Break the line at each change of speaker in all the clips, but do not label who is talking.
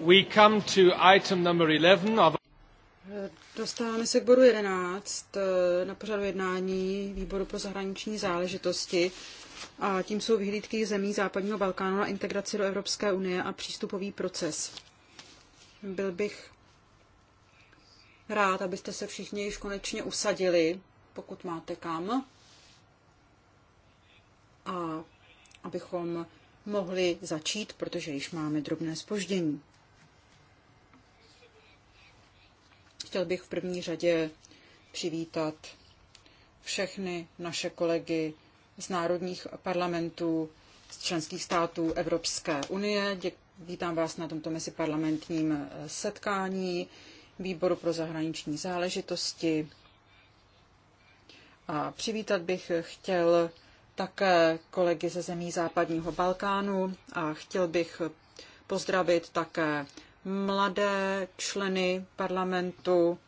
We come to item number 11 of...
Dostáváme se k bodu 11 eh, na pořadu jednání výboru pro zahraniční záležitosti a tím jsou vyhlídky zemí západního Balkánu na integraci do Evropské unie a přístupový proces. Byl bych rád, abyste se všichni již konečně usadili, pokud máte kam, a abychom mohli začít, protože již máme drobné spoždění. Chtěl bych v první řadě přivítat všechny naše kolegy z národních parlamentů, z členských států Evropské unie. Vítám vás na tomto meziparlamentním eh, setkání výboru pro zahraniční záležitosti. A přivítat bych chtěl také kolegy ze zemí západního Balkánu a chtěl bych pozdravit také mladé členy parlamentu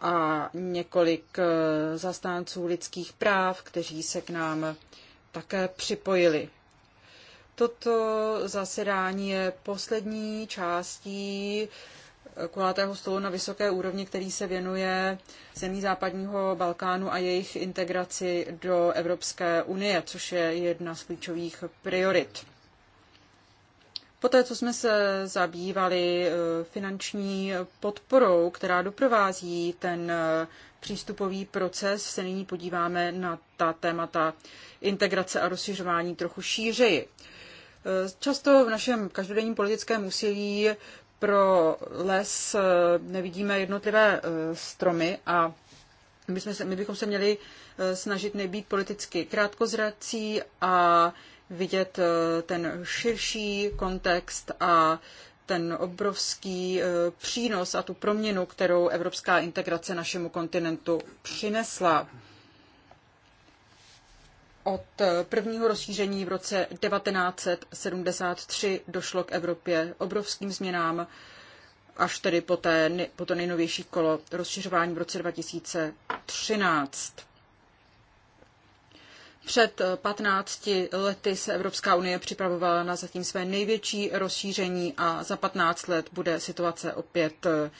a několik eh, zastánců lidských práv, kteří se k nám také připojili. Toto zasedání je poslední částí eh, kulatého stolu na vysoké úrovni, který se věnuje zemí západního Balkánu a jejich integraci do Evropské unie, což je jedna z klíčových priorit. Poté, co jsme se zabývali eh, finanční podporou, která doprovází ten eh, přístupový proces, se nyní podíváme na ta témata integrace a rozšiřování trochu šířeji. Eh, často v našem každodenním politickém úsilí pro les nevidíme jednotlivé stromy a my, jsme se, my bychom se měli snažit nebýt politicky krátkozrací a vidět eh, ten širší kontext a ten obrovský eh, přínos a tu proměnu, kterou evropská integrace našemu kontinentu přinesla. Od eh, prvního rozšíření v roce 1973 došlo k Evropě obrovským změnám, až tedy po, té, po to nejnovější kolo rozšiřování v roce 2013. Před 15 eh, lety se Evropská unie připravovala na zatím své největší rozšíření a za 15 let bude situace opět eh,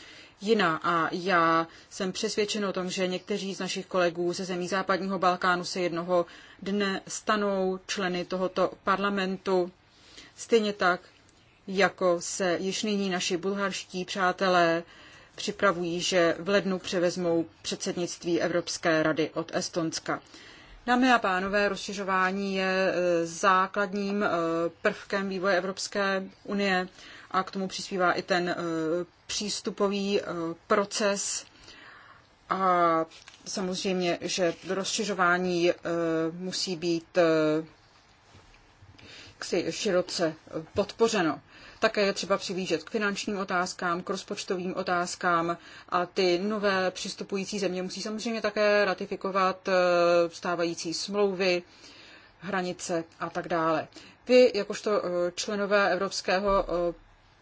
jiná. A já jsem přesvědčen o tom, že někteří z našich kolegů ze zemí západního Balkánu se jednoho dne stanou členy tohoto parlamentu. Stejně tak, jako se již nyní naši bulharští přátelé připravují, že v lednu převezmou předsednictví Evropské rady od Estonska. Dámy a pánové, rozšiřování je e, základním e, prvkem vývoje Evropské unie a k tomu přispívá i ten e, přístupový proces. A samozřejmě, že rozšiřování musí být široce podpořeno. Také je třeba přilížet k finančním otázkám, k rozpočtovým otázkám a ty nové přistupující země musí samozřejmě také ratifikovat eh, stávající smlouvy, hranice a tak dále. Vy, jakožto eh, členové Evropského eh,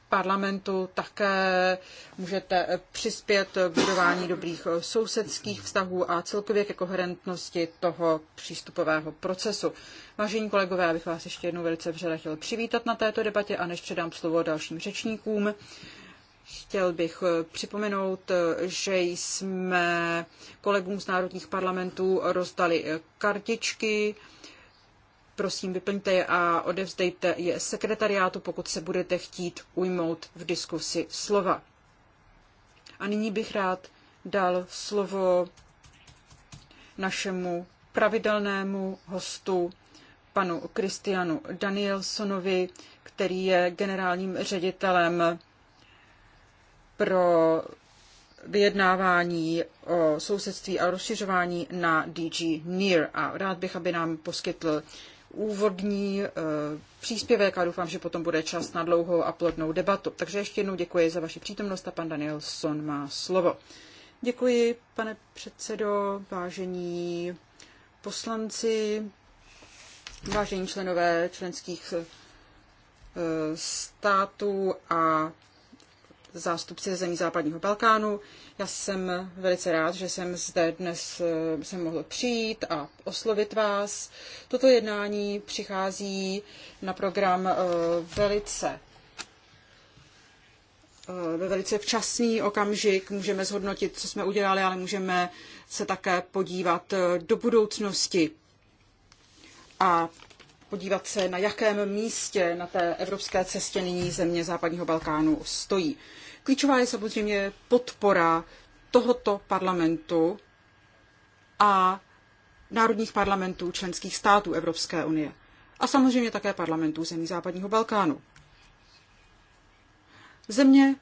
parlamentu také můžete přispět k budování dobrých sousedských vztahů a celkově ke koherentnosti toho přístupového procesu. Vážení kolegové, já bych vás ještě jednou velice vřele chtěl přivítat na této debatě a než předám slovo dalším řečníkům, Chtěl bych připomenout, že jsme kolegům z národních parlamentů rozdali kartičky, prosím vyplňte je a odevzdejte je sekretariátu, pokud se budete chtít ujmout v diskusi slova. A nyní bych rád dal slovo našemu pravidelnému hostu, panu Kristianu Danielsonovi, který je generálním ředitelem pro vyjednávání o sousedství a rozšiřování na DG Near A rád bych, aby nám poskytl úvodní eh, příspěvek a doufám, že potom bude čas na dlouhou a plodnou debatu. Takže ještě jednou děkuji za vaši přítomnost a pan Danielson má slovo. Děkuji, pane předsedo, vážení poslanci, vážení členové členských eh, států a zástupci zemí západního Balkánu. Já jsem velice rád, že jsem zde dnes eh, jsem mohl přijít a oslovit vás. Toto jednání přichází na program eh, velice eh, ve velice včasný okamžik. Můžeme zhodnotit, co jsme udělali, ale můžeme se také podívat do budoucnosti a podívat se, na jakém místě na té evropské cestě nyní země západního Balkánu stojí. Klíčová je samozřejmě podpora tohoto parlamentu a národních parlamentů členských států Evropské unie a samozřejmě také parlamentů zemí západního Balkánu. Země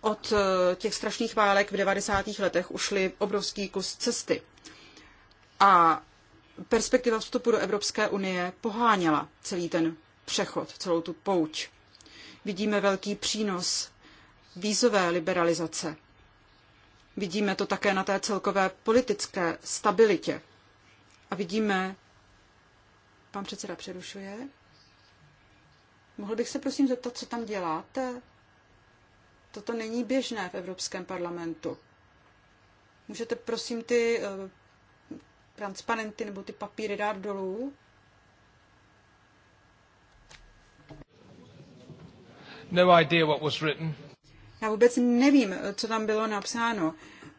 od eh, těch strašných válek v 90. letech ušly obrovský kus cesty. A perspektiva vstupu do Evropské unie poháněla celý ten přechod, celou tu pouč vidíme velký přínos vízové liberalizace. Vidíme to také na té celkové politické stabilitě. A vidíme, pan předseda přerušuje, mohl bych se prosím zeptat, co tam děláte? Toto není běžné v Evropském parlamentu. Můžete prosím ty eh, transparenty nebo ty papíry dát dolů?
no idea what was written.
Já vůbec nevím, co tam bylo napsáno,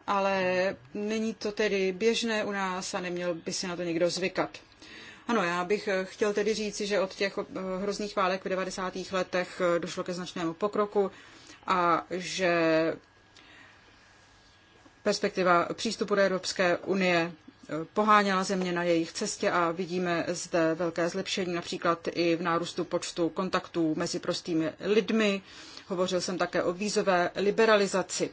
ale není to tedy běžné u nás a neměl by si na to někdo zvykat. Ano, já bych eh, chtěl tedy říci, že od těch eh, hrozných válek v 90. letech eh, došlo ke značnému pokroku a že perspektiva přístupu do Evropské unie poháněla země na jejich cestě a vidíme zde velké zlepšení například i v nárůstu počtu kontaktů mezi prostými lidmi. Hovořil jsem také o vízové liberalizaci.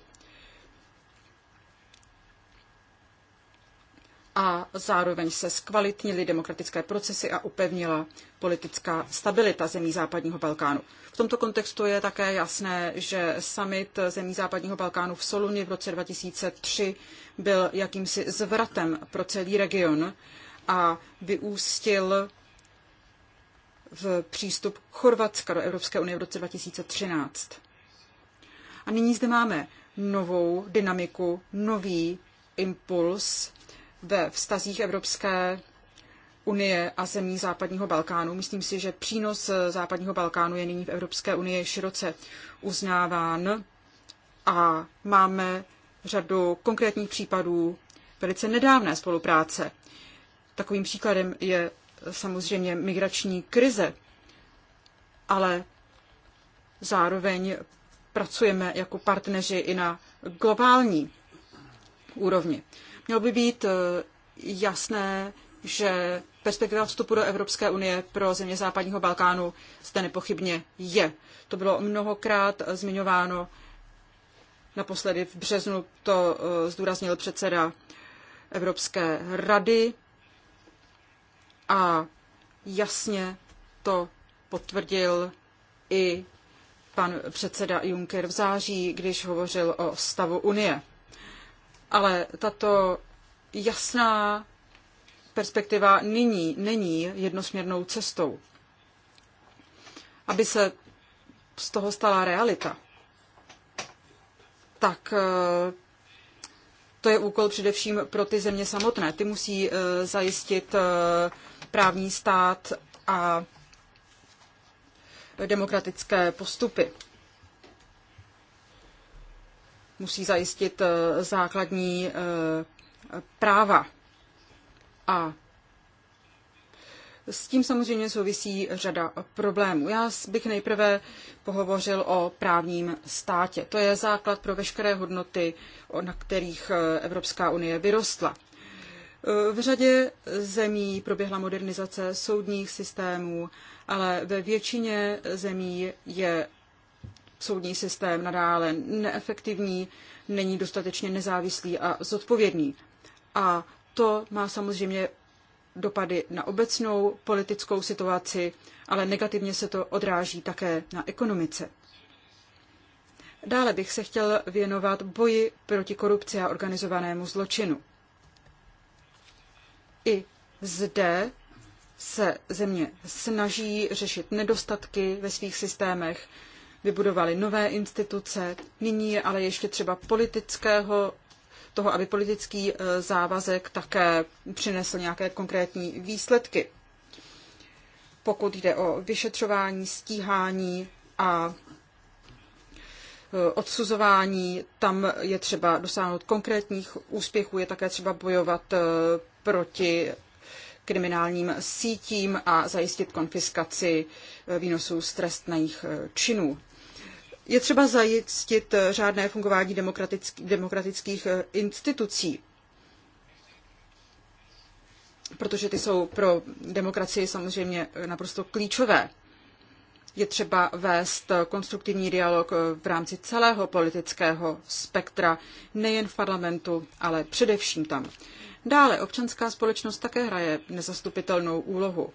a zároveň se zkvalitnily demokratické procesy a upevnila politická stabilita zemí západního Balkánu. V tomto kontextu je také jasné, že summit zemí západního Balkánu v Soluni v roce 2003 byl jakýmsi zvratem pro celý region a vyústil v přístup Chorvatska do Evropské unie v roce 2013. A nyní zde máme novou dynamiku, nový impuls ve vztazích Evropské unie a zemí západního Balkánu. Myslím si, že přínos západního Balkánu je nyní v Evropské unii široce uznáván a máme řadu konkrétních případů velice nedávné spolupráce. Takovým příkladem je samozřejmě migrační krize, ale zároveň pracujeme jako partneři i na globální úrovni. Mělo by být eh, jasné, že perspektiva vstupu do Evropské unie pro země západního Balkánu zde nepochybně je. To bylo mnohokrát zmiňováno. Naposledy v březnu to eh, zdůraznil předseda Evropské rady a jasně to potvrdil i pan předseda Juncker v září, když hovořil o stavu Unie ale tato jasná perspektiva nyní není jednosměrnou cestou. Aby se z toho stala realita, tak eh, to je úkol především pro ty země samotné. Ty musí eh, zajistit eh, právní stát a demokratické postupy musí zajistit eh, základní eh, práva. A s tím samozřejmě souvisí řada problémů. Já bych nejprve pohovořil o právním státě. To je základ pro veškeré hodnoty, na kterých eh, Evropská unie vyrostla. V řadě zemí proběhla modernizace soudních systémů, ale ve většině zemí je soudní systém nadále neefektivní, není dostatečně nezávislý a zodpovědný. A to má samozřejmě dopady na obecnou politickou situaci, ale negativně se to odráží také na ekonomice. Dále bych se chtěl věnovat boji proti korupci a organizovanému zločinu. I zde se země snaží řešit nedostatky ve svých systémech, vybudovali nové instituce. Nyní je ale ještě třeba politického toho, aby politický eh, závazek také přinesl nějaké konkrétní výsledky. Pokud jde o vyšetřování, stíhání a eh, odsuzování, tam je třeba dosáhnout konkrétních úspěchů, je také třeba bojovat eh, proti kriminálním sítím a zajistit konfiskaci výnosů z trestných činů. Je třeba zajistit eh, řádné fungování demokratický, demokratických eh, institucí, protože ty jsou pro demokracii samozřejmě eh, naprosto klíčové. Je třeba vést konstruktivní dialog v rámci celého politického spektra, nejen v parlamentu, ale především tam. Dále občanská společnost také hraje nezastupitelnou úlohu.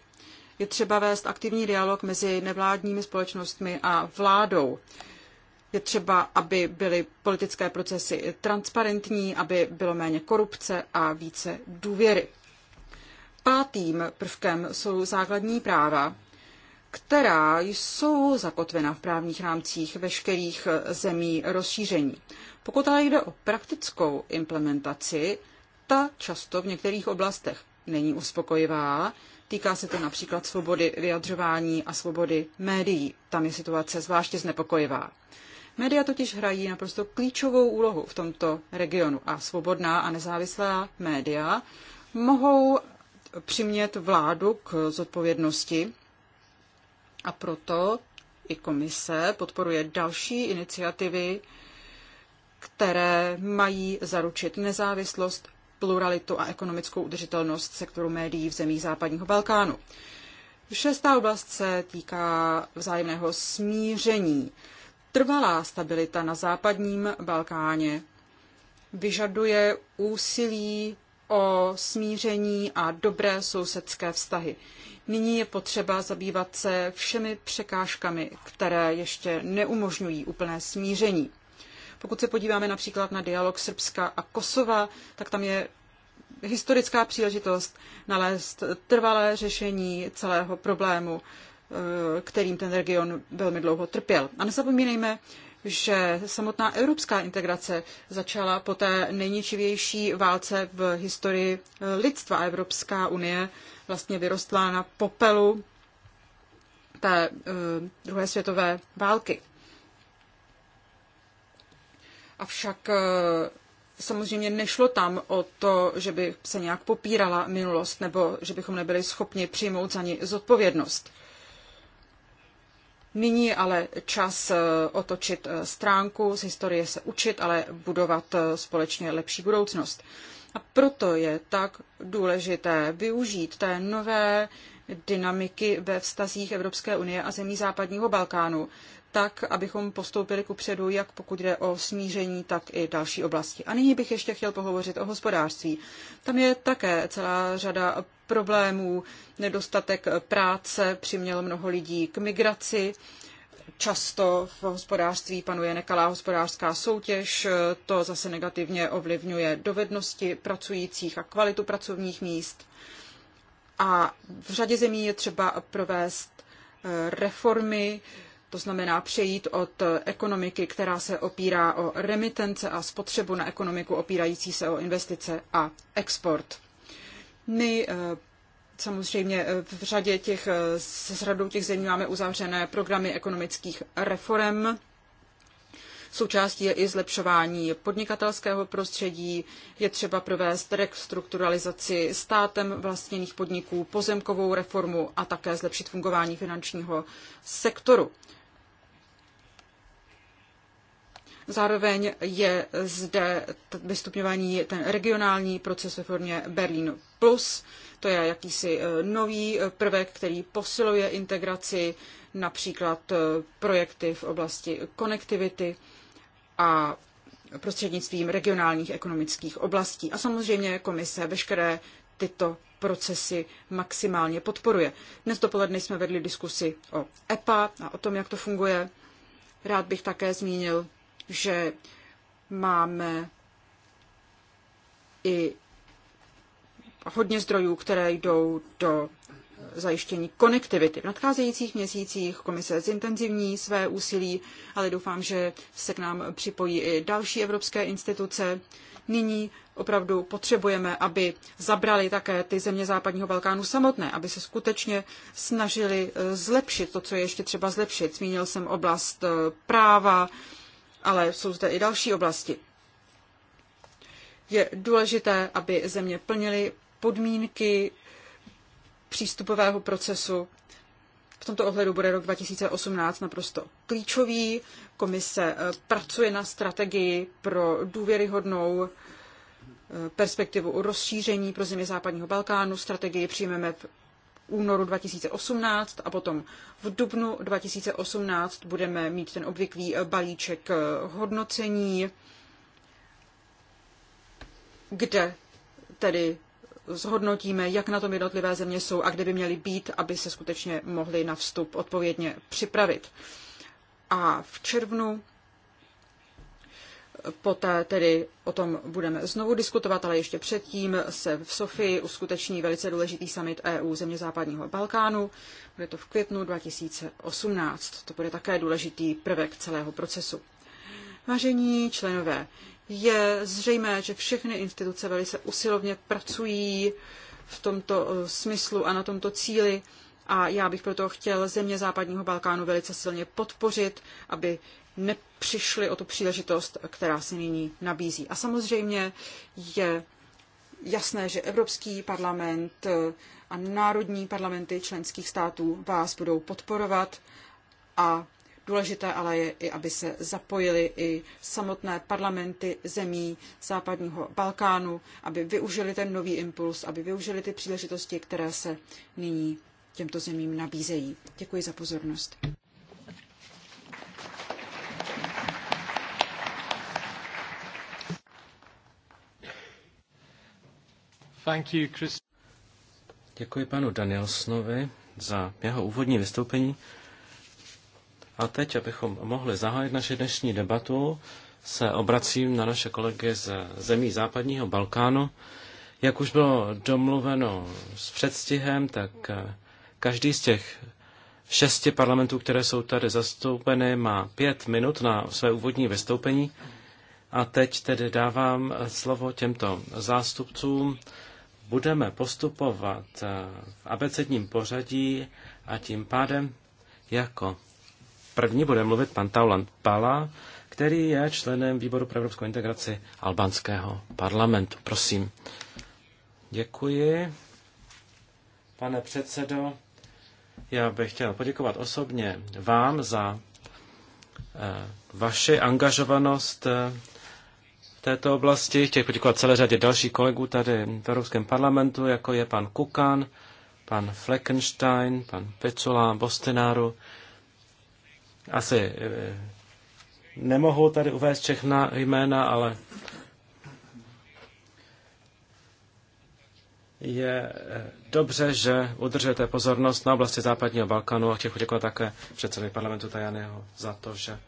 Je třeba vést aktivní dialog mezi nevládními společnostmi a vládou. Je třeba, aby byly politické procesy transparentní, aby bylo méně korupce a více důvěry. Pátým prvkem jsou základní práva, která jsou zakotvena v právních rámcích veškerých zemí rozšíření. Pokud ale jde o praktickou implementaci, ta často v některých oblastech není uspokojivá. Týká se to například svobody vyjadřování a svobody médií. Tam je situace zvláště znepokojivá. Média totiž hrají naprosto klíčovou úlohu v tomto regionu a svobodná a nezávislá média mohou přimět vládu k zodpovědnosti a proto i komise podporuje další iniciativy, které mají zaručit nezávislost, pluralitu a ekonomickou udržitelnost sektoru médií v zemích západního Balkánu. Šestá oblast se týká vzájemného smíření trvalá stabilita na západním Balkáně vyžaduje úsilí o smíření a dobré sousedské vztahy. Nyní je potřeba zabývat se všemi překážkami, které ještě neumožňují úplné smíření. Pokud se podíváme například na dialog Srbska a Kosova, tak tam je historická příležitost nalézt trvalé řešení celého problému Eh, kterým ten region velmi dlouho trpěl. A nezapomínejme, že samotná evropská integrace začala po té nejničivější válce v historii eh, lidstva. Evropská unie vlastně vyrostla na popelu té eh, druhé světové války. Avšak samozřejmě nešlo tam o to, že by se nějak popírala minulost nebo že bychom nebyli schopni přijmout za ní zodpovědnost. Nyní je ale čas eh, otočit eh, stránku, z historie se učit, ale budovat eh, společně lepší budoucnost. A proto je tak důležité využít té nové dynamiky ve vztazích Evropské unie a zemí západního Balkánu, tak, abychom postoupili ku předu, jak pokud jde o smíření, tak i další oblasti. A nyní bych ještě chtěl pohovořit o hospodářství. Tam je také celá řada problémů. Nedostatek práce přiměl mnoho lidí k migraci. Často v hospodářství panuje nekalá hospodářská soutěž, to zase negativně ovlivňuje dovednosti pracujících a kvalitu pracovních míst. A v řadě zemí je třeba provést eh, reformy, to znamená přejít od ekonomiky, která se opírá o remitence a spotřebu na ekonomiku opírající se o investice a export. My eh, samozřejmě eh, v řadě těch, eh, s řadou těch zemí máme uzavřené programy ekonomických reform. Součástí je i zlepšování podnikatelského prostředí, je třeba provést restrukturalizaci státem vlastněných podniků, pozemkovou reformu a také zlepšit fungování finančního sektoru. Zároveň je zde vystupňování ten regionální proces ve formě Berlín Plus. To je jakýsi e, nový e, prvek, který posiluje integraci, například e, projekty v oblasti konektivity a prostřednictvím regionálních ekonomických oblastí. A samozřejmě komise veškeré tyto procesy maximálně podporuje. Dnes dopoledne jsme vedli diskusi o EPA a o tom, jak to funguje. Rád bych také zmínil že máme i hodně zdrojů, které jdou do zajištění konektivity. V nadcházejících měsících komise zintenzivní své úsilí, ale doufám, že se k nám připojí i další evropské instituce. Nyní opravdu potřebujeme, aby zabrali také ty země západního Balkánu samotné, aby se skutečně snažili eh, zlepšit to, co je ještě třeba zlepšit. Zmínil jsem oblast eh, práva, ale jsou zde i další oblasti. Je důležité, aby země plnily podmínky přístupového procesu. V tomto ohledu bude rok 2018 naprosto klíčový. Komise eh, pracuje na strategii pro důvěryhodnou eh, perspektivu rozšíření pro země západního Balkánu. Strategii přijmeme v únoru 2018 a potom v dubnu 2018 budeme mít ten obvyklý eh, balíček eh, hodnocení, kde tedy zhodnotíme, jak na tom jednotlivé země jsou a kde by měly být, aby se skutečně mohly na vstup odpovědně připravit. A v červnu Poté tedy o tom budeme znovu diskutovat, ale ještě předtím se v Sofii uskuteční velice důležitý summit EU země západního Balkánu. Bude to v květnu 2018. To bude také důležitý prvek celého procesu. Vážení členové, je zřejmé, že všechny instituce velice usilovně pracují v tomto eh, smyslu a na tomto cíli a já bych proto chtěl země západního Balkánu velice silně podpořit, aby nepřišli o tu příležitost, která se nyní nabízí. A samozřejmě je jasné, že Evropský parlament a národní parlamenty členských států vás budou podporovat a důležité ale je i, aby se zapojili i samotné parlamenty zemí západního Balkánu, aby využili ten nový impuls, aby využili ty příležitosti, které se nyní těmto zemím nabízejí. Děkuji za pozornost.
Děkuji panu Danielsonovi za jeho úvodní vystoupení. A teď, abychom mohli zahájit naši dnešní debatu, se obracím na naše kolegy z zemí západního Balkánu. Jak už bylo domluveno s předstihem, tak eh, každý z těch šesti parlamentů, které jsou tady zastoupeny, má pět minut na své úvodní vystoupení. A teď tedy dávám slovo těmto zástupcům budeme postupovat eh, v abecedním pořadí a tím pádem jako první bude mluvit pan Taulant Pala, který je členem výboru pro evropskou integraci albánského parlamentu. Prosím. Děkuji. Pane předsedo, já bych chtěl poděkovat osobně vám za eh, vaši angažovanost eh, této oblasti. Chtěl poděkovat celé řadě dalších kolegů tady v Evropském parlamentu, jako je pan Kukan, pan Fleckenstein, pan Pecula, Bostenáru. Asi eh, nemohu tady uvést všechna jména, ale je eh, dobře, že udržujete pozornost na oblasti západního Balkánu a chtěl poděkovat také předsedovi parlamentu Tajaného za to, že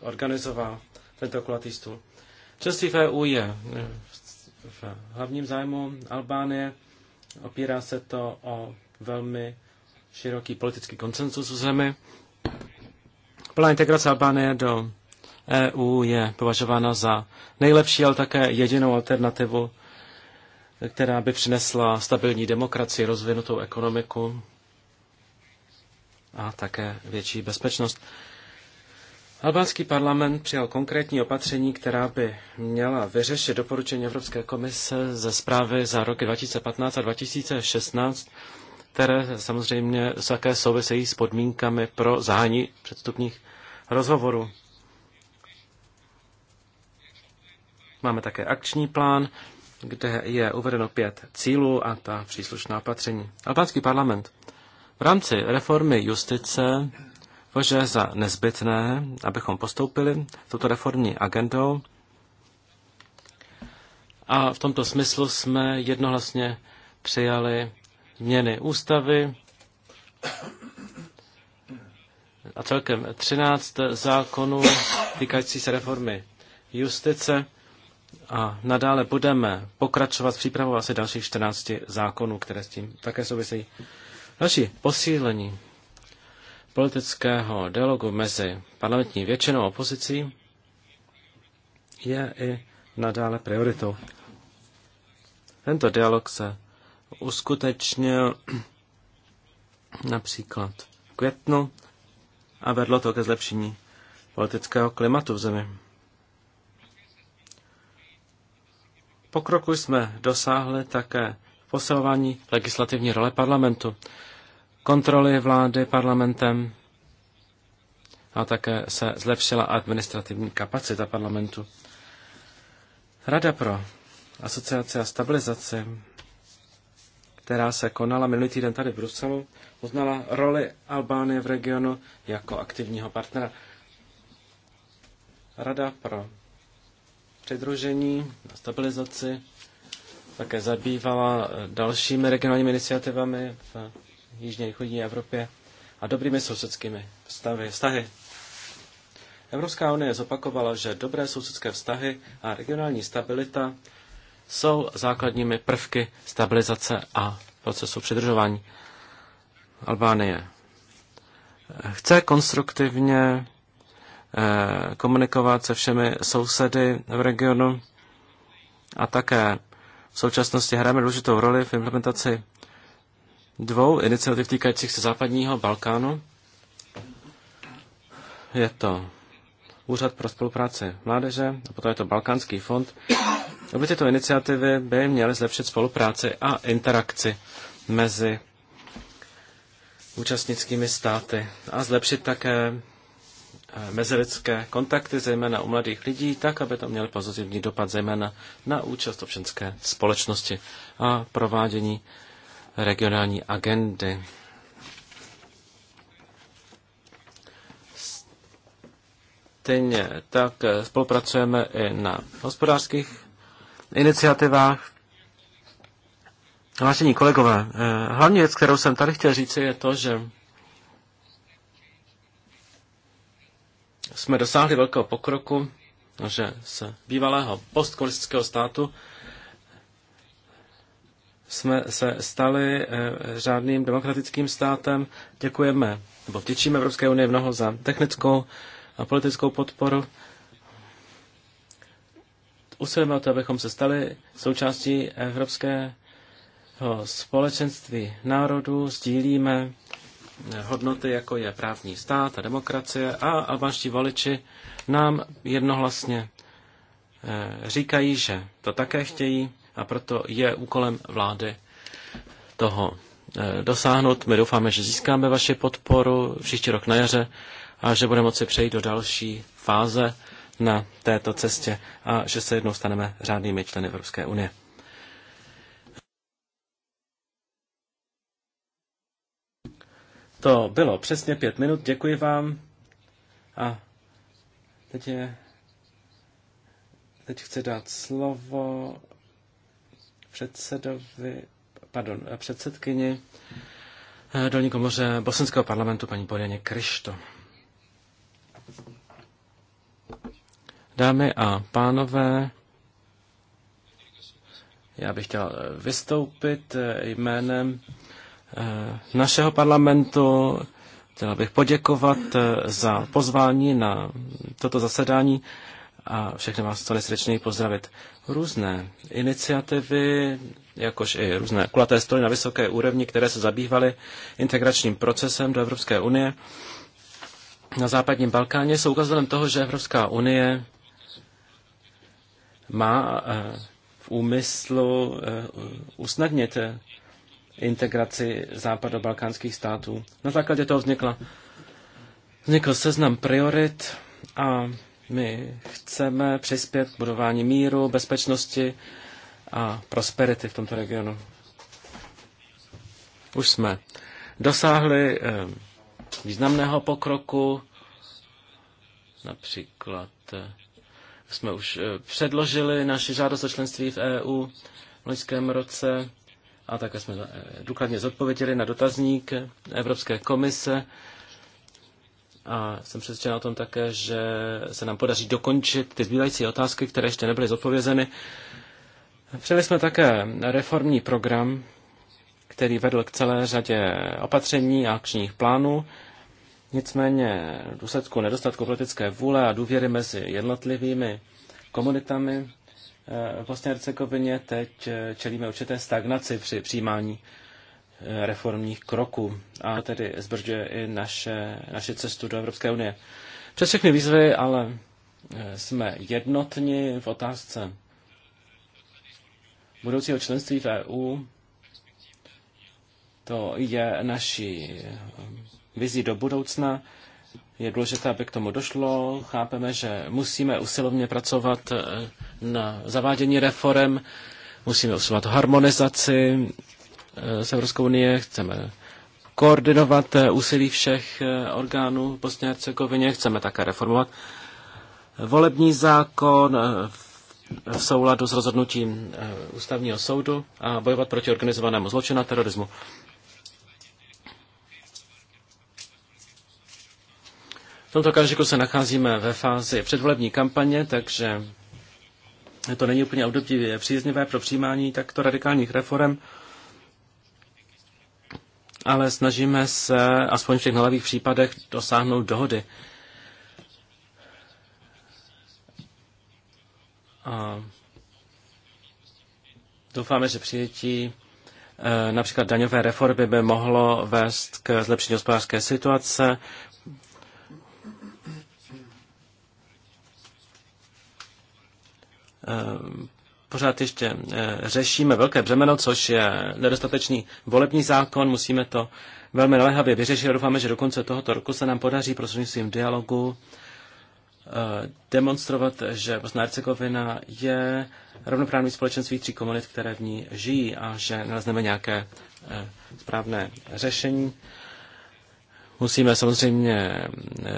organizoval tento kulatý stůl. Členství v EU je eh, v hlavním zájmu Albánie. Opírá se to o velmi široký politický koncensus v zemi. Plná integrace Albánie do EU je považována za nejlepší, ale také jedinou alternativu, která by přinesla stabilní demokracii, rozvinutou ekonomiku a také větší bezpečnost. Albánský parlament přijal konkrétní opatření, která by měla vyřešit doporučení Evropské komise ze zprávy za roky 2015 a 2016, které samozřejmě také souvisejí s podmínkami pro zahání předstupních rozhovorů. Máme také akční plán, kde je uvedeno pět cílů a ta příslušná opatření. Albánský parlament v rámci reformy justice považuje za nezbytné, abychom postoupili touto reformní agendou. A v tomto smyslu jsme jednohlasně přijali změny ústavy a celkem 13 zákonů týkající se reformy justice. A nadále budeme pokračovat s přípravou asi dalších 14 zákonů, které s tím také souvisejí. Další posílení politického dialogu mezi parlamentní většinou a opozicí je i nadále prioritou. Tento dialog se uskutečnil například v květnu a vedlo to ke zlepšení politického klimatu v zemi. Pokroku jsme dosáhli také v posilování legislativní role parlamentu kontroly vlády parlamentem a také se zlepšila administrativní kapacita parlamentu. Rada pro asociaci a stabilizaci, která se konala minulý týden tady v Bruselu, uznala roli Albánie v regionu jako aktivního partnera. Rada pro přidružení a stabilizaci také zabývala dalšími regionálními iniciativami v Jižní Východní Evropě a dobrými sousedskými vztahy. vztahy. Evropská unie zopakovala, že dobré sousedské vztahy a regionální stabilita jsou základními prvky stabilizace a procesu přidržování Albánie. Chce konstruktivně eh, komunikovat se všemi sousedy v regionu a také v současnosti hrajeme důležitou roli v implementaci dvou iniciativ týkajících se západního Balkánu. Je to Úřad pro spolupráci mládeže a potom je to Balkánský fond. Obě tyto iniciativy by měly zlepšit spolupráci a interakci mezi účastnickými státy a zlepšit také eh, mezilidské kontakty, zejména u mladých lidí, tak, aby to měly pozitivní dopad zejména na účast občanské společnosti a provádění regionální agendy. Stejně tak spolupracujeme i na hospodářských iniciativách. Vážení kolegové, eh, hlavní věc, kterou jsem tady chtěl říct, je to, že jsme dosáhli velkého pokroku, že se bývalého postkolistického státu jsme se stali eh, řádným demokratickým státem. Děkujeme, nebo vděčíme Evropské unii mnoho za technickou a politickou podporu. Usilujeme o to, abychom se stali součástí Evropského společenství národů, sdílíme eh, hodnoty, jako je právní stát a demokracie a albanští voliči nám jednohlasně eh, říkají, že to také chtějí a proto je úkolem vlády toho eh, dosáhnout. My doufáme, že získáme vaši podporu příští rok na jaře a že budeme moci přejít do další fáze na této cestě a že se jednou staneme řádnými členy Evropské unie. To bylo přesně pět minut. Děkuji vám. A teď je... Teď chci dát slovo předsedovi, pardon, předsedkyni eh, dolní komoře bosenského parlamentu paní Borjaně Kryšto. Dámy a pánové, já bych chtěl eh, vystoupit eh, jménem našeho parlamentu. chtěl bych poděkovat za pozvání na toto zasedání a všechny vás chceli srdečně pozdravit. Různé iniciativy, jakož i různé kulaté stoly na vysoké úrovni, které se zabývaly integračním procesem do Evropské unie na západním Balkáně, jsou ukazatelem toho, že Evropská unie má eh, v úmyslu eh, usnadnit eh, integraci západobalkánských států. Na základě toho vznikla, vznikl seznam priorit a my chceme přispět k budování míru, bezpečnosti a prosperity v tomto regionu. Už jsme dosáhli eh, významného pokroku, například eh, jsme už eh, předložili naši žádost o členství v EU v loňském roce a také jsme důkladně zodpověděli na dotazník Evropské komise a jsem přesvědčen o tom také, že se nám podaří dokončit ty zbývající otázky, které ještě nebyly zodpovězeny. Přijeli jsme také reformní program, který vedl k celé řadě opatření a akčních plánů. Nicméně v důsledku nedostatku politické vůle a důvěry mezi jednotlivými komunitami eh, v Bosně a Hercegovině teď eh, čelíme určité stagnaci při přijímání reformních kroků a tedy zbržuje i naše, naše cestu do Evropské unie. Přes všechny výzvy ale e, jsme jednotní v otázce budoucího členství v EU. To je naší vizí do budoucna. Je důležité, aby k tomu došlo. Chápeme, že musíme usilovně pracovat e, na zavádění reform, musíme usilovat o harmonizaci Eh, s Evropskou unie, chceme koordinovat eh, úsilí všech eh, orgánů v Bosně a Hercegovině, chceme také reformovat volební zákon v souladu s rozhodnutím ústavního soudu a bojovat proti organizovanému zločinu a terorismu. V tomto okamžiku se nacházíme ve fázi předvolební kampaně, takže to není úplně období příznivé pro přijímání takto radikálních reform ale snažíme se, aspoň v těch nalavých případech, dosáhnout dohody. A doufáme, že přijetí eh, například daňové reformy by mohlo vést k zlepšení hospodářské situace. Eh, pořád ještě eh, řešíme velké břemeno, což je nedostatečný volební zákon. Musíme to velmi naléhavě vyřešit a doufáme, že do konce tohoto roku se nám podaří prostřednictvím dialogu eh, demonstrovat, že Bosna Hercegovina je rovnoprávný společenství tří komunit, které v ní žijí a že nalezneme nějaké eh, správné řešení. Musíme samozřejmě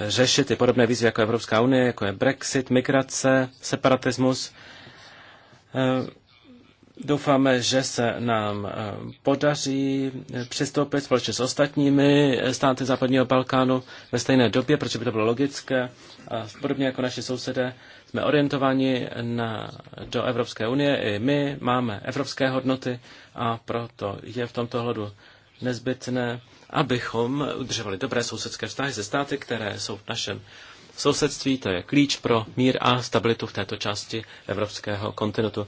řešit i podobné výzvy, jako Evropská unie, jako je Brexit, migrace, separatismus. Eh, doufáme, že se nám eh, podaří eh, přistoupit společně s ostatními státy západního Balkánu ve stejné době, protože by to bylo logické. A podobně jako naši sousedé jsme orientováni na, do Evropské unie. I my máme evropské hodnoty a proto je v tomto hledu nezbytné, abychom udržovali dobré sousedské vztahy se státy, které jsou v našem sousedství, to je klíč pro mír a stabilitu v této části evropského kontinentu.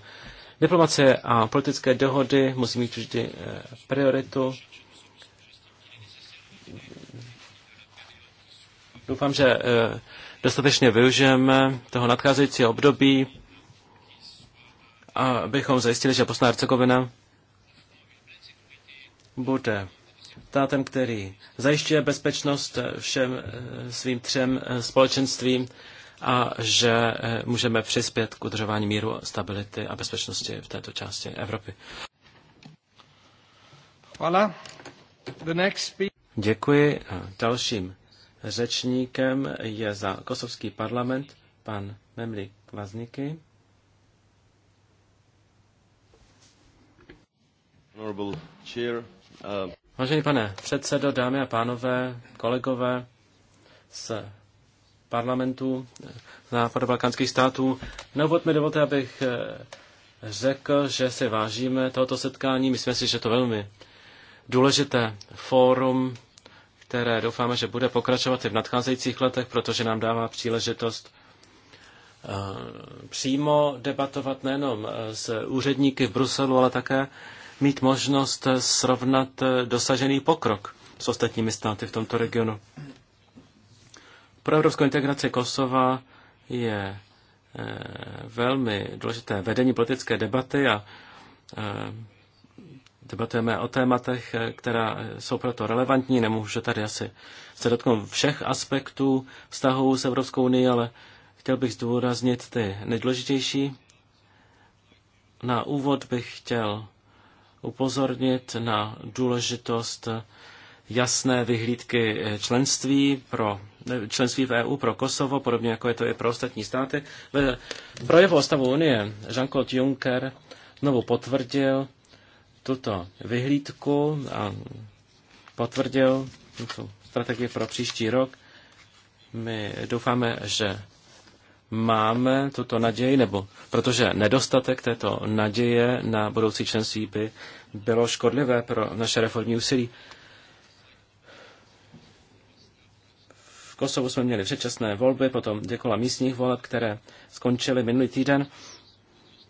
Diplomacie a politické dohody musí mít vždy eh, prioritu. Doufám, že eh, dostatečně využijeme toho nadcházejícího období, abychom zajistili, že Bosna a Hercegovina bude Tátem, který zajišťuje bezpečnost eh, všem eh, svým třem eh, společenstvím a že můžeme přispět k udržování míru, stability a bezpečnosti v této části Evropy. The next Děkuji. Dalším řečníkem je za kosovský parlament pan Memli Kvazniky.
Honorable chair,
uh... Vážený pane předsedo, dámy a pánové, kolegové z parlamentu západobalkánských států, neobod mi dovolte, abych eh, řekl, že si vážíme tohoto setkání. Myslím si, že to velmi důležité fórum, které doufáme, že bude pokračovat i v nadcházejících letech, protože nám dává příležitost eh, přímo debatovat nejenom s úředníky v Bruselu, ale také mít možnost srovnat eh, dosažený pokrok s ostatními státy v tomto regionu. Pro evropskou integraci Kosova je eh, velmi důležité vedení politické debaty a eh, debatujeme o tématech, která jsou proto relevantní. Nemůžu tady asi se dotknout všech aspektů vztahů s Evropskou unii, ale chtěl bych zdůraznit ty nejdůležitější. Na úvod bych chtěl upozornit na důležitost jasné vyhlídky členství pro členství v EU pro Kosovo, podobně jako je to i pro ostatní státy. V projevu o stavu Unie Jean-Claude Juncker znovu potvrdil tuto vyhlídku a potvrdil tu strategii pro příští rok. My doufáme, že máme tuto naději, nebo protože nedostatek této naděje na budoucí členství by bylo škodlivé pro naše reformní úsilí. V Kosovu jsme měli předčasné volby, potom děkola místních voleb, které skončily minulý týden.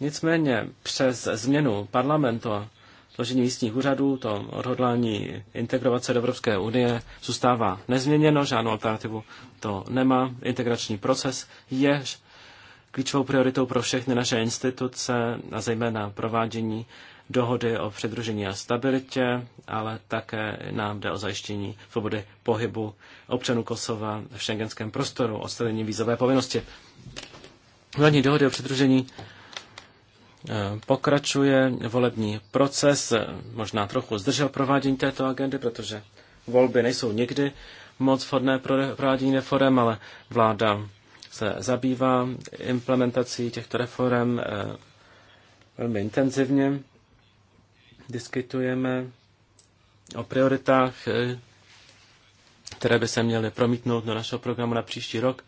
Nicméně přes změnu parlamentu a složení místních úřadů, to odhodlání integrovat se do Evropské unie zůstává nezměněno, žádnou alternativu to nemá. Integrační proces je klíčovou prioritou pro všechny naše instituce a zejména provádění dohody o předružení a stabilitě, ale také nám jde o zajištění svobody pohybu občanů Kosova v šengenském prostoru, odstranění vízové povinnosti. Hlavní dohody o předružení. Eh, pokračuje volební proces, eh, možná trochu zdržel provádění této agendy, protože volby nejsou nikdy moc vhodné pro provádění reform, ale vláda se zabývá implementací těchto reform eh, velmi intenzivně. Diskutujeme o prioritách, které by se měly promítnout do našeho programu na příští rok.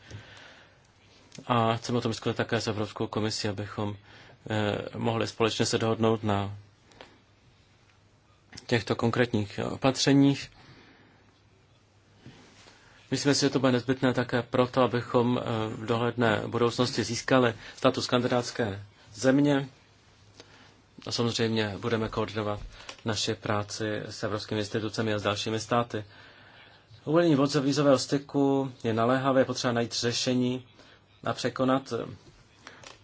A chceme o tom diskutovat také s Evropskou komisí, abychom Eh, mohli společně se dohodnout na těchto konkrétních opatřeních. Myslím si, že to bude nezbytné také proto, abychom eh, v dohledné budoucnosti získali status kandidátské země. A samozřejmě budeme koordinovat naše práci s evropskými institucemi a s dalšími státy. Uvolnění vízového styku je naléhavé, potřeba najít řešení a překonat eh,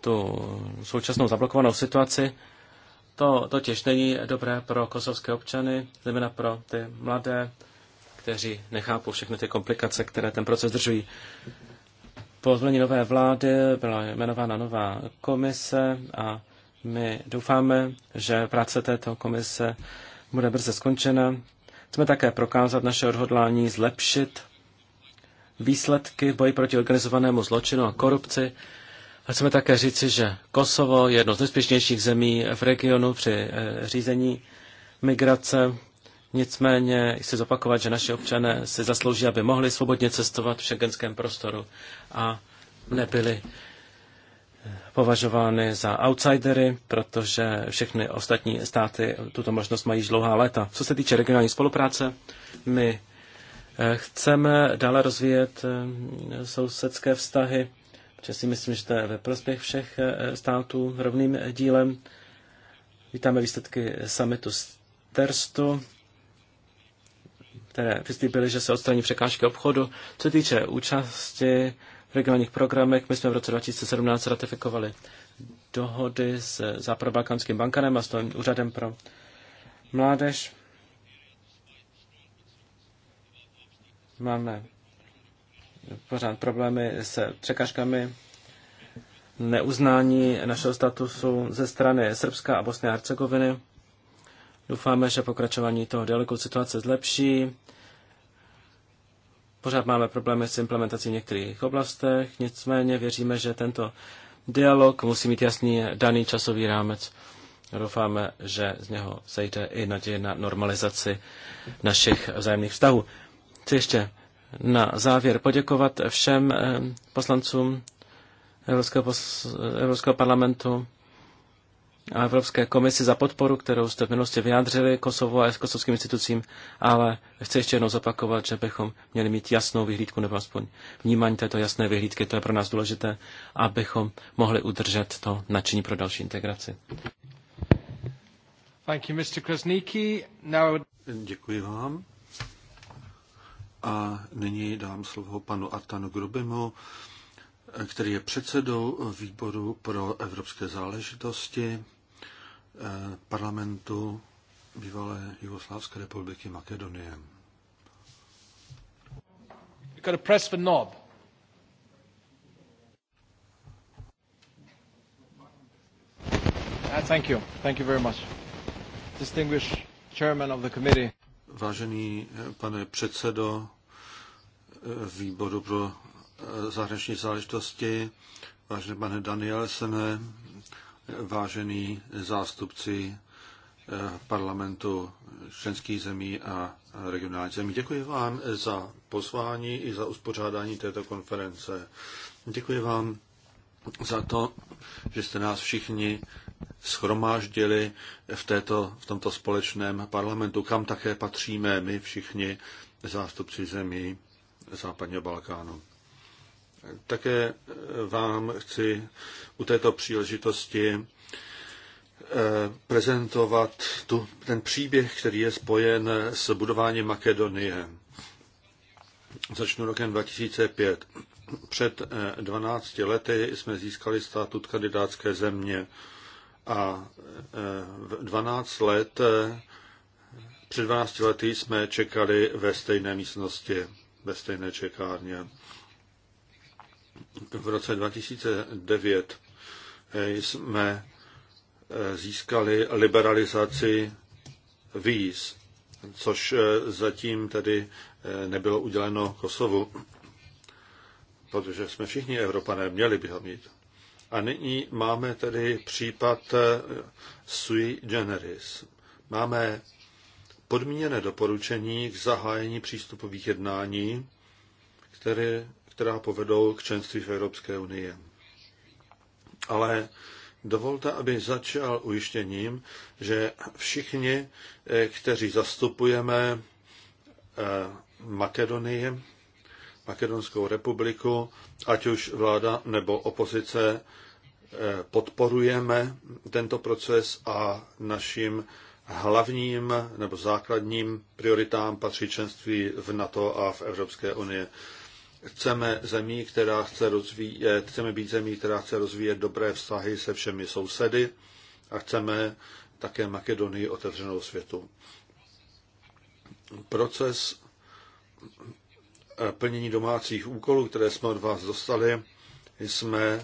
tu současnou zablokovanou situaci. To totiž není dobré pro kosovské občany, zejména pro ty mladé, kteří nechápou všechny ty komplikace, které ten proces držují. Po zvolení nové vlády byla jmenována nová komise a my doufáme, že práce této komise bude brzy skončena. Chceme také prokázat naše odhodlání zlepšit výsledky boji proti organizovanému zločinu a korupci Chceme také říci, že Kosovo je jedno z nejspěšnějších zemí v regionu při eh, řízení migrace. Nicméně chci zopakovat, že naši občané si zaslouží, aby mohli svobodně cestovat v šengenském prostoru a nebyli eh, považovány za outsidery, protože všechny ostatní státy tuto možnost mají již dlouhá léta. Co se týče regionální spolupráce, my eh, chceme dále rozvíjet sousedské vztahy Protože si myslím, že to je ve prospěch všech eh, států rovným eh, dílem. Vítáme výsledky summitu z Terstu, které přistýpily, že se odstraní překážky obchodu. Co se týče účasti v regionálních programech, my jsme v roce 2017 ratifikovali dohody s Západobalkánským bankanem a s tím úřadem pro mládež. Máme pořád problémy se překážkami neuznání našeho statusu ze strany Srbska a Bosny a Hercegoviny. Doufáme, že pokračování toho dialogu situace zlepší. Pořád máme problémy s implementací v některých oblastech, nicméně věříme, že tento dialog musí mít jasný daný časový rámec. Doufáme, že z něho sejde i naděje na normalizaci našich vzájemných vztahů. Co ještě na závěr poděkovat všem eh, poslancům Evropského, posl- Evropského parlamentu a Evropské komisi za podporu, kterou jste v minulosti vyjádřili Kosovo a kosovským institucím, ale chci ještě jednou zopakovat, že bychom měli mít jasnou vyhlídku nebo aspoň vnímání této jasné vyhlídky. To je pro nás důležité, abychom mohli udržet to nadšení pro další integraci.
Thank you, Mr. Now... Děkuji vám. A nyní dám slovo panu Artanu Grubimu, který je předsedou výboru pro evropské záležitosti eh, parlamentu bývalé Jugoslávské republiky Makedonie.
Ah, thank you. Thank you very much. Distinguished chairman of the committee.
Vážený eh, pane předsedo eh, výboru pro eh, zahraniční záležitosti, vážený pane Danielsene, vážený zástupci parlamentu členských zemí a regionálních zemí. Děkuji vám za pozvání i za uspořádání této konference. Děkuji vám za to, že jste nás všichni schromáždili v, této, v tomto společném parlamentu, kam také patříme my všichni zástupci zemí západního Balkánu. Také vám chci u této příležitosti eh, prezentovat tu, ten příběh, který je spojen s budováním Makedonie. Začnu rokem 2005. Před 12 eh, lety jsme získali statut kandidátské země. A 12 e, let, e, před 12 lety jsme čekali ve stejné místnosti, ve stejné čekárně. V roce 2009 e, jsme získali liberalizaci víz, což zatím tedy nebylo uděleno Kosovu, protože jsme všichni Evropané měli by ho mít. A nyní máme tedy případ eh, sui generis. Máme podmíněné doporučení k zahájení přístupových jednání, které, která povedou k členství v Evropské unii. Ale dovolte, aby začal ujištěním, že všichni, eh, kteří zastupujeme eh, Makedonii, Makedonskou republiku, ať už vláda nebo opozice, eh, podporujeme tento proces a naším hlavním nebo základním prioritám patří členství v NATO a v Evropské unii. Chceme zemí, která chce rozvíjet, chceme být zemí, která chce rozvíjet dobré vztahy se všemi sousedy a chceme také Makedonii otevřenou světu. Proces Eh, plnění domácích úkolů, které jsme od vás dostali, jsme eh,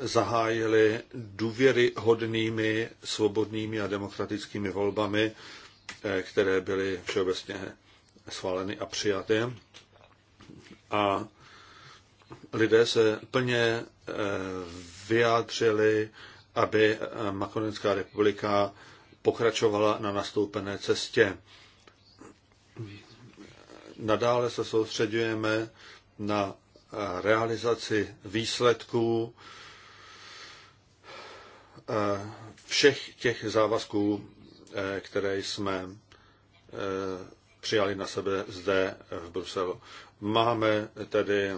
zahájili důvěryhodnými, svobodnými a demokratickými volbami, eh, které byly všeobecně schváleny a přijaty. A lidé se plně vyjádřili, aby Makedonská republika pokračovala na nastoupené cestě nadále se soustředujeme na eh, realizaci výsledků eh, všech těch závazků, eh, které jsme přijali na sebe zde v Bruselu. Máme tedy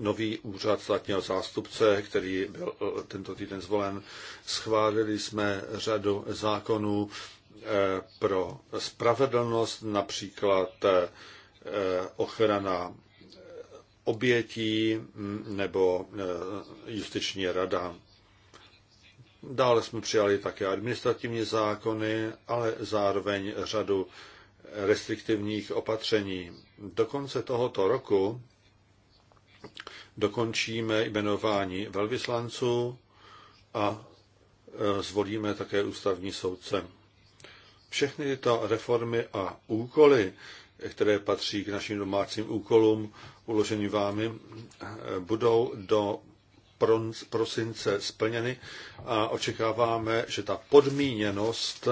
nový úřad státního zástupce, který byl tento týden zvolen. Schválili jsme řadu zákonů, Eh, pro spravedlnost, například eh, ochrana obětí mm, nebo eh, justiční rada. Dále jsme přijali také administrativní zákony, ale zároveň řadu restriktivních opatření. Do konce tohoto roku dokončíme jmenování velvyslanců a zvolíme také ústavní soudce. Všechny tyto reformy a úkoly, které patří k našim domácím úkolům, uložení vámi, budou do prosince splněny a očekáváme, že ta podmíněnost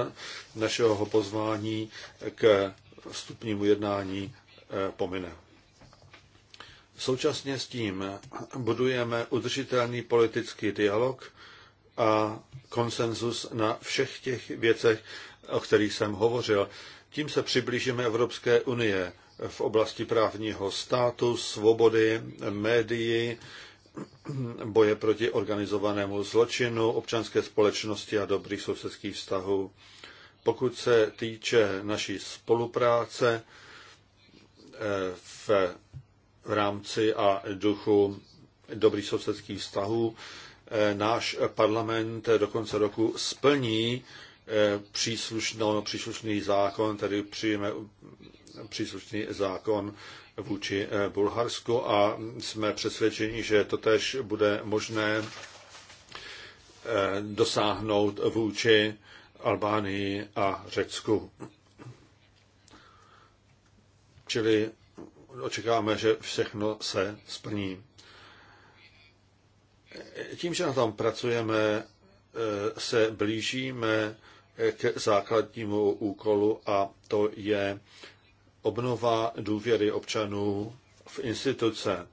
našeho pozvání k vstupnímu jednání eh, pomine. Současně s tím budujeme udržitelný politický dialog a konsenzus na všech těch věcech, o kterých jsem hovořil. Tím se přiblížíme Evropské unie v oblasti právního státu, svobody, médií, boje proti organizovanému zločinu, občanské společnosti a dobrých sousedských vztahů. Pokud se týče naší spolupráce eh, v, v rámci a duchu dobrých sousedských vztahů, eh, náš parlament do konce roku splní příslušnou, příslušný zákon, tedy přijme příslušný zákon vůči eh, Bulharsku a jsme přesvědčeni, že to tež bude možné eh, dosáhnout vůči Albánii a Řecku. Čili očekáváme, že všechno se splní. Tím, že na tom pracujeme, eh, se blížíme k základnímu úkolu a to je obnova důvěry občanů v instituce,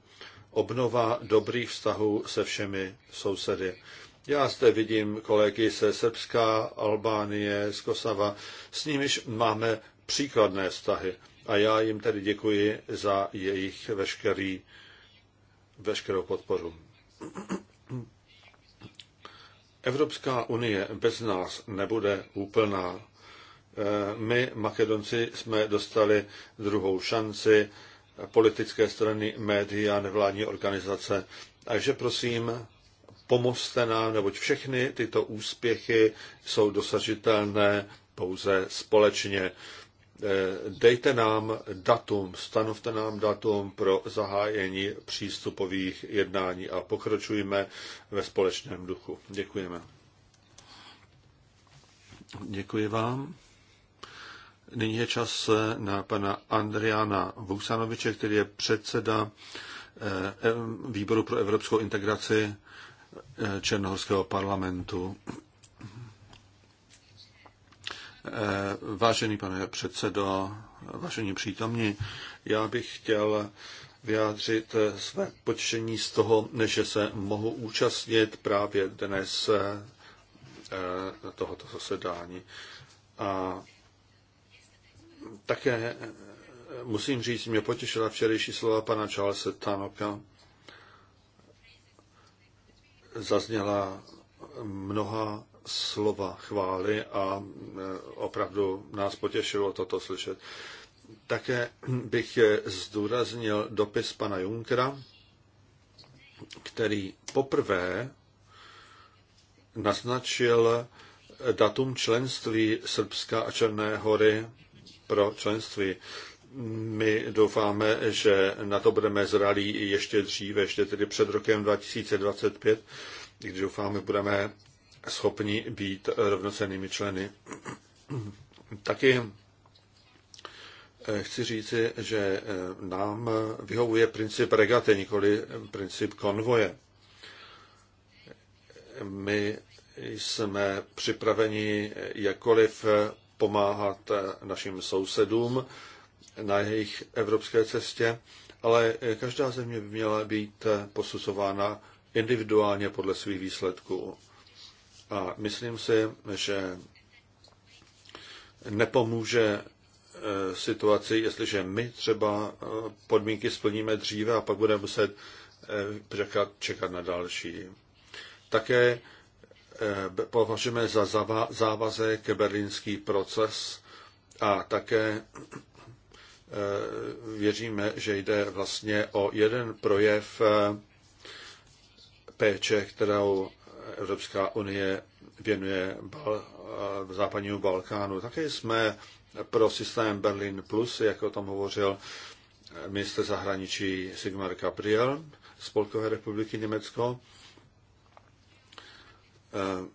obnova dobrých vztahů se všemi sousedy. Já zde vidím kolegy ze Srbska, Albánie, z Kosava, s nimiž máme příkladné vztahy a já jim tedy děkuji za jejich veškerý, veškerou podporu. Evropská unie bez nás nebude úplná. E, my, Makedonci, jsme dostali druhou šanci, politické strany, média, nevládní organizace. Takže prosím, pomozte nám, neboť všechny tyto úspěchy jsou dosažitelné pouze společně. Eh, dejte nám datum, stanovte nám datum pro zahájení přístupových jednání a pokračujeme ve společném duchu. Děkujeme. Děkuji vám. Nyní je čas eh, na pana Andriana Vuksanoviče, který je předseda eh, Výboru pro evropskou integraci Černohorského parlamentu. Eh, vážený pane předsedo, vážení přítomní, já bych chtěl vyjádřit eh, své potěšení z toho, že se mohu účastnit právě dnes eh, tohoto zasedání. A také musím říct, mě potěšila včerejší slova pana Charlesa Tanoka. Zazněla mnoha slova chvály a e, opravdu nás potěšilo toto slyšet. Také bych zdůraznil dopis pana Junkera, který poprvé naznačil datum členství Srbska a Černé hory pro členství. My doufáme, že na to budeme zralí ještě dříve, ještě tedy před rokem 2025, když doufáme, budeme schopni být rovnocennými členy. Taky eh, chci říci, že eh, nám vyhovuje princip regate, nikoli princip konvoje. My jsme připraveni jakkoliv pomáhat eh, našim sousedům na jejich evropské cestě, ale každá země by měla být posuzována individuálně podle svých výsledků. A myslím si, že nepomůže e, situaci, jestliže my třeba e, podmínky splníme dříve a pak budeme muset čekat, e, čekat na další. Také považujeme za závazek berlínský proces a také věříme, že jde vlastně o jeden projev péče, kterou Evropská unie věnuje Bal- západnímu Balkánu. Také jsme pro systém Berlin Plus, jak o tom hovořil minister zahraničí Sigmar Gabriel, Spolkové republiky Německo. Eh,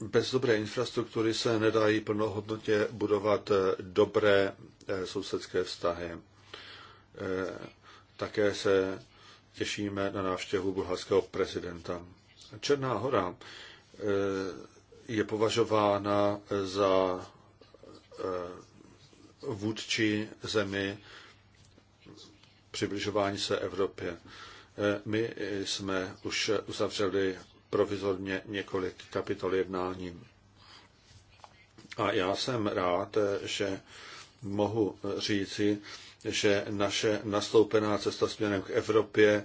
bez dobré infrastruktury se nedají plnohodnotně budovat dobré eh, sousedské vztahy. Eh, také se těšíme na návštěvu bulharského prezidenta. Černá hora eh, je považována za eh, vůdčí zemi přibližování se Evropě. Eh, my jsme už uzavřeli provizorně několik kapitol jednání. A já jsem rád, že mohu říci, že naše nastoupená cesta směrem k Evropě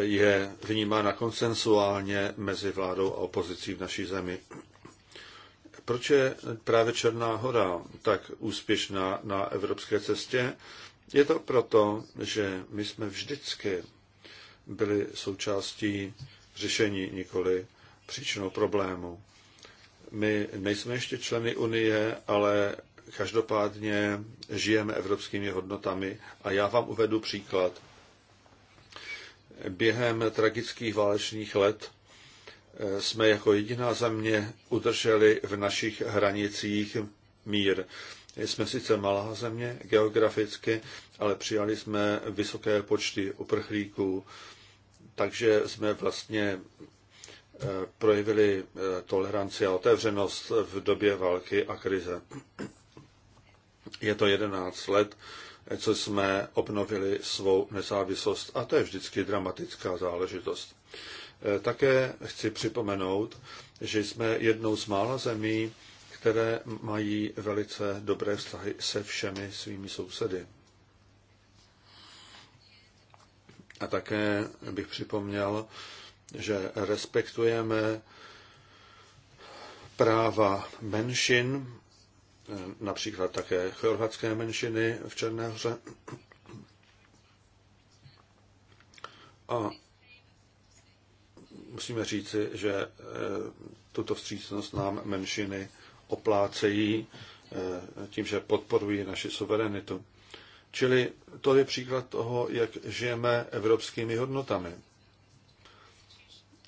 je vnímána konsensuálně mezi vládou a opozicí v naší zemi. Proč je právě Černá hora tak úspěšná na evropské cestě? Je to proto, že my jsme vždycky byli součástí řešení, nikoli příčinou problému. My nejsme ještě členy Unie, ale Každopádně žijeme evropskými hodnotami a já vám uvedu příklad. Během tragických válečných let eh, jsme jako jediná země udrželi v našich hranicích mír. Jsme sice malá země geograficky, ale přijali jsme vysoké počty uprchlíků, takže jsme vlastně eh, projevili eh, toleranci a otevřenost v době války a krize. Je to 11 let, co jsme obnovili svou nezávislost a to je vždycky dramatická záležitost. Eh, také chci připomenout, že jsme jednou z mála zemí, které mají velice dobré vztahy se všemi svými sousedy. A také bych připomněl, že respektujeme práva menšin Eh, například také chorvatské menšiny v Černé hoře. A musíme říci, že eh, tuto vstřícnost nám menšiny oplácejí eh, tím, že podporují naši suverenitu. Čili to je příklad toho, jak žijeme evropskými hodnotami.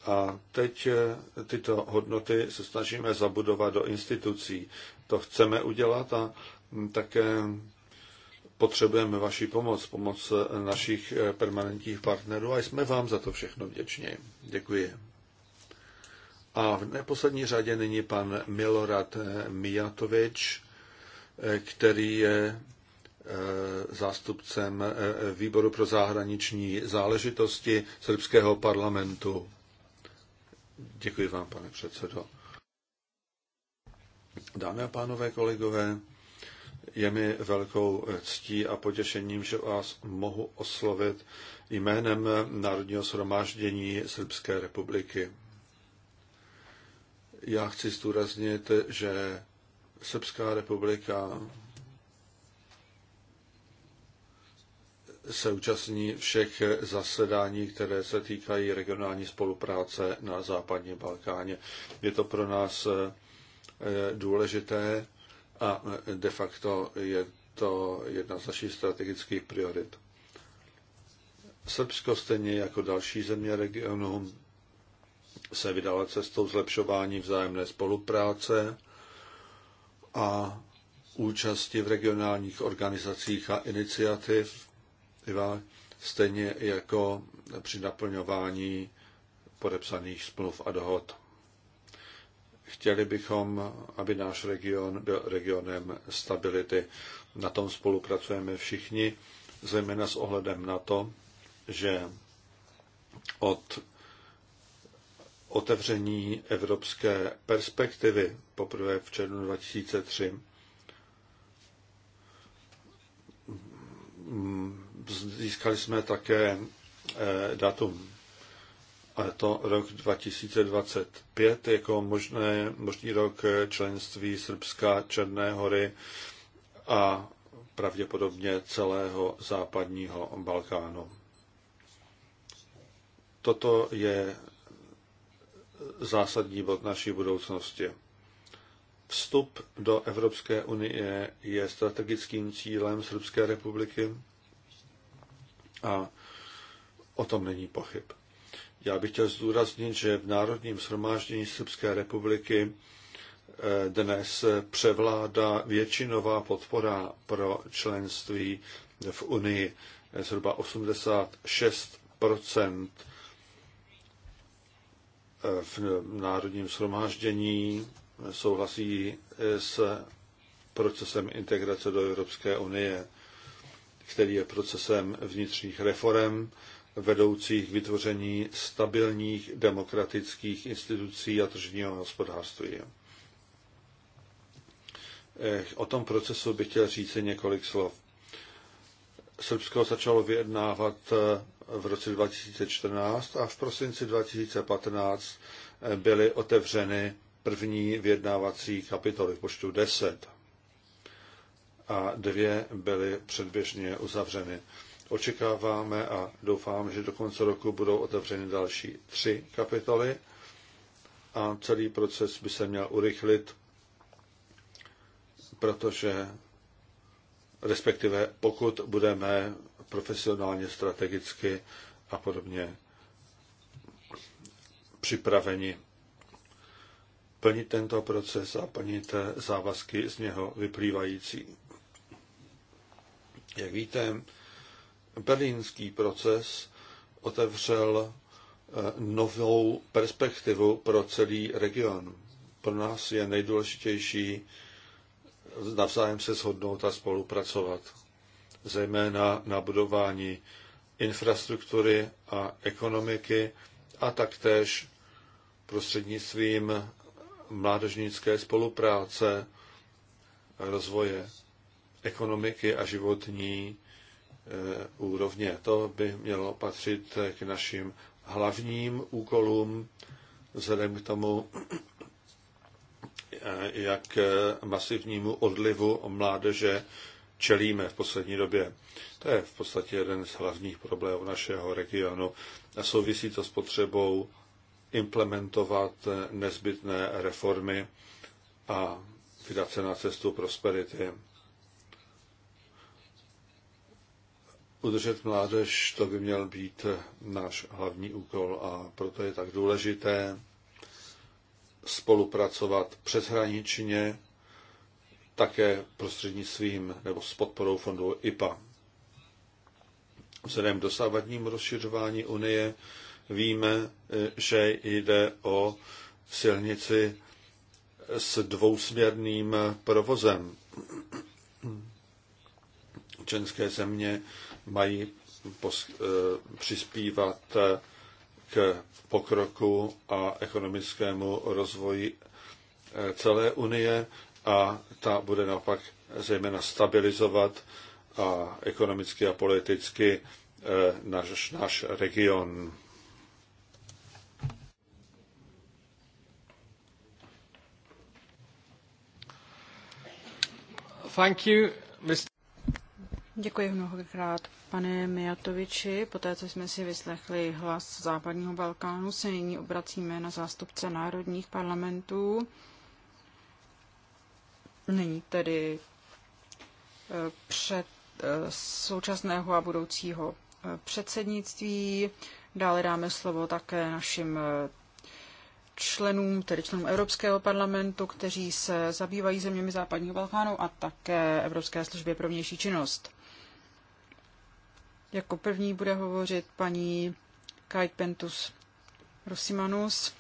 A teď eh, tyto hodnoty se snažíme zabudovat do institucí. To chceme udělat a hm, také potřebujeme vaši pomoc, pomoc eh, našich eh, permanentních partnerů a jsme vám za to všechno vděční. Děkuji. A v neposlední řadě není pan Milorad Mijatovič, který je zástupcem Výboru pro zahraniční záležitosti Srbského parlamentu. Děkuji vám, pane předsedo. Dámy a pánové, kolegové, je mi velkou ctí a potěšením, že vás mohu oslovit jménem Národního shromáždění Srbské republiky. Já chci zdůraznit, že Srbská republika se účastní všech zasedání, které se týkají regionální spolupráce na západním Balkáně. Je to pro nás eh, důležité a eh, de facto je to jedna z našich strategických priorit. Srbsko stejně jako další země regionu se vydala cestou zlepšování vzájemné spolupráce a účasti v regionálních organizacích a iniciativ piva, stejně jako při naplňování podepsaných smluv a dohod. Chtěli bychom, aby náš region byl regionem stability. Na tom spolupracujeme všichni, zejména s ohledem na to, že od otevření evropské perspektivy poprvé v červnu 2003 Získali jsme také eh, datum, A to rok 2025 jako možné, možný rok členství Srbska, Černé hory a pravděpodobně celého západního Balkánu. Toto je zásadní bod naší budoucnosti. Vstup do Evropské unie je strategickým cílem Srbské republiky a o tom není pochyb. Já bych chtěl zdůraznit, že v Národním shromáždění Srbské republiky eh, dnes převládá většinová podpora pro členství v Unii, zhruba 86 eh, v Národním shromáždění souhlasí s procesem integrace do Evropské unie který je procesem vnitřních reform, vedoucích k vytvoření stabilních demokratických institucí a tržního hospodářství. Eh, o tom procesu bych chtěl říct několik slov. Srbsko začalo vyjednávat eh, v roce 2014 a v prosinci 2015 eh, byly otevřeny první vyjednávací kapitoly v počtu 10 a dvě byly předběžně uzavřeny. Očekáváme a doufám, že do konce roku budou otevřeny další tři kapitoly a celý proces by se měl urychlit, protože respektive pokud budeme profesionálně, strategicky a podobně připraveni plnit tento proces a plnit závazky z něho vyplývající. Jak víte, berlínský proces otevřel eh, novou perspektivu pro celý region. Pro nás je nejdůležitější eh, navzájem se shodnout a spolupracovat, zejména na budování infrastruktury a ekonomiky a taktéž prostřednictvím mládežnické spolupráce, rozvoje ekonomiky a životní eh, úrovně. To by mělo patřit k našim hlavním úkolům, vzhledem k tomu, eh, jak eh, masivnímu odlivu mládeže čelíme v poslední době. To je v podstatě jeden z hlavních problémů našeho regionu a souvisí to s potřebou implementovat nezbytné reformy a vydat se na cestu prosperity. Udržet mládež, to by měl být náš hlavní úkol a proto je tak důležité spolupracovat přeshraničně, také prostřednictvím nebo s podporou fondu IPA. Vzhledem k dosávadnímu rozšiřování Unie víme, že jde o silnici s dvousměrným provozem. Členské země mají eh, přispívat eh, k pokroku a ekonomickému rozvoji eh, celé Unie a ta bude naopak zejména stabilizovat a ekonomicky a politicky náš, náš region.
Thank you, Mr.
Děkuji mnohokrát, Pane Mijatoviči, poté, co jsme si vyslechli hlas Západního Balkánu, se nyní obracíme na zástupce národních parlamentů. Nyní tedy eh, před eh, současného a budoucího eh, předsednictví. Dále dáme slovo také našim členům, tedy členům Evropského parlamentu, kteří se zabývají zeměmi západního Balkánu a také Evropské službě pro vnější činnost. Jako první bude hovořit paní Kajpentus Rosimanus,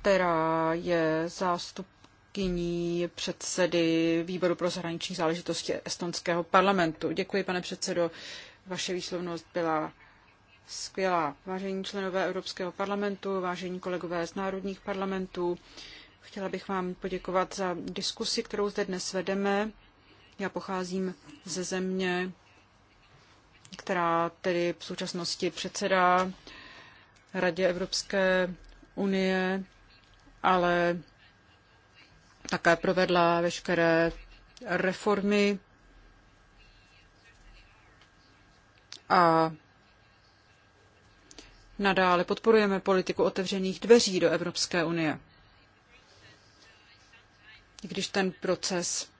která je zástupkyní předsedy výboru pro zahraniční záležitosti estonského parlamentu. Děkuji, pane předsedo. Vaše výslovnost byla skvělá. Vážení členové Evropského parlamentu, vážení kolegové z národních parlamentů, chtěla bych vám poděkovat za diskusi, kterou zde dnes vedeme. Já pocházím ze země, která tedy v současnosti předsedá Radě Evropské unie, ale také provedla veškeré reformy a nadále podporujeme politiku otevřených dveří do Evropské unie. Když ten proces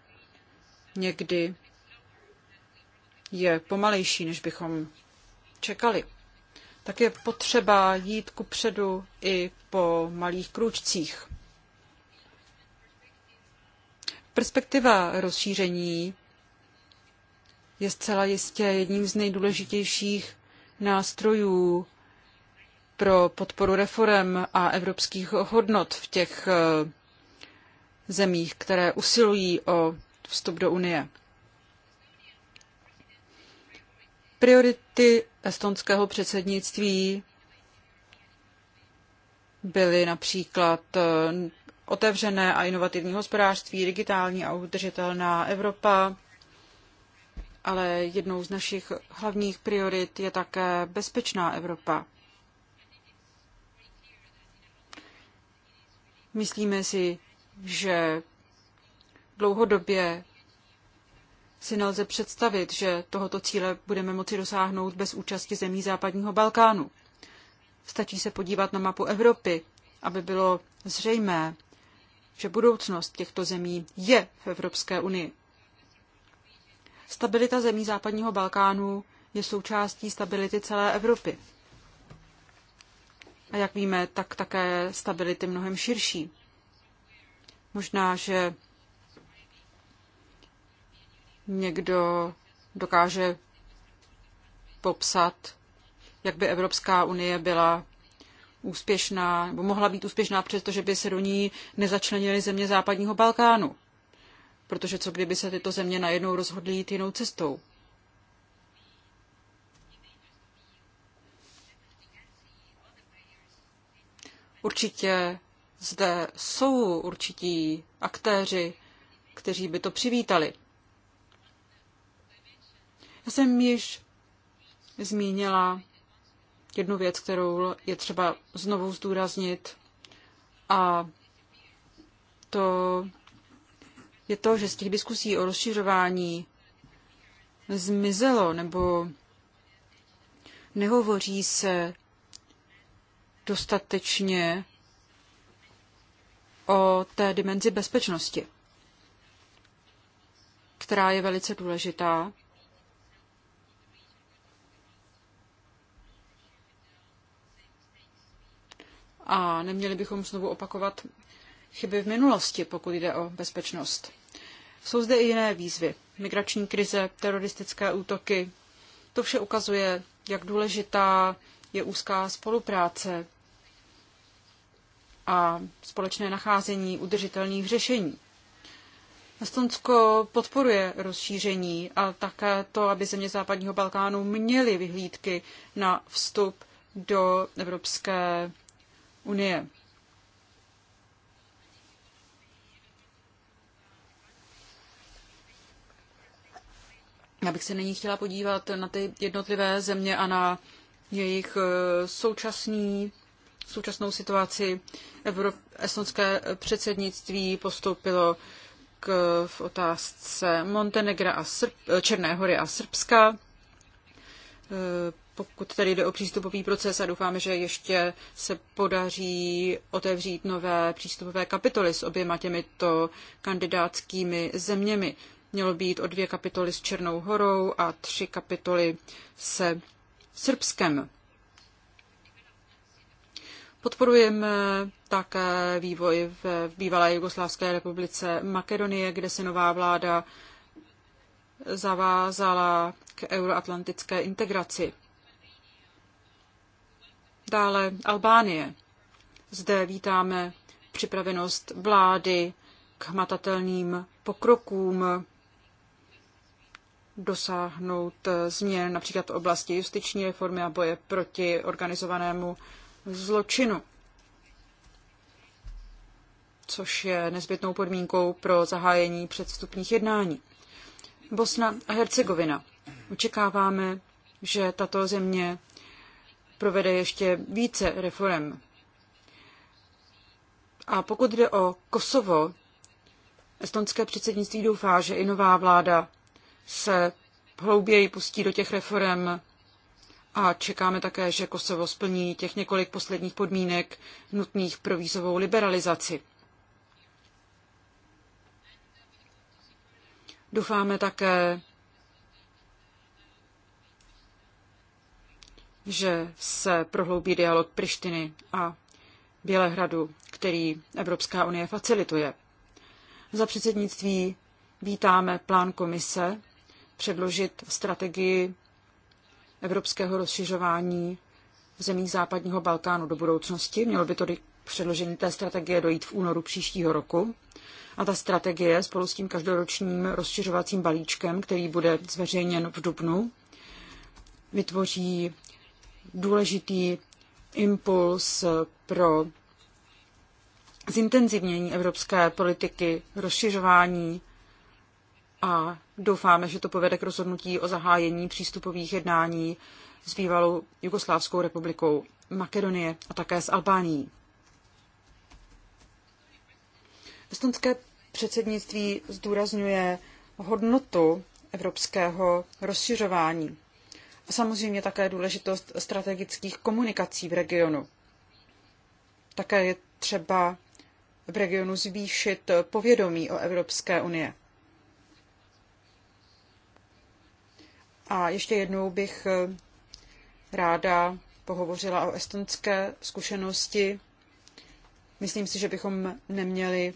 někdy je pomalejší, než bychom čekali, tak je potřeba jít ku předu i po malých krůčcích. Perspektiva rozšíření je zcela jistě jedním z nejdůležitějších nástrojů pro podporu reform a evropských hodnot v těch eh, zemích, které usilují o vstup do Unie. Priority estonského předsednictví byly například eh, otevřené a inovativní hospodářství, digitální a udržitelná Evropa, ale jednou z našich hlavních priorit je také bezpečná Evropa. Myslíme si, že dlouhodobě si nelze představit, že tohoto cíle budeme moci dosáhnout bez účasti zemí západního Balkánu. Stačí se podívat na mapu Evropy, aby bylo zřejmé, že budoucnost těchto zemí je v Evropské unii. Stabilita zemí západního Balkánu je součástí stability celé Evropy. A jak víme, tak také stability mnohem širší. Možná, že někdo dokáže popsat, jak by Evropská unie byla úspěšná, nebo mohla být úspěšná, přestože by se do ní nezačlenily země západního Balkánu. Protože co kdyby se tyto země najednou rozhodly jít jinou cestou? Určitě zde jsou určití aktéři, kteří by to přivítali. Já jsem již zmínila jednu věc, kterou je třeba znovu zdůraznit a to je to, že z těch diskusí o rozšiřování zmizelo nebo nehovoří se dostatečně o té dimenzi bezpečnosti, která je velice důležitá a neměli bychom znovu opakovat chyby v minulosti, pokud jde o bezpečnost. Jsou zde i jiné výzvy. Migrační krize, teroristické útoky. To vše ukazuje, jak důležitá je úzká spolupráce a společné nacházení udržitelných řešení. Estonsko podporuje rozšíření a také to, aby země západního Balkánu měly vyhlídky na vstup do Evropské unie. Já bych se nyní chtěla podívat na ty jednotlivé země a na jejich eh, současný, současnou situaci. Evrop, estonské předsednictví postoupilo k, v otázce Montenegra a Srb, eh, Černé hory a Srbska. Eh, pokud tady jde o přístupový proces a doufáme, že ještě se podaří otevřít nové přístupové kapitoly s oběma těmito kandidátskými zeměmi. Mělo být o dvě kapitoly s Černou horou a tři kapitoly se Srbskem. Podporujeme také vývoj v bývalé Jugoslávské republice Makedonie, kde se nová vláda zavázala k euroatlantické integraci. Dále Albánie. Zde vítáme připravenost vlády k hmatatelným pokrokům dosáhnout změn například v oblasti justiční reformy a boje proti organizovanému zločinu, což je nezbytnou podmínkou pro zahájení předstupních jednání. Bosna a Hercegovina. Očekáváme, že tato země provede ještě více reform. A pokud jde o Kosovo, estonské předsednictví doufá, že i nová vláda se hlouběji pustí do těch reform a čekáme také, že Kosovo splní těch několik posledních podmínek nutných pro vízovou liberalizaci. Doufáme také, že se prohloubí dialog Prištiny a Bělehradu, který Evropská unie facilituje. Za předsednictví vítáme plán komise předložit strategii evropského rozšiřování v zemích západního Balkánu do budoucnosti. Mělo by to předložení té strategie dojít v únoru příštího roku. A ta strategie spolu s tím každoročním rozšiřovacím balíčkem, který bude zveřejněn v Dubnu, vytvoří důležitý impuls pro zintenzivnění evropské politiky rozšiřování a doufáme, že to povede k rozhodnutí o zahájení přístupových jednání s bývalou Jugoslávskou republikou Makedonie a také s Albánií. Estonské předsednictví zdůrazňuje hodnotu evropského rozšiřování samozřejmě také důležitost strategických komunikací v regionu. Také je třeba v regionu zvýšit povědomí o Evropské unie. A ještě jednou bych ráda pohovořila o estonské zkušenosti. Myslím si, že bychom neměli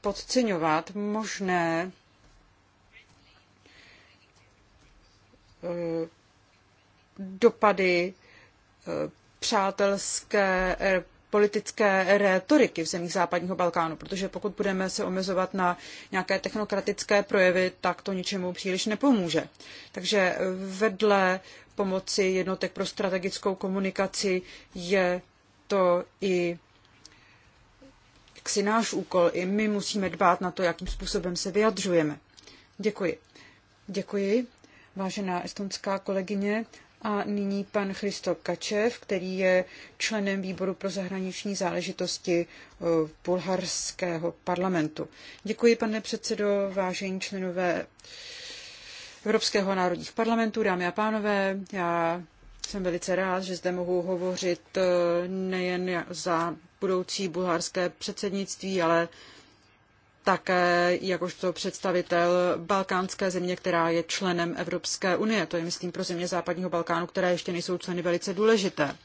podceňovat možné dopady eh, přátelské eh, politické rétoriky v zemích západního Balkánu, protože pokud budeme se omezovat na nějaké technokratické projevy, tak to ničemu příliš nepomůže. Takže eh, vedle pomoci jednotek pro strategickou komunikaci je to i jaksi náš úkol. I my musíme dbát na to, jakým způsobem se vyjadřujeme. Děkuji. Děkuji, vážená estonská kolegyně. A nyní pan Christo Kačev, který je členem výboru pro zahraniční záležitosti eh, bulharského parlamentu. Děkuji, pane předsedo, vážení členové Evropského národních parlamentů, dámy a pánové. Já jsem velice rád, že zde mohu hovořit eh, nejen za budoucí bulharské předsednictví, ale také jakožto představitel balkánské země, která je členem Evropské unie. To je, myslím, pro země západního Balkánu, které ještě nejsou členy, velice důležité.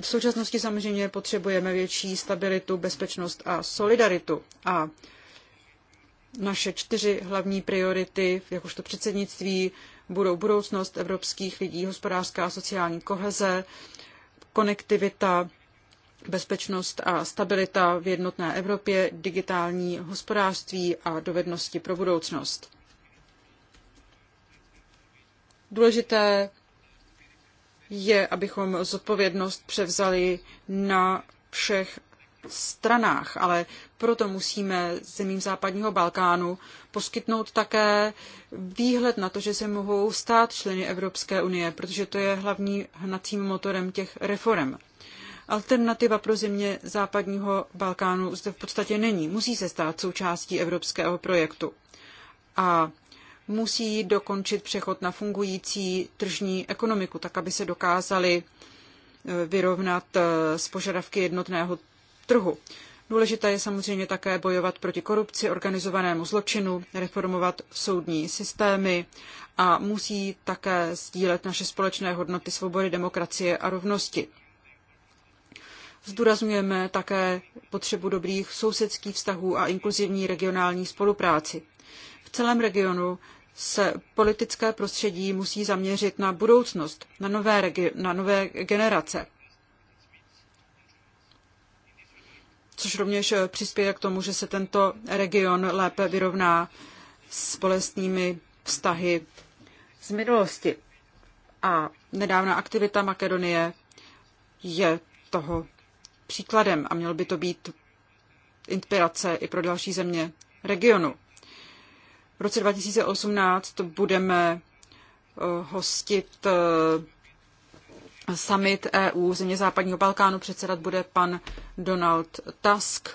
V současnosti samozřejmě potřebujeme větší stabilitu, bezpečnost a solidaritu. A naše čtyři hlavní priority, jakožto předsednictví, budou budoucnost evropských lidí, hospodářská a sociální koheze, konektivita, bezpečnost a stabilita v jednotné Evropě, digitální hospodářství a dovednosti pro budoucnost. Důležité je, abychom zodpovědnost převzali na všech stranách, ale proto musíme zemím západního Balkánu poskytnout také výhled na to, že se mohou stát členy Evropské unie, protože to je hlavní hnacím motorem těch reform. Alternativa pro země západního Balkánu zde v podstatě není. Musí se stát součástí evropského projektu. A musí dokončit přechod na fungující tržní ekonomiku, tak aby se dokázali e, vyrovnat e, s požadavky jednotného trhu. Důležité je samozřejmě také bojovat proti korupci, organizovanému zločinu, reformovat soudní systémy a musí také sdílet naše společné hodnoty svobody, demokracie a rovnosti. Zdůrazňujeme také potřebu dobrých sousedských vztahů a inkluzivní regionální spolupráci. V celém regionu se politické prostředí musí zaměřit na budoucnost, na nové, regi- na nové generace. Což rovněž eh, přispěje k tomu, že se tento region lépe vyrovná s bolestnými vztahy z minulosti. A nedávná aktivita Makedonie je toho příkladem a měl by to být inspirace i pro další země regionu. V roce 2018 budeme eh, hostit eh, summit EU země západního Balkánu. Předsedat bude pan Donald Tusk.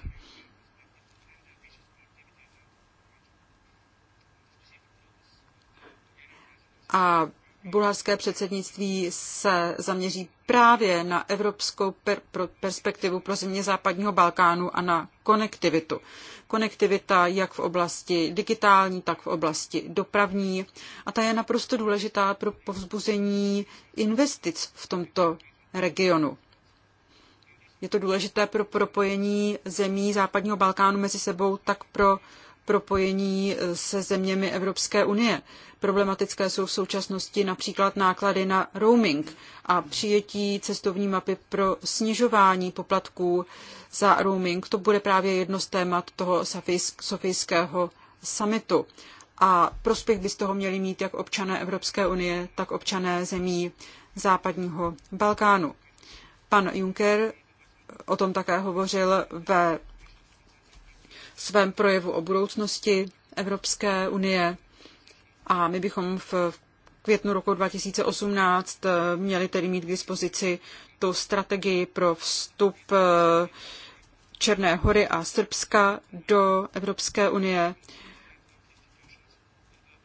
A bulharské předsednictví se zaměří právě na evropskou per, pro perspektivu pro země západního Balkánu a na konektivitu. Konektivita jak v oblasti digitální, tak v oblasti dopravní a ta je naprosto důležitá pro povzbuzení investic v tomto regionu. Je to důležité pro propojení zemí západního Balkánu mezi sebou, tak pro propojení eh, se zeměmi Evropské unie. Problematické jsou v současnosti například náklady na roaming a přijetí cestovní mapy pro snižování poplatků za roaming. To bude právě jedno z témat toho sofijského summitu. A prospěch by z toho měli mít jak občané Evropské unie, tak občané zemí západního Balkánu. Pan Juncker o tom také hovořil ve svém projevu o budoucnosti Evropské unie a my bychom v květnu roku 2018 eh, měli tedy mít k dispozici tu strategii pro vstup eh, Černé hory a Srbska do Evropské unie,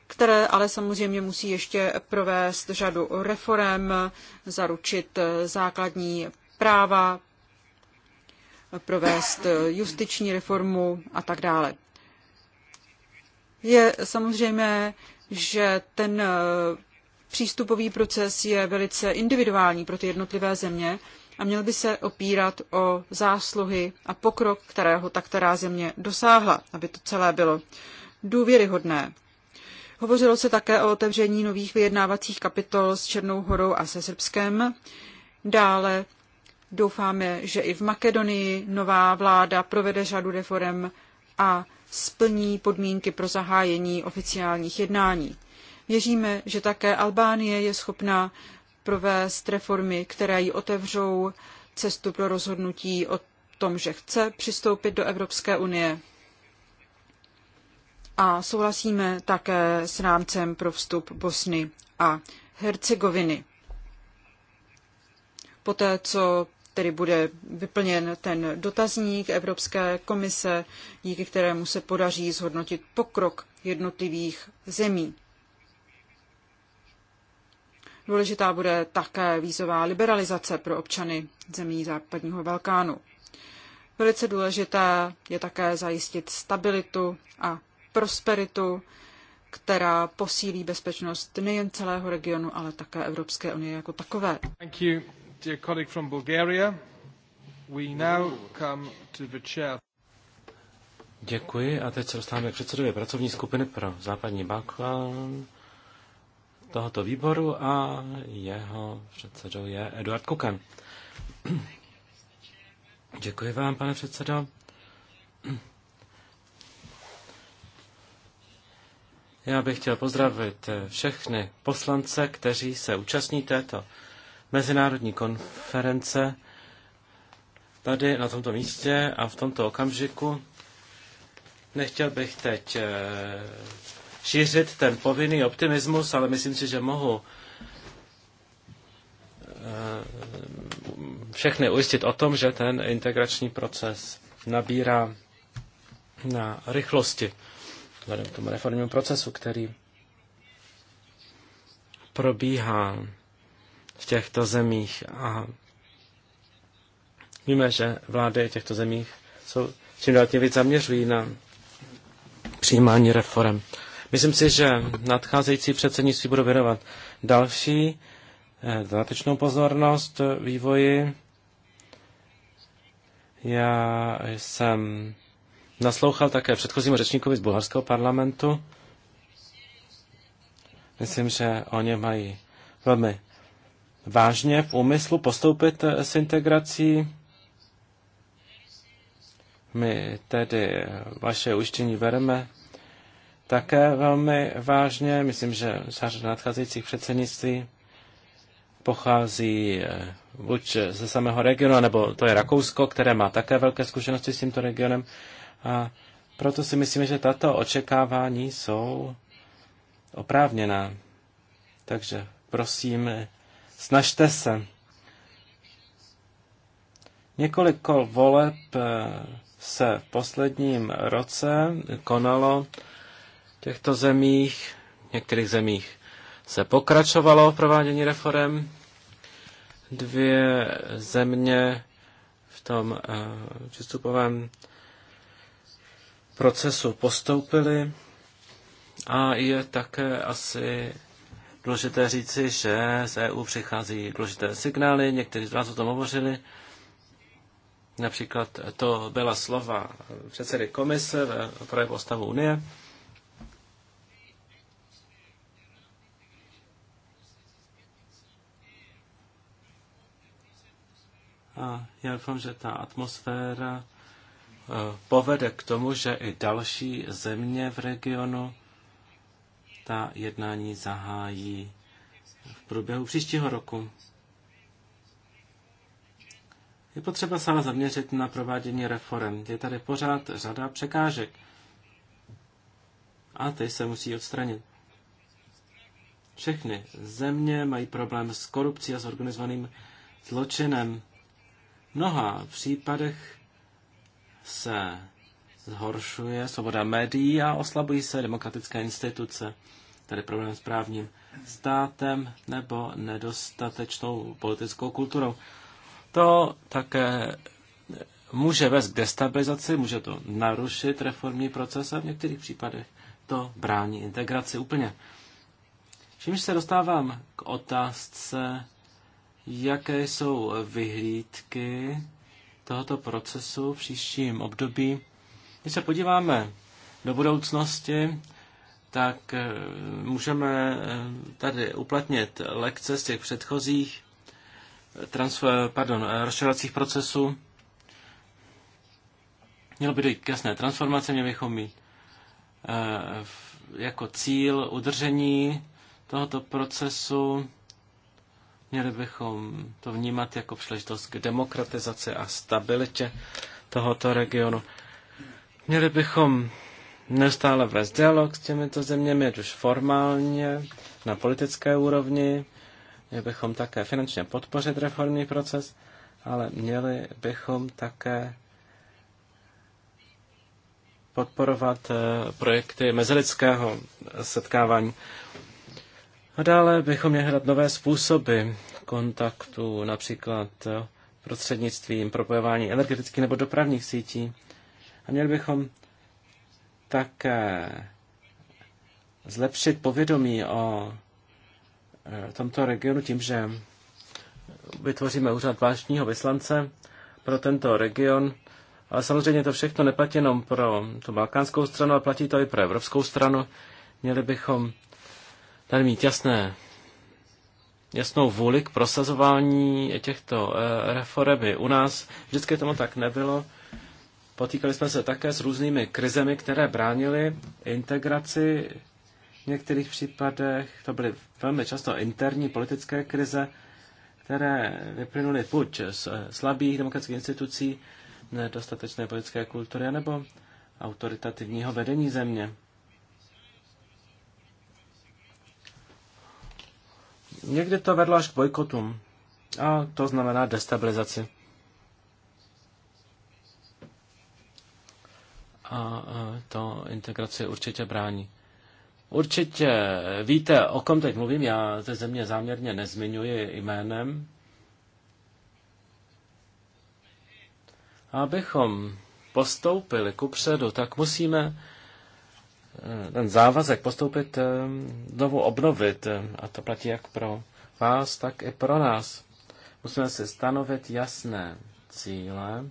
které ale samozřejmě musí ještě provést řadu reform, zaručit eh, základní práva, provést eh, justiční reformu a tak dále. Je samozřejmé, že ten eh, přístupový proces je velice individuální pro ty jednotlivé země a měl by se opírat o zásluhy a pokrok, kterého ta která země dosáhla, aby to celé bylo důvěryhodné. Hovořilo se také o otevření nových vyjednávacích kapitol s Černou horou a se Srbskem, dále Doufáme, že i v Makedonii nová vláda provede řadu reform a splní podmínky pro zahájení oficiálních jednání. Věříme, že také Albánie je schopná provést reformy, které ji otevřou cestu pro rozhodnutí o tom, že chce přistoupit do Evropské unie. A souhlasíme také s rámcem pro vstup Bosny a Hercegoviny. Poté, co tedy bude vyplněn ten dotazník Evropské komise, díky kterému se podaří zhodnotit pokrok jednotlivých zemí. Důležitá bude také vízová liberalizace pro občany zemí západního Balkánu. Velice důležité je také zajistit stabilitu a prosperitu, která posílí bezpečnost nejen celého regionu, ale také Evropské unie jako takové. Thank you dear colleague from Bulgaria.
We now come to the chair.
Děkuji a teď se dostáváme k předsedovi pracovní skupiny pro západní Balkán tohoto výboru a jeho předsedou je Eduard Kukan. Děkuji vám, pane předsedo. Já bych chtěl pozdravit všechny poslance, kteří se účastní této mezinárodní konference tady na tomto místě a v tomto okamžiku. Nechtěl bych teď eh, šířit ten povinný optimismus, ale myslím si, že mohu eh, všechny ujistit o tom, že ten integrační proces nabírá na rychlosti vzhledem k tomu reformnímu procesu, který probíhá v těchto zemích. A víme, že vlády těchto zemích jsou čím dál tím víc zaměřují na přijímání reform. Myslím si, že nadcházející předsednictví budou věnovat další eh, dodatečnou pozornost vývoji. Já jsem naslouchal také předchozímu řečníkovi z bulharského parlamentu. Myslím, že oni mají velmi vážně v úmyslu postoupit eh, s integrací. My tedy vaše ujištění bereme také velmi vážně. Myslím, že řada nadcházejících předsednictví pochází eh, buď ze samého regionu, nebo to je Rakousko, které má také velké zkušenosti s tímto regionem. A proto si myslíme, že tato očekávání jsou oprávněná. Takže prosím, Snažte se. Několik kol voleb eh, se v posledním roce konalo v těchto zemích, v některých zemích se pokračovalo v provádění reform. Dvě země v tom eh, přístupovém procesu postoupily a je také asi důležité říci, že z EU přichází důležité signály, někteří z vás o tom hovořili. Například to byla slova předsedy komise ve projevu o stavu Unie. A já doufám, že ta atmosféra eh, povede k tomu, že i další země v regionu ta jednání zahájí v průběhu příštího roku. Je potřeba se ale zaměřit na provádění reform. Je tady pořád řada překážek a ty se musí odstranit. Všechny země mají problém s korupcí a s organizovaným zločinem. V mnoha případech se zhoršuje svoboda médií a oslabují se demokratické instituce, tedy problém s právním státem nebo nedostatečnou politickou kulturou. To také může vést k destabilizaci, může to narušit reformní proces a v některých případech to brání integraci úplně. Čímž se dostávám k otázce, jaké jsou vyhlídky tohoto procesu v příštím období. Když se podíváme do budoucnosti, tak eh, můžeme eh, tady uplatnit lekce z těch předchozích eh, transfer, pardon, procesů. Mělo by dojít k jasné transformaci, měli bychom mít jako cíl udržení tohoto procesu. Měli bychom to vnímat jako příležitost k demokratizaci a stabilitě tohoto regionu. Měli bychom neustále vést dialog s těmito zeměmi, ať už formálně, na politické úrovni, měli bychom také finančně podpořit reformní proces, ale měli bychom také podporovat eh, projekty mezilidského setkávání. A dále bychom měli hledat nové způsoby kontaktu, například eh, prostřednictvím propojování energetických nebo dopravních sítí. A měli bychom tak eh, zlepšit povědomí o eh, tomto regionu tím, že vytvoříme úřad vážního vyslance pro tento region. Ale samozřejmě to všechno neplatí jenom pro tu balkánskou stranu, ale platí to i pro evropskou stranu. Měli bychom tady mít jasné, jasnou vůli k prosazování těchto eh, reformy U nás vždycky tomu tak nebylo. Potýkali jsme se také s různými krizemi, které bránily integraci. V některých případech to byly velmi často interní politické krize, které vyplynuly buď z slabých demokratických institucí, nedostatečné politické kultury, nebo autoritativního vedení země. Někdy to vedlo až k bojkotům. A to znamená destabilizaci. a to integraci určitě brání. Určitě víte, o kom teď mluvím, já ze země záměrně nezmiňuji jménem. Abychom postoupili ku předu, tak musíme eh, ten závazek postoupit eh, znovu obnovit. Eh, a to platí jak pro vás, tak i pro nás. Musíme si stanovit jasné cíle,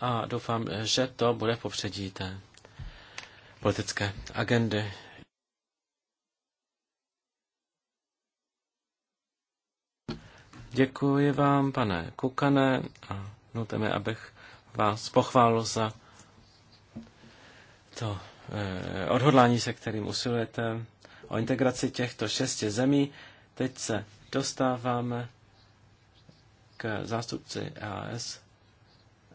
a doufám, že to bude v popředí té politické agendy. Děkuji vám, pane Kukane, a dovolte mi, abych vás pochválil za to eh, odhodlání, se kterým usilujete o integraci těchto šesti zemí. Teď se dostáváme k zástupci EAS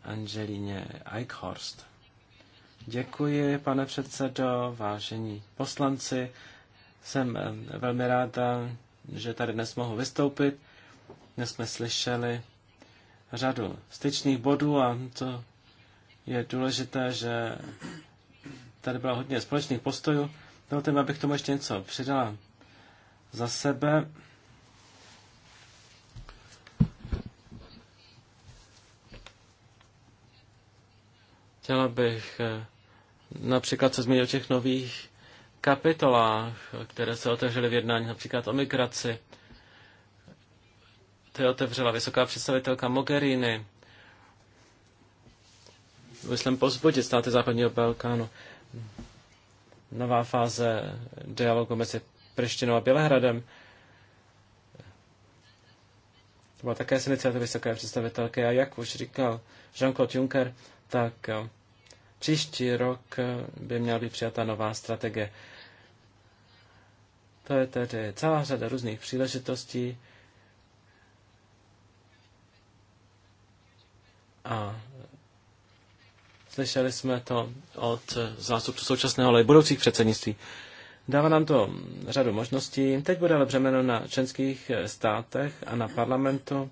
Angelině Eichhorst. Děkuji, pane předsedo, vážení poslanci. Jsem eh, velmi ráda, že tady dnes mohu vystoupit. Dnes jsme slyšeli řadu styčných bodů a to je důležité, že tady bylo hodně společných postojů. Dovolte mi, abych tomu ještě něco přidala za sebe. Chtěla bych eh, například se zmínit o těch nových kapitolách, které se otevřely v jednání, například o migraci. Ty otevřela vysoká představitelka Mogherini. Myslím pozbudit státy západního Balkánu. Nová fáze dialogu mezi Prištinou a Bělehradem. To byla také z iniciativy vysoké představitelky. A jak už říkal Jean-Claude Juncker, tak eh, příští rok eh, by měla být přijata nová strategie. To je tedy celá řada různých příležitostí a slyšeli jsme to od zástupců současného, ale i budoucích předsednictví. Dává nám to řadu možností. Teď bude ale břemeno na členských státech a na parlamentu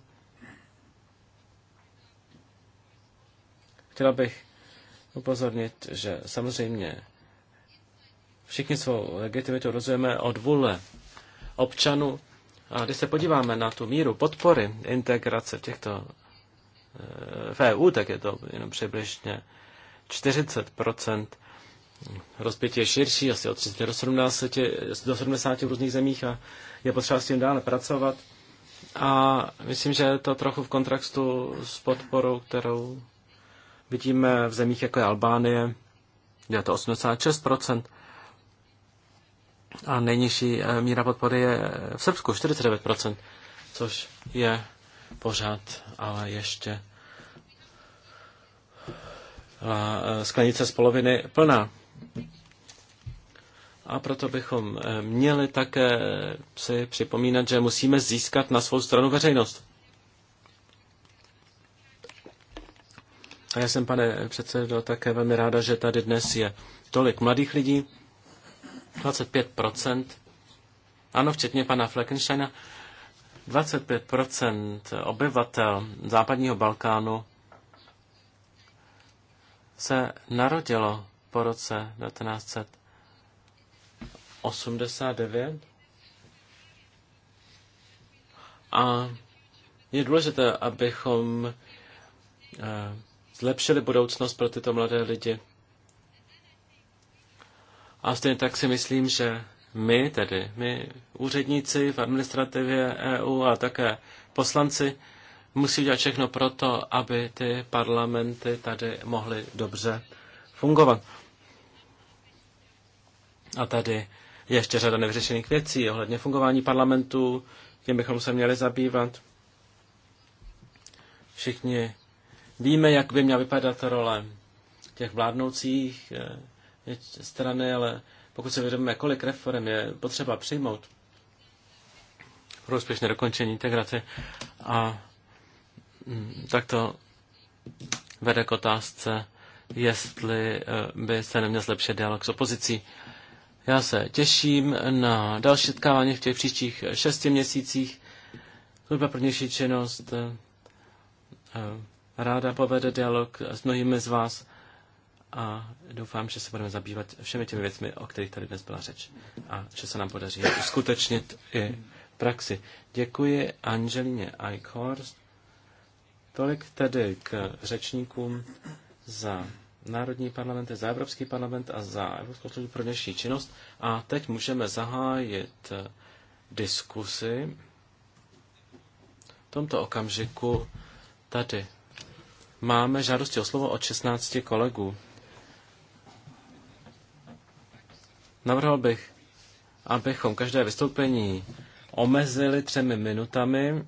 Chtěla bych upozornit, že samozřejmě všichni svou legitimitu rozumíme od vůle občanů. A když se podíváme na tu míru podpory integrace v těchto eh, v EU, tak je to jenom přibližně 40 Rozpětí je širší, asi od 30 do, 70, do 70 v různých zemích a je potřeba s tím dále pracovat. A myslím, že je to trochu v kontrastu s podporou, kterou Vidíme eh, v zemích, jako je Albánie, je to 86%. A nejnižší eh, míra podpory je eh, v Srbsku 49%, což je pořád, ale ještě a sklenice z poloviny plná. A proto bychom měli také si připomínat, že musíme získat na svou stranu veřejnost. A já jsem, pane předsedo, také velmi ráda, že tady dnes je tolik mladých lidí, 25%, ano, včetně pana Fleckensteina, 25% obyvatel západního Balkánu se narodilo po roce 1989 a je důležité, abychom eh, zlepšili budoucnost pro tyto mladé lidi. A stejně tak si myslím, že my tedy, my úředníci v administrativě EU a také poslanci, musí udělat všechno proto, aby ty parlamenty tady mohly dobře fungovat. A tady je ještě řada nevyřešených věcí ohledně fungování parlamentů, tím bychom se měli zabývat. Všichni Víme, jak by měla vypadat role těch vládnoucích eh, strany, ale pokud se vědomíme, kolik reform je potřeba přijmout pro úspěšné dokončení integrace, a mm, tak to vede k otázce, jestli eh, by se neměl zlepšit dialog s opozicí. Já se těším na další setkávání v těch příštích šesti měsících. Služba pro činnost eh, ráda povede dialog s mnohými z vás a doufám, že se budeme zabývat všemi těmi věcmi, o kterých tady dnes byla řeč a že se nám podaří uskutečnit i praxi. Děkuji Angelině Eichhorst. Tolik tedy k řečníkům za Národní parlament, za Evropský parlament a za Evropskou službu pro dnešní činnost. A teď můžeme zahájit diskusy. V tomto okamžiku tady Máme žádosti o slovo od 16 kolegů. Navrhl bych, abychom každé vystoupení omezili třemi minutami.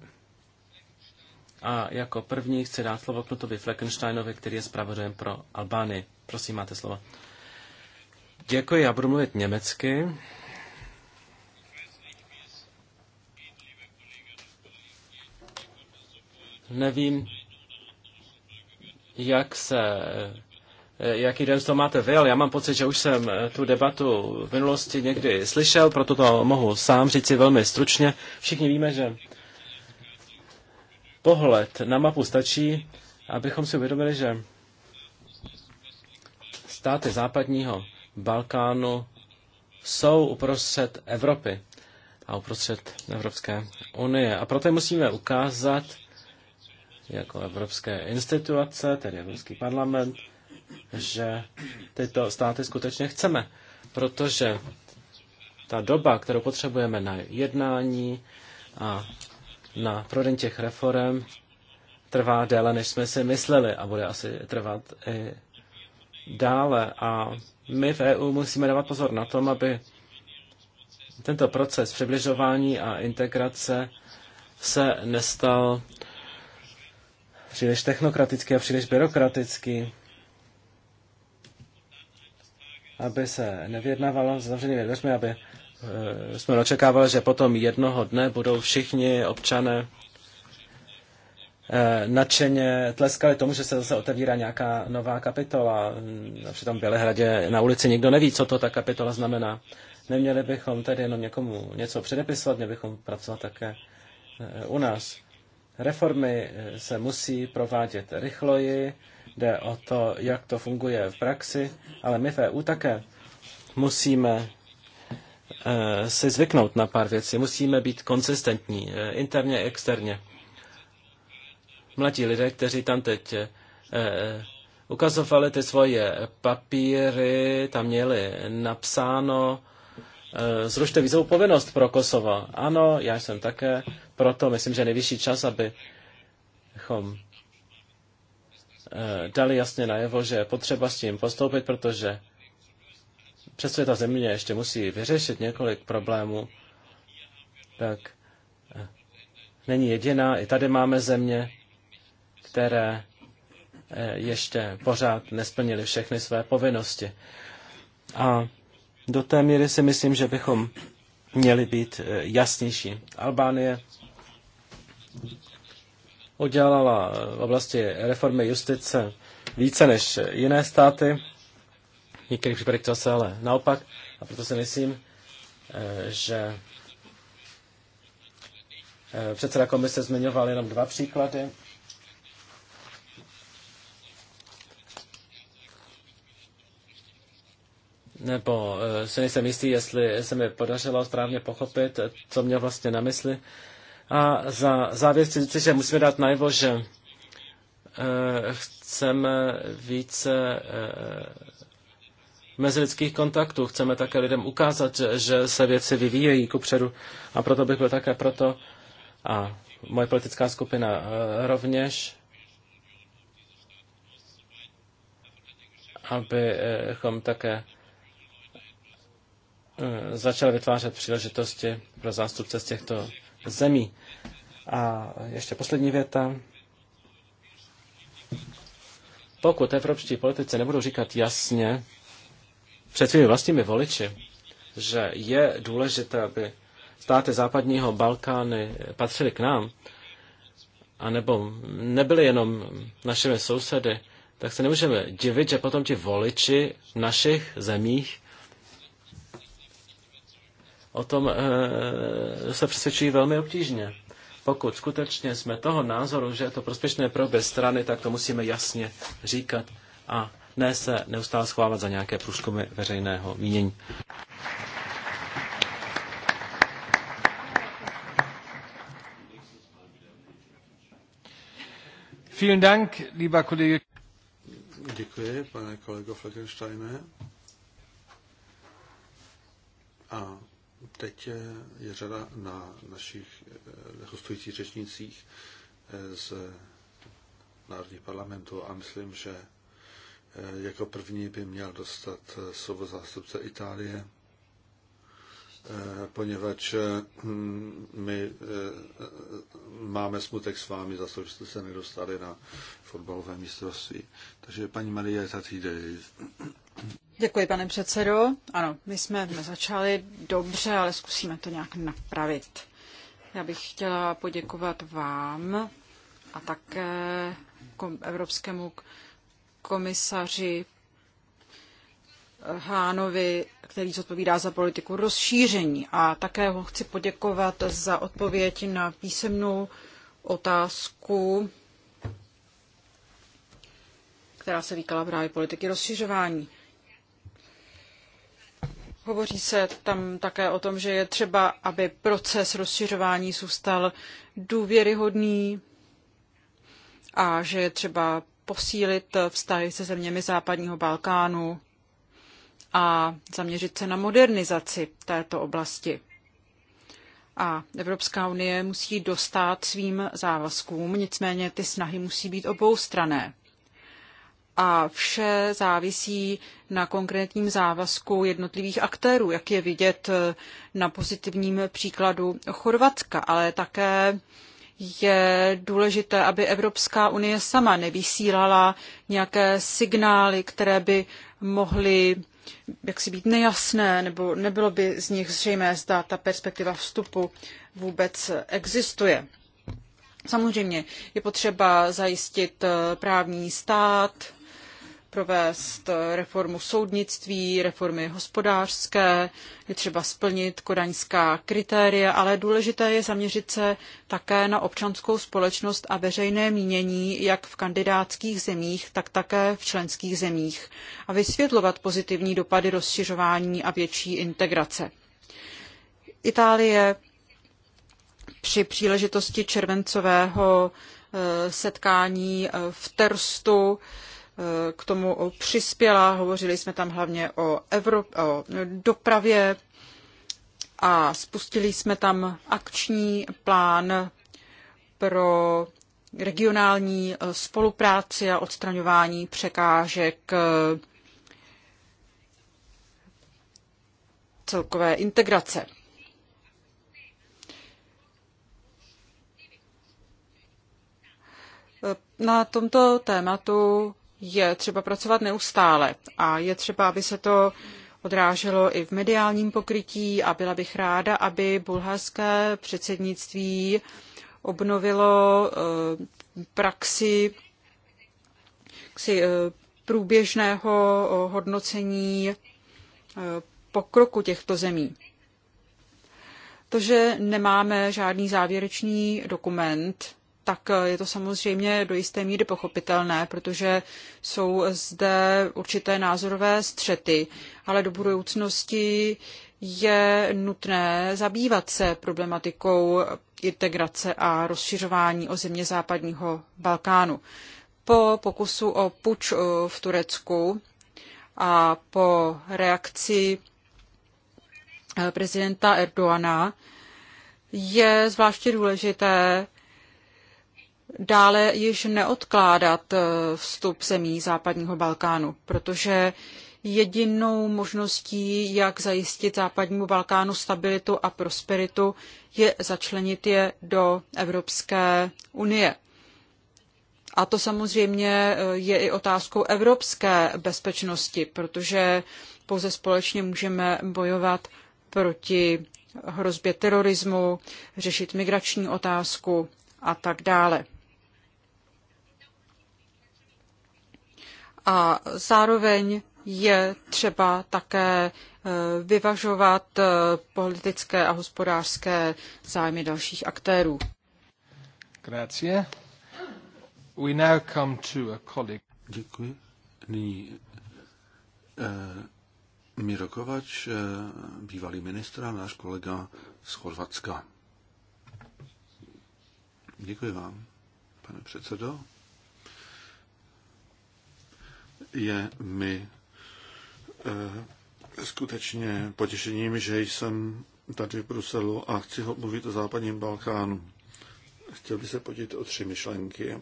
A jako první chci dát slovo Knutovi Fleckensteinovi, který je zpravodajem pro Albány. Prosím, máte slovo. Děkuji, já budu mluvit německy. Nevím, jak se jaký den to máte vy, ale já mám pocit, že už jsem eh, tu debatu v minulosti někdy slyšel, proto to mohu sám říci velmi stručně. Všichni víme, že pohled na mapu stačí, abychom si uvědomili, že státy západního Balkánu jsou uprostřed Evropy a uprostřed Evropské unie. A proto musíme ukázat, jako evropské instituce, tedy Evropský parlament, že tyto státy skutečně chceme, protože ta doba, kterou potřebujeme na jednání a na prodej těch reform, trvá déle, než jsme si mysleli a bude asi trvat i dále. A my v EU musíme dávat pozor na tom, aby tento proces přibližování a integrace se nestal příliš technokratický a příliš byrokratický, aby se nevyjednávalo s zavřenými dveřmi, aby e, jsme očekávali, že potom jednoho dne budou všichni občané e, nadšeně tleskali tomu, že se zase otevírá nějaká nová kapitola. A přitom v Bělehradě na ulici nikdo neví, co to ta kapitola znamená. Neměli bychom tedy jenom někomu něco předepisovat, měli bychom pracovat také eh, u nás. Reformy eh, se musí provádět rychleji, jde o to, jak to funguje v praxi, ale my v EU také musíme eh, si zvyknout na pár věcí. Musíme být konsistentní, eh, interně i externě. Mladí lidé, kteří tam teď ukazovali ty svoje papíry, tam měli napsáno, Eh, zrušte vízovou povinnost pro Kosovo. Ano, já jsem také proto, myslím, že nejvyšší čas, abychom eh, dali jasně najevo, že je potřeba s tím postoupit, protože přesto ta země ještě musí vyřešit několik problémů, tak eh, není jediná. I tady máme země, které ještě pořád nesplnily všechny své povinnosti. A do té míry si myslím, že bychom měli být eh, jasnější. Albánie udělala eh, v oblasti reformy justice více než jiné státy, v některých případech to se ale naopak, a proto si myslím, eh, že předseda komise zmiňoval jenom dva příklady nebo eh, se nejsem jistý, jestli se mi podařilo správně pochopit, eh, co měl vlastně na mysli. A za závěr chci říct, že musíme dát najevo, že eh, chceme více mezilidských kontaktů. Chceme také lidem ukázat, že se věci vyvíjejí kupředu a proto bych byl také proto a moje politická skupina rovněž, abychom také Eh, začal vytvářet příležitosti pro zástupce z těchto zemí. A ještě poslední věta. Pokud evropští politici nebudou říkat jasně před svými vlastními voliči, že je důležité, aby státy západního Balkány patřily k nám, anebo nebyly jenom našimi sousedy, tak se nemůžeme divit, že potom ti voliči v našich zemích o tom eh, se přesvědčí velmi obtížně. Pokud skutečně jsme toho názoru, že je to prospěšné pro obě strany, tak to musíme jasně říkat a ne se neustále schovávat za nějaké průzkumy veřejného mínění.
Vielen Dank, lieber Kollege. Děkuji, pane kolego Fleckensteine. A Teď eh, je řada na našich eh, hostujících řečnicích eh, z národních parlamentů a myslím, že jako první by měl dostat slovo zástupce Itálie, poněvadž hm, my máme smutek s vámi za to, že jste se nedostali na fotbalové mistrovství. Takže paní Marie Tatidej.
Děkuji, pane předsedo. Ano, my jsme začali dobře, ale zkusíme to nějak napravit. Já bych chtěla poděkovat vám a také Evropskému komisaři eh, Hánovi, který zodpovídá za politiku rozšíření. A také ho chci poděkovat za odpověď na písemnou otázku, která se týkala právě politiky rozšiřování. Hovoří se tam také o tom, že je třeba, aby proces rozšiřování zůstal důvěryhodný a že je třeba posílit vztahy se zeměmi západního Balkánu a zaměřit se na modernizaci této oblasti. A Evropská unie musí dostat svým závazkům, nicméně ty snahy musí být oboustrané a vše závisí na konkrétním závazku jednotlivých aktérů, jak je vidět eh, na pozitivním příkladu Chorvatska, ale také je důležité, aby Evropská unie sama nevysílala nějaké signály, které by mohly jak si být nejasné, nebo nebylo by z nich zřejmé, zda ta perspektiva vstupu vůbec existuje. Samozřejmě je potřeba zajistit eh, právní stát, provést reformu soudnictví, reformy hospodářské, je třeba splnit kodaňská kritéria, ale důležité je zaměřit se také na občanskou společnost a veřejné mínění, jak v kandidátských zemích, tak také v členských zemích a vysvětlovat pozitivní dopady rozšiřování a větší integrace. Itálie při příležitosti červencového eh, setkání eh, v Terstu k tomu přispěla. Hovořili jsme tam hlavně o, Evrop- o dopravě a spustili jsme tam akční plán pro regionální eh, spolupráci a odstraňování překážek eh, celkové integrace. Eh, na tomto tématu je třeba pracovat neustále a je třeba, aby se to odráželo i v mediálním pokrytí a byla bych ráda, aby bulharské předsednictví obnovilo eh, praxi eh, průběžného hodnocení eh, pokroku těchto zemí. To, že nemáme žádný závěrečný dokument, tak eh, je to samozřejmě do jisté míry pochopitelné, protože jsou zde určité názorové střety, ale do budoucnosti je nutné zabývat se problematikou integrace a rozšiřování o země západního Balkánu. Po pokusu o puč eh, v Turecku a po reakci eh, prezidenta Erdoana je zvláště důležité dále již neodkládat eh, vstup zemí západního Balkánu, protože jedinou možností, jak zajistit západnímu Balkánu stabilitu a prosperitu, je začlenit je do Evropské unie. A to samozřejmě eh, je i otázkou evropské bezpečnosti, protože pouze společně můžeme bojovat proti hrozbě terorismu, řešit migrační otázku a tak dále. a zároveň je třeba také eh, vyvažovat eh, politické a hospodářské zájmy dalších aktérů.
Grazie. We now come to a colleague. Děkuji. Nyní eh, Miro Kovač, eh, bývalý ministr a náš kolega z Chorvatska. Děkuji vám, pane předsedo je mi eh, skutečně potěšením, že jsem tady v Bruselu a chci ho mluvit o západním Balkánu. Chtěl bych se podívat o tři myšlenky.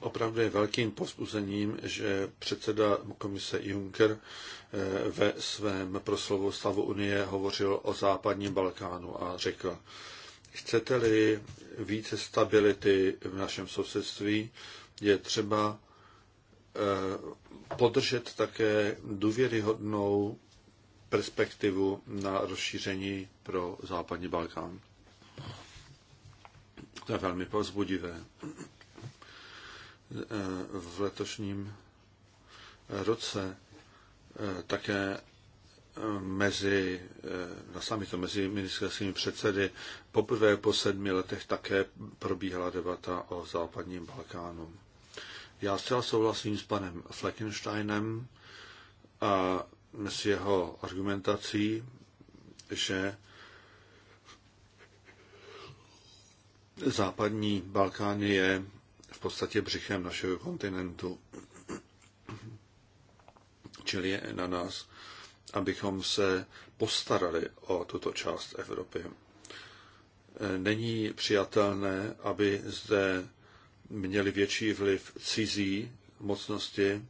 Opravdu je velkým pospuzením, že předseda komise Juncker eh, ve svém proslovu stavu Unie hovořil o západním Balkánu a řekl, chcete-li více stability v našem sousedství, je třeba Eh, podržet také důvěryhodnou perspektivu na rozšíření pro západní Balkán. To je velmi povzbudivé. Eh, v letošním roce eh, také mezi, na samitu mezi ministerskými předsedy poprvé po sedmi letech také probíhala debata o západním Balkánu. Já zcela souhlasím s panem Fleckensteinem a s jeho argumentací, že západní Balkán je v podstatě břichem našeho kontinentu. Čili je na nás, abychom se postarali o tuto část Evropy. Není přijatelné, aby zde měly větší vliv cizí mocnosti,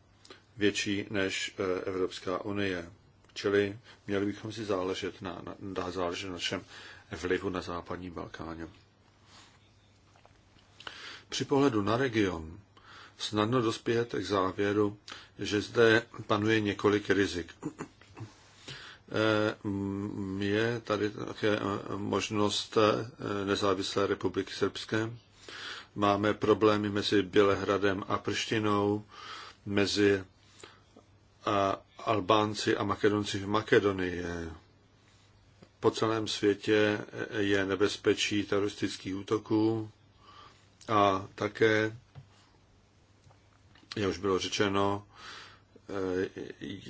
větší než e, Evropská unie. Čili měli bychom si záležet na, na, záležet na našem vlivu na západní Balkáně. Při pohledu na region snadno dospějete k závěru, že zde panuje několik rizik. E, je tady také e, možnost nezávislé republiky srbské, Máme problémy mezi Bělehradem a Prštinou, mezi Albánci a Makedonci v Makedonii. Po celém světě je nebezpečí teroristických útoků a také, jak už bylo řečeno,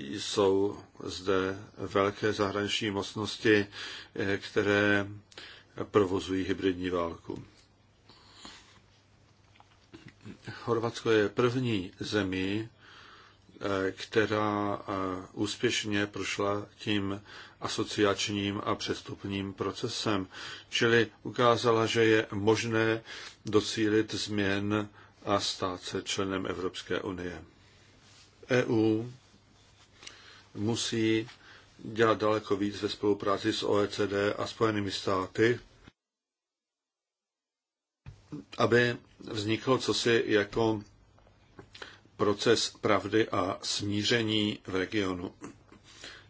jsou zde velké zahraniční mocnosti, které provozují hybridní válku. Chorvatsko je první zemí, eh, která eh, úspěšně prošla tím asociačním a přestupním procesem. Čili ukázala, že je možné docílit změn a stát se členem Evropské unie. EU musí dělat daleko víc ve spolupráci s OECD a Spojenými státy, aby vzniklo cosi jako proces pravdy a smíření v regionu.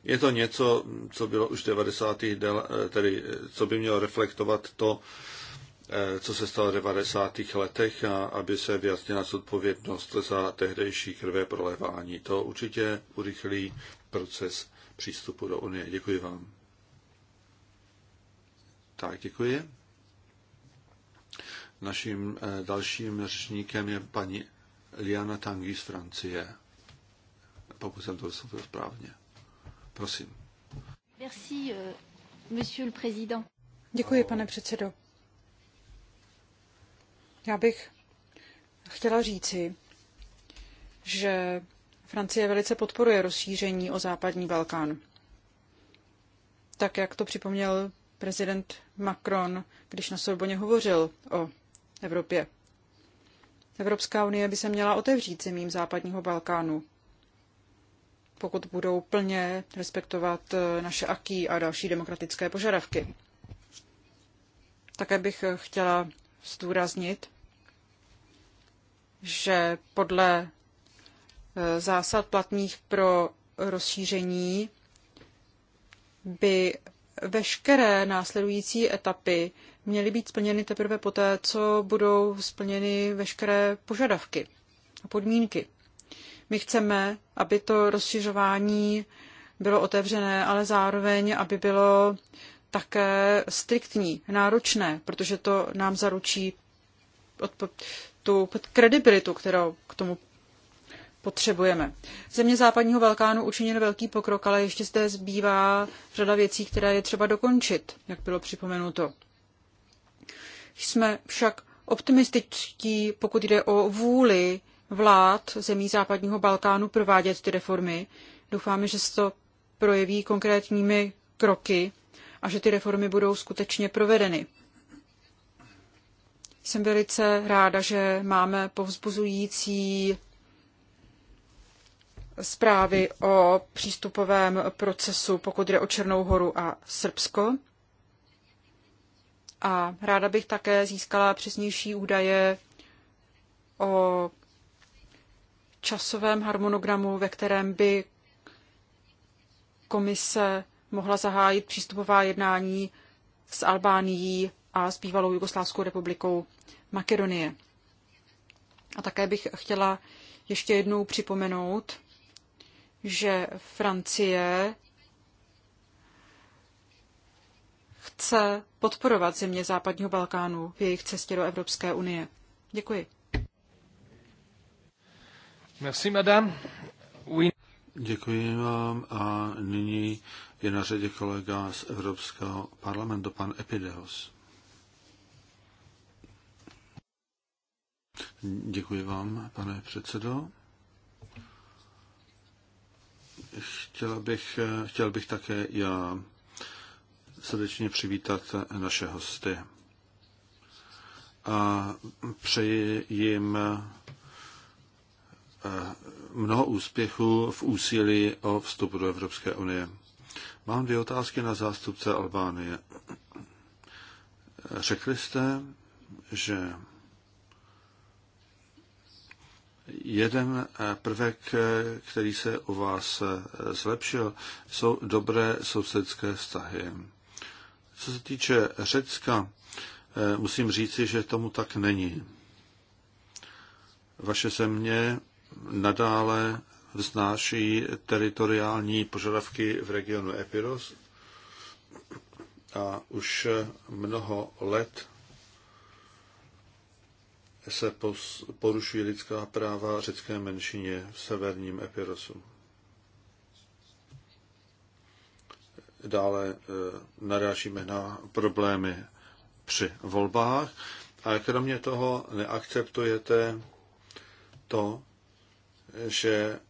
Je to něco, co bylo už 90. Del, eh, tedy eh, co by mělo reflektovat to, eh, co se stalo v 90. letech a aby se vyjasnila zodpovědnost za tehdejší krvé prolevání. To určitě urychlí proces přístupu do Unie. Děkuji vám. Tak, děkuji. Naším eh, dalším řečníkem je paní Liana Tangi z Francie, pokud jsem to vyslovil správně. Prosím. Merci, eh,
monsieur le président. Děkuji, pane předsedo. Já bych chtěla říci, že Francie velice podporuje rozšíření o západní Balkán. Tak, jak to připomněl prezident Macron, když na Sorboně hovořil o Evropě. Evropská unie by se měla otevřít zemím západního Balkánu, pokud budou plně respektovat eh, naše aký a další demokratické požadavky. Také bych eh, chtěla zdůraznit, že podle eh, zásad platných pro rozšíření by veškeré následující etapy měly být splněny teprve poté, co budou splněny veškeré požadavky a podmínky. My chceme, aby to rozšiřování bylo otevřené, ale zároveň, aby bylo také striktní, náročné, protože to nám zaručí tu kredibilitu, kterou k tomu potřebujeme. V země západního Balkánu učiněno velký pokrok, ale ještě zde zbývá řada věcí, které je třeba dokončit, jak bylo připomenuto. Jsme však optimističtí, pokud jde o vůli vlád zemí západního Balkánu provádět ty reformy. Doufáme, že se to projeví konkrétními kroky a že ty reformy budou skutečně provedeny. Jsem velice ráda, že máme povzbuzující zprávy o přístupovém procesu, pokud jde o Černou horu a Srbsko. A ráda bych také získala přesnější údaje o časovém harmonogramu, ve kterém by komise mohla zahájit přístupová jednání s Albánií a s bývalou Jugoslávskou republikou Makedonie. A také bych chtěla ještě jednou připomenout, že Francie chce podporovat země západního Balkánu v jejich cestě do Evropské unie. Děkuji.
Merci, madame. Oui. Děkuji vám a nyní je na řadě kolega z Evropského parlamentu, pan Epideos. Děkuji vám, pane předsedo chtěla bych, chtěl bych také já srdečně přivítat naše hosty a přeji jim eh, mnoho úspěchu v úsilí o vstup do Evropské unie. Mám dvě otázky na zástupce Albánie. Řekli jste, že Jeden eh, prvek, eh, který se u vás eh, zlepšil, jsou dobré sousedské vztahy. Co se týče Řecka, musím říci, že tomu tak není. Vaše země nadále vznáší teritoriální požadavky v regionu Epiros a už mnoho let se porušují lidská práva řecké menšině v severním Epirosu. Dále eh, narážíme na problémy při volbách a kromě toho neakceptujete to, že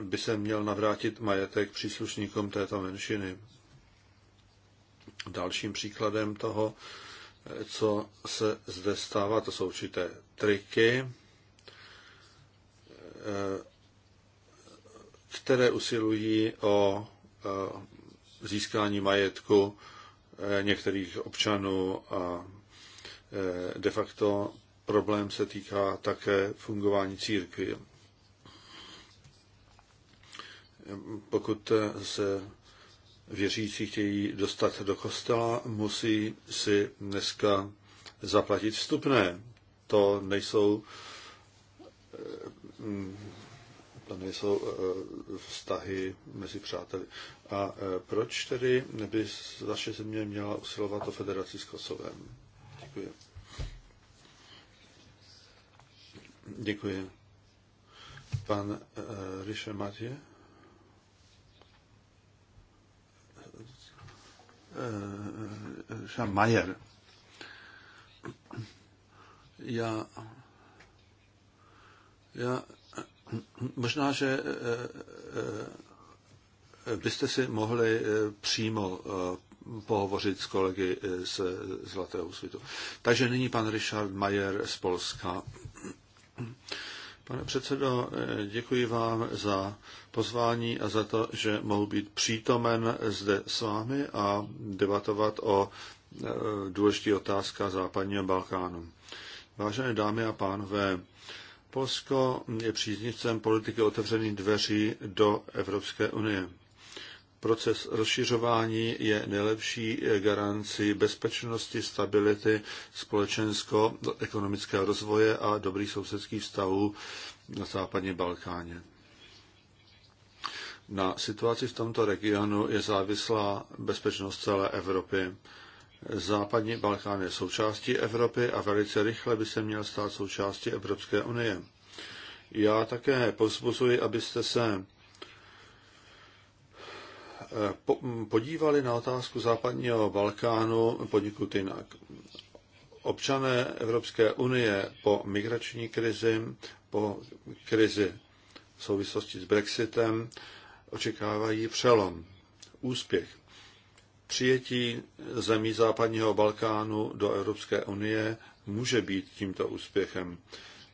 by se měl navrátit majetek příslušníkům této menšiny. Dalším příkladem toho co se zde stává, to jsou určité triky, eh, které usilují o eh, získání majetku eh, některých občanů a de facto problém se týká také fungování církví. Pokud se věřící chtějí dostat do kostela, musí si dneska zaplatit vstupné. To nejsou eh, to nejsou eh, vztahy mezi přáteli. A eh, proč tedy neby vaše země měla usilovat o federaci s Kosovem? Děkuji. Děkuji. Pan Riše Matěj? Jean eh, eh, Mayer. Já, možná, že eh, byste si mohli přímo pohovořit s kolegy z Zlatého svitu. Takže nyní pan Richard Mayer z Polska. Pane předsedo, děkuji vám za pozvání a za to, že mohu být přítomen zde s vámi a debatovat o e, důležitý otázka západního Balkánu. Vážené dámy a pánové, Polsko je příznivcem politiky otevřených dveří do Evropské unie. Proces rozšiřování je nejlepší garancí bezpečnosti, stability, společensko-ekonomického rozvoje a dobrých sousedských vztahů na západní Balkáně. Na situaci v tomto regionu je závislá bezpečnost celé Evropy. Západní Balkán je součástí Evropy a velice rychle by se měl stát součástí Evropské unie. Já také pozbuzuji, abyste se podívali na otázku západního Balkánu poněkud jinak. Občané Evropské unie po migrační krizi, po krizi v souvislosti s Brexitem očekávají přelom, úspěch. Přijetí zemí západního Balkánu do Evropské unie může být tímto úspěchem,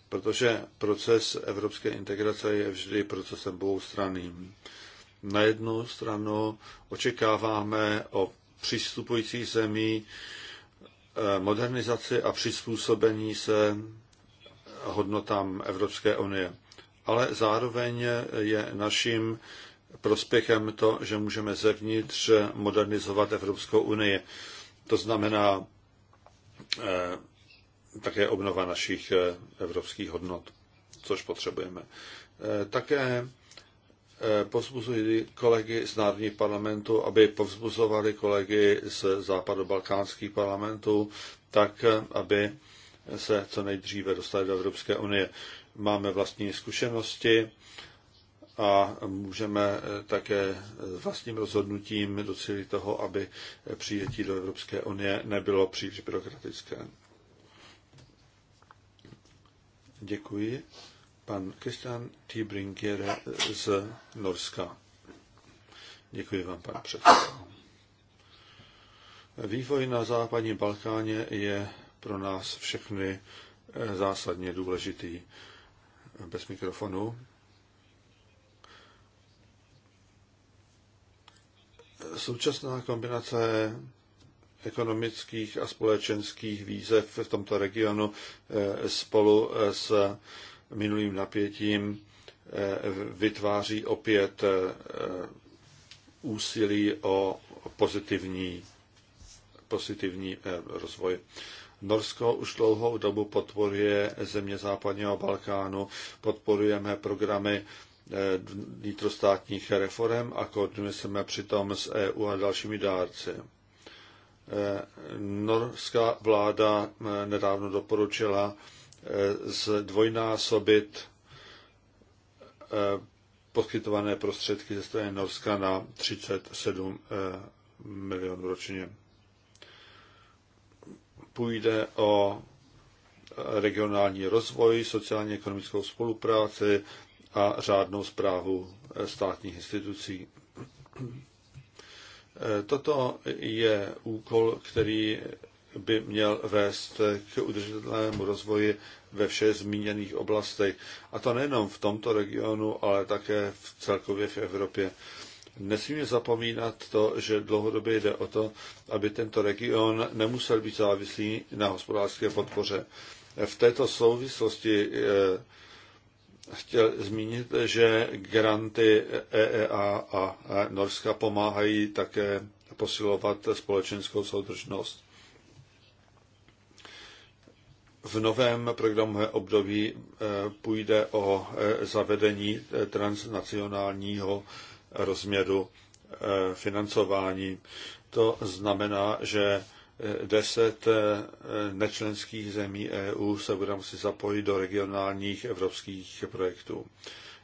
protože proces evropské integrace je vždy procesem dvoustranným. Na jednu stranu očekáváme o přistupujících zemí eh, modernizaci a přizpůsobení se hodnotám Evropské unie. Ale zároveň je naším prospěchem to, že můžeme zevnitř modernizovat Evropskou unii. To znamená eh, také obnova našich eh, evropských hodnot, což potřebujeme. Také Eh, pozbuzuji kolegy z Národní parlamentu, aby povzbuzovali kolegy z západobalkánských parlamentů, tak, eh, aby se co nejdříve dostali do Evropské unie. Máme vlastní zkušenosti a můžeme eh, také vlastním rozhodnutím docílit toho, aby přijetí do Evropské unie nebylo příliš byrokratické. Děkuji pan Kristian Tibringer z Norska. Děkuji vám, pane předsedo. Vývoj na západním Balkáně je pro nás všechny eh, zásadně důležitý. Bez mikrofonu. Současná kombinace ekonomických a společenských výzev v tomto regionu eh, spolu s minulým napětím eh, vytváří opět eh, úsilí o pozitivní, pozitivní eh, rozvoj. Norsko už dlouhou dobu podporuje země západního Balkánu, podporujeme programy vnitrostátních reform a koordinujeme přitom s EU a dalšími dárci. Norská vláda nedávno doporučila Eh, zdvojnásobit eh, poskytované prostředky ze strany Norska na 37 eh, milionů ročně. Půjde o regionální rozvoj, sociálně ekonomickou spolupráci a řádnou zprávu státních institucí. Toto je úkol, který by měl vést k udržitelnému rozvoji ve všech zmíněných oblastech. A to nejenom v tomto regionu, ale také v celkově v Evropě. Nesmíme zapomínat to, že dlouhodobě jde o to, aby tento region nemusel být závislý na hospodářské podpoře. V této souvislosti eh, chtěl zmínit, že granty EEA a Norska pomáhají také posilovat společenskou soudržnost v novém programovém období eh, půjde o eh, zavedení eh, transnacionálního rozměru financování. To znamená, že deset nečlenských zemí EU se bude muset zapojit do regionálních evropských projektů.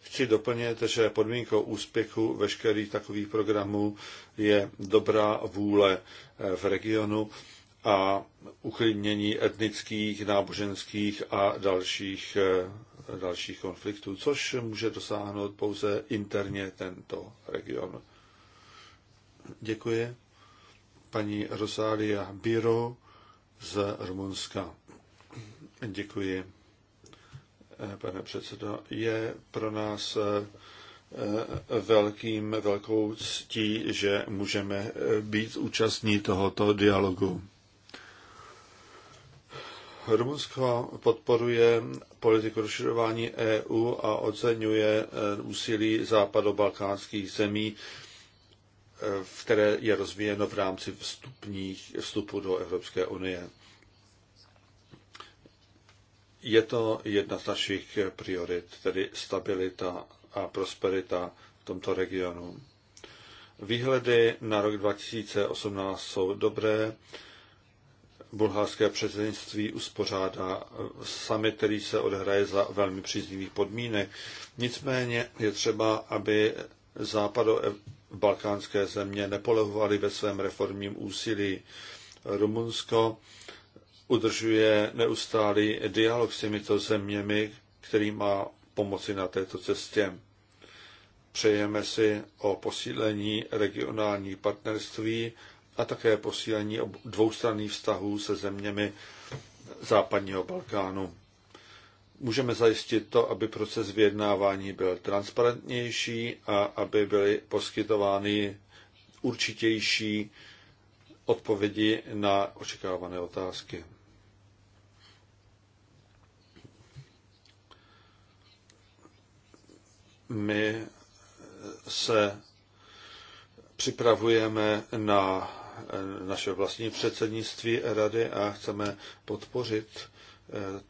Chci doplnit, že podmínkou úspěchu veškerých takových programů je dobrá vůle v regionu a uklidnění etnických, náboženských a dalších, eh, dalších konfliktů, což může dosáhnout pouze interně tento region. Děkuji. Paní Rosália Biro z Rumunska. Děkuji, eh, pane předsedo. Je pro nás eh, velkým, velkou ctí, že můžeme být účastní tohoto dialogu. Rumunsko podporuje politiku rozšiřování EU a oceňuje eh, úsilí západobalkánských zemí, eh, v které je rozvíjeno v rámci vstupních, vstupu do Evropské unie. Je to jedna z našich priorit, tedy stabilita a prosperita v tomto regionu. Výhledy na rok 2018 jsou dobré bulharské předsednictví uspořádá eh, summit, který se odhraje za velmi příznivých podmínek. Nicméně je třeba, aby eh, Balkánské země nepolehovaly ve svém reformním úsilí. Rumunsko udržuje neustálý dialog s těmito zeměmi, který má pomoci na této cestě. Přejeme si o posílení regionální partnerství a také posílení dvoustranných vztahů se zeměmi západního Balkánu. Můžeme zajistit to, aby proces vyjednávání byl transparentnější a aby byly poskytovány určitější odpovědi na očekávané otázky. My se připravujeme na Eh, naše vlastní předsednictví rady a chceme podpořit eh,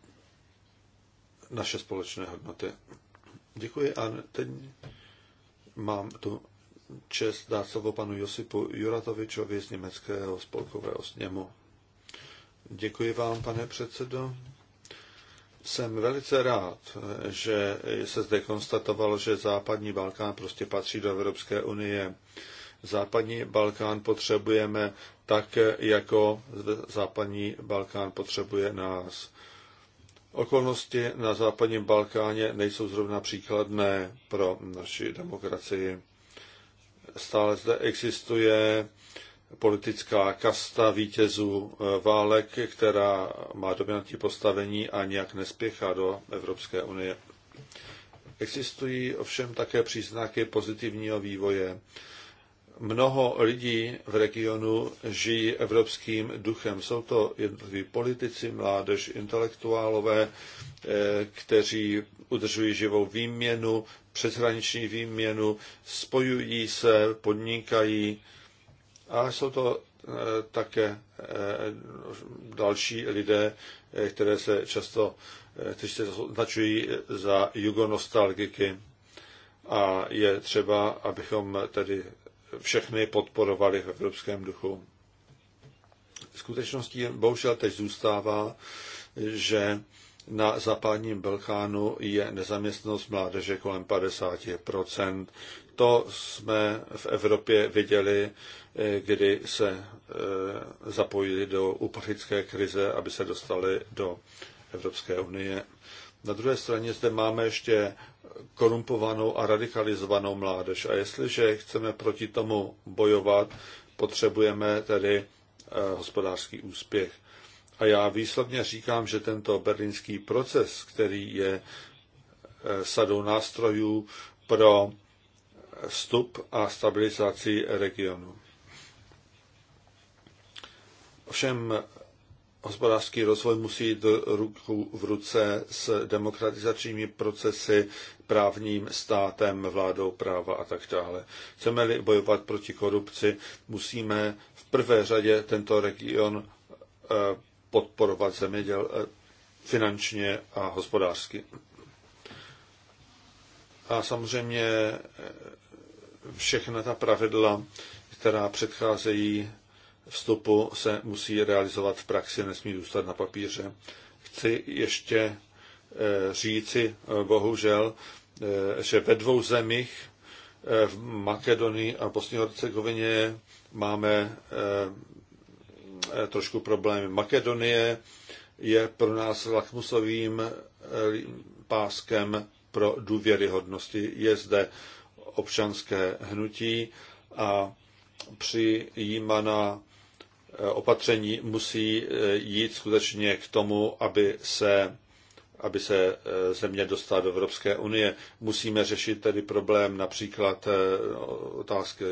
naše společné hodnoty. Děkuji a teď mám tu čest dát slovo panu Josipu Juratovičovi z Německého spolkového sněmu. Děkuji vám, pane předsedo. Jsem velice rád, že se zde konstatovalo, že západní Balkán prostě patří do Evropské unie západní Balkán potřebujeme tak, jako západní Balkán potřebuje nás. Okolnosti na západním Balkáně nejsou zrovna příkladné pro naši demokracii. Stále zde existuje politická kasta vítězů eh, válek, která má dominantní postavení a nijak nespěchá do Evropské unie. Existují ovšem také příznaky pozitivního vývoje mnoho lidí v regionu žijí evropským duchem. Jsou to jednotliví politici, mládež, intelektuálové, eh, kteří udržují živou výměnu, přeshraniční výměnu, spojují se, podnikají a jsou to eh, také eh, další lidé, které se často, kteří se označují za jugonostalgiky. A je třeba, abychom tedy všechny podporovali v evropském duchu. Skutečností bohužel teď zůstává, že na západním Balkánu je nezaměstnost mládeže kolem 50%. To jsme v Evropě viděli, kdy se eh, zapojili do uprchlické krize, aby se dostali do Evropské unie. Na druhé straně zde máme ještě korumpovanou a radikalizovanou mládež. A jestliže chceme proti tomu bojovat, potřebujeme tedy eh, hospodářský úspěch. A já výslovně říkám, že tento berlínský proces, který je eh, sadou nástrojů pro vstup a stabilizaci regionu. Ovšem hospodářský rozvoj musí jít ruku v ruce s demokratizačními procesy, právním státem, vládou práva a tak dále. Chceme-li bojovat proti korupci, musíme v prvé řadě tento region eh, podporovat zeměděl eh, finančně a hospodářsky. A samozřejmě eh, všechna ta pravidla, která předcházejí vstupu se musí realizovat v praxi, nesmí zůstat na papíře. Chci ještě eh, říci, eh, bohužel, eh, že ve dvou zemích, v Makedonii a Bosně Hercegovině, máme trošku problémy. Makedonie je pro nás lakmusovým páskem pro důvěryhodnosti. Je zde občanské hnutí a přijímaná opatření musí eh, jít skutečně k tomu, aby se, aby se eh, země dostala do Evropské unie. Musíme řešit tedy problém například eh, otázky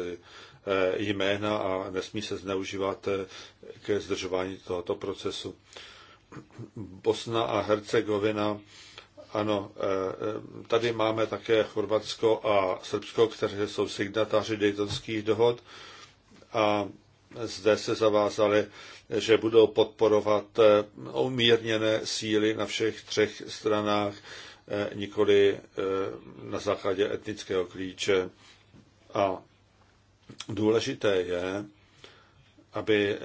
jména a nesmí se zneužívat ke zdržování tohoto procesu. Bosna a Hercegovina, ano, tady máme také Chorvatsko a Srbsko, které jsou signatáři Daytonských dohod a zde se zavázali, že budou podporovat eh, umírněné síly na všech třech stranách, eh, nikoli eh, na základě etnického klíče. A důležité je, aby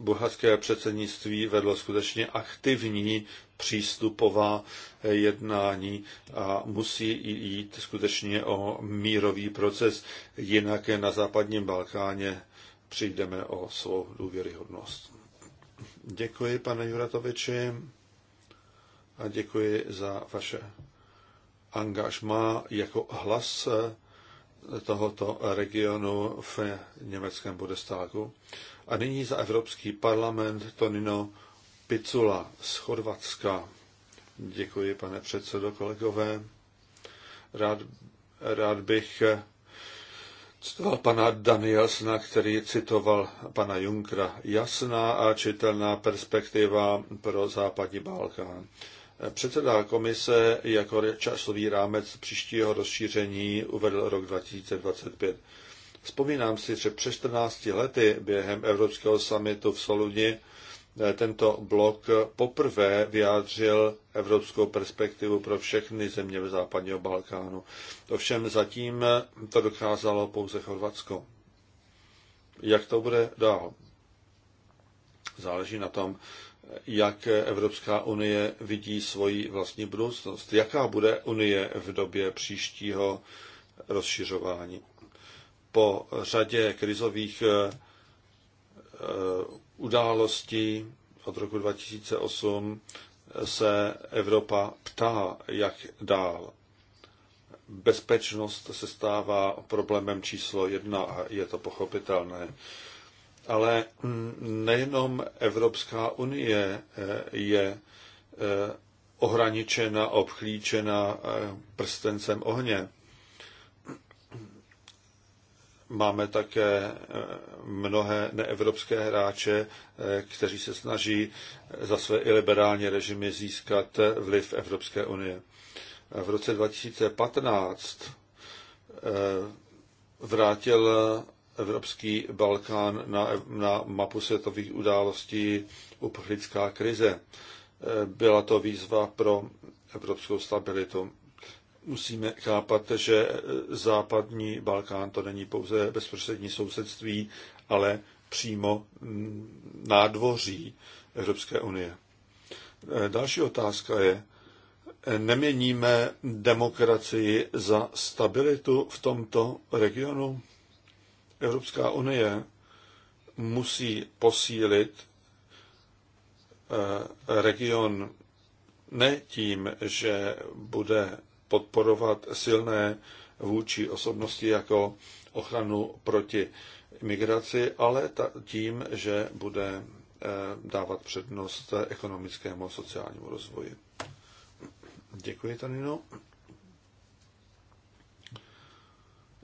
bulharské předsednictví vedlo skutečně aktivní přístupová jednání a musí jít skutečně o mírový proces, jinak na západním Balkáně přijdeme o svou důvěryhodnost. Děkuji, pane Juratoviči, a děkuji za vaše angažma jako hlas tohoto regionu v německém Bundestagu. A nyní za Evropský parlament Tonino Picula z Chorvatska. Děkuji, pane předsedo, kolegové. Rád, rád bych Citoval pana Jasna, který citoval pana Junkra. Jasná a čitelná perspektiva pro západní Balkán. Předseda komise jako časový rámec příštího rozšíření uvedl rok 2025. Vzpomínám si, že přes 14 lety během Evropského samitu v Soluni Eh, tento blok poprvé vyjádřil evropskou perspektivu pro všechny země v západního Balkánu. Ovšem zatím to dokázalo pouze Chorvatsko. Jak to bude dál? Záleží na tom, jak Evropská unie vidí svoji vlastní budoucnost. Jaká bude unie v době příštího rozšiřování? Po řadě krizových eh, Události od roku 2008 se Evropa ptá, jak dál. Bezpečnost se stává problémem číslo jedna a je to pochopitelné. Ale mm, nejenom Evropská unie eh, je eh, ohraničena, obklíčena eh, prstencem ohně máme také eh, mnohé neevropské hráče, eh, kteří se snaží za své iliberální režimy získat eh, vliv Evropské unie. V roce 2015 vrátil Evropský Balkán na, na mapu světových událostí uprchlická krize. Byla to výzva pro evropskou stabilitu musíme chápat, že západní Balkán to není pouze bezprostřední sousedství, ale přímo nádvoří Evropské unie. Další otázka je, neměníme demokracii za stabilitu v tomto regionu? Evropská unie musí posílit eh, region ne tím, že bude podporovat silné vůči osobnosti jako ochranu proti migraci, ale tím, že bude eh, dávat přednost ekonomickému a sociálnímu rozvoji. Děkuji, Tanino.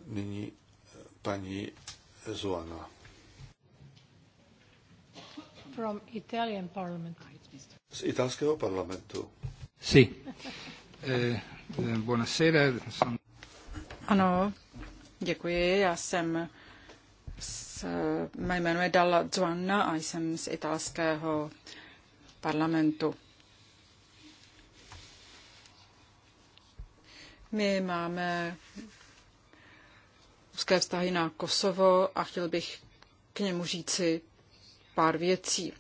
Nyní eh, paní Zuana.
From Italian parliament.
Z italského parlamentu. Si. Eh,
ano, děkuji. Já jsem s, mé jméno je Dalla Zuanna a jsem z italského parlamentu. My máme úzké vztahy na Kosovo a chtěl bych k němu říci pár věcí.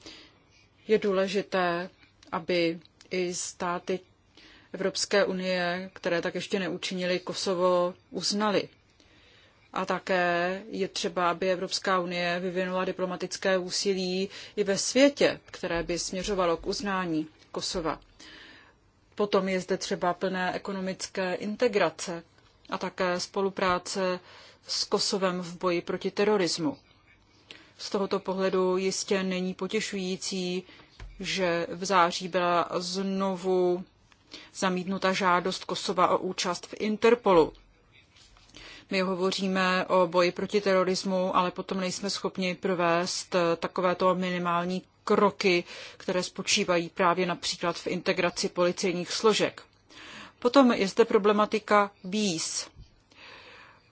Je důležité, aby i státy Evropské unie, které tak ještě neučinili, Kosovo uznali. A také je třeba, aby Evropská unie vyvinula diplomatické úsilí i ve světě, které by směřovalo k uznání Kosova. Potom je zde třeba plné ekonomické integrace a také spolupráce s Kosovem v boji proti terorismu. Z tohoto pohledu jistě není potěšující, že v září byla znovu zamítnuta žádost Kosova o účast v Interpolu. My hovoříme o boji proti terorismu, ale potom nejsme schopni provést eh, takovéto minimální kroky, které spočívají právě například v integraci policejních složek. Potom je zde problematika víz.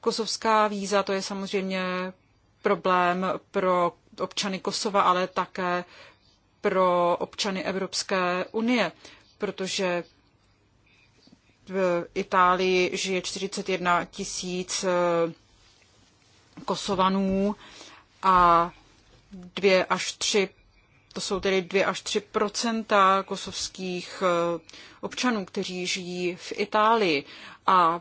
Kosovská víza to je samozřejmě problém pro občany Kosova, ale také pro občany Evropské unie, protože v Itálii žije 41 tisíc eh, Kosovanů a 2 až 3, to jsou tedy 2 až 3 kosovských eh, občanů, kteří žijí v Itálii a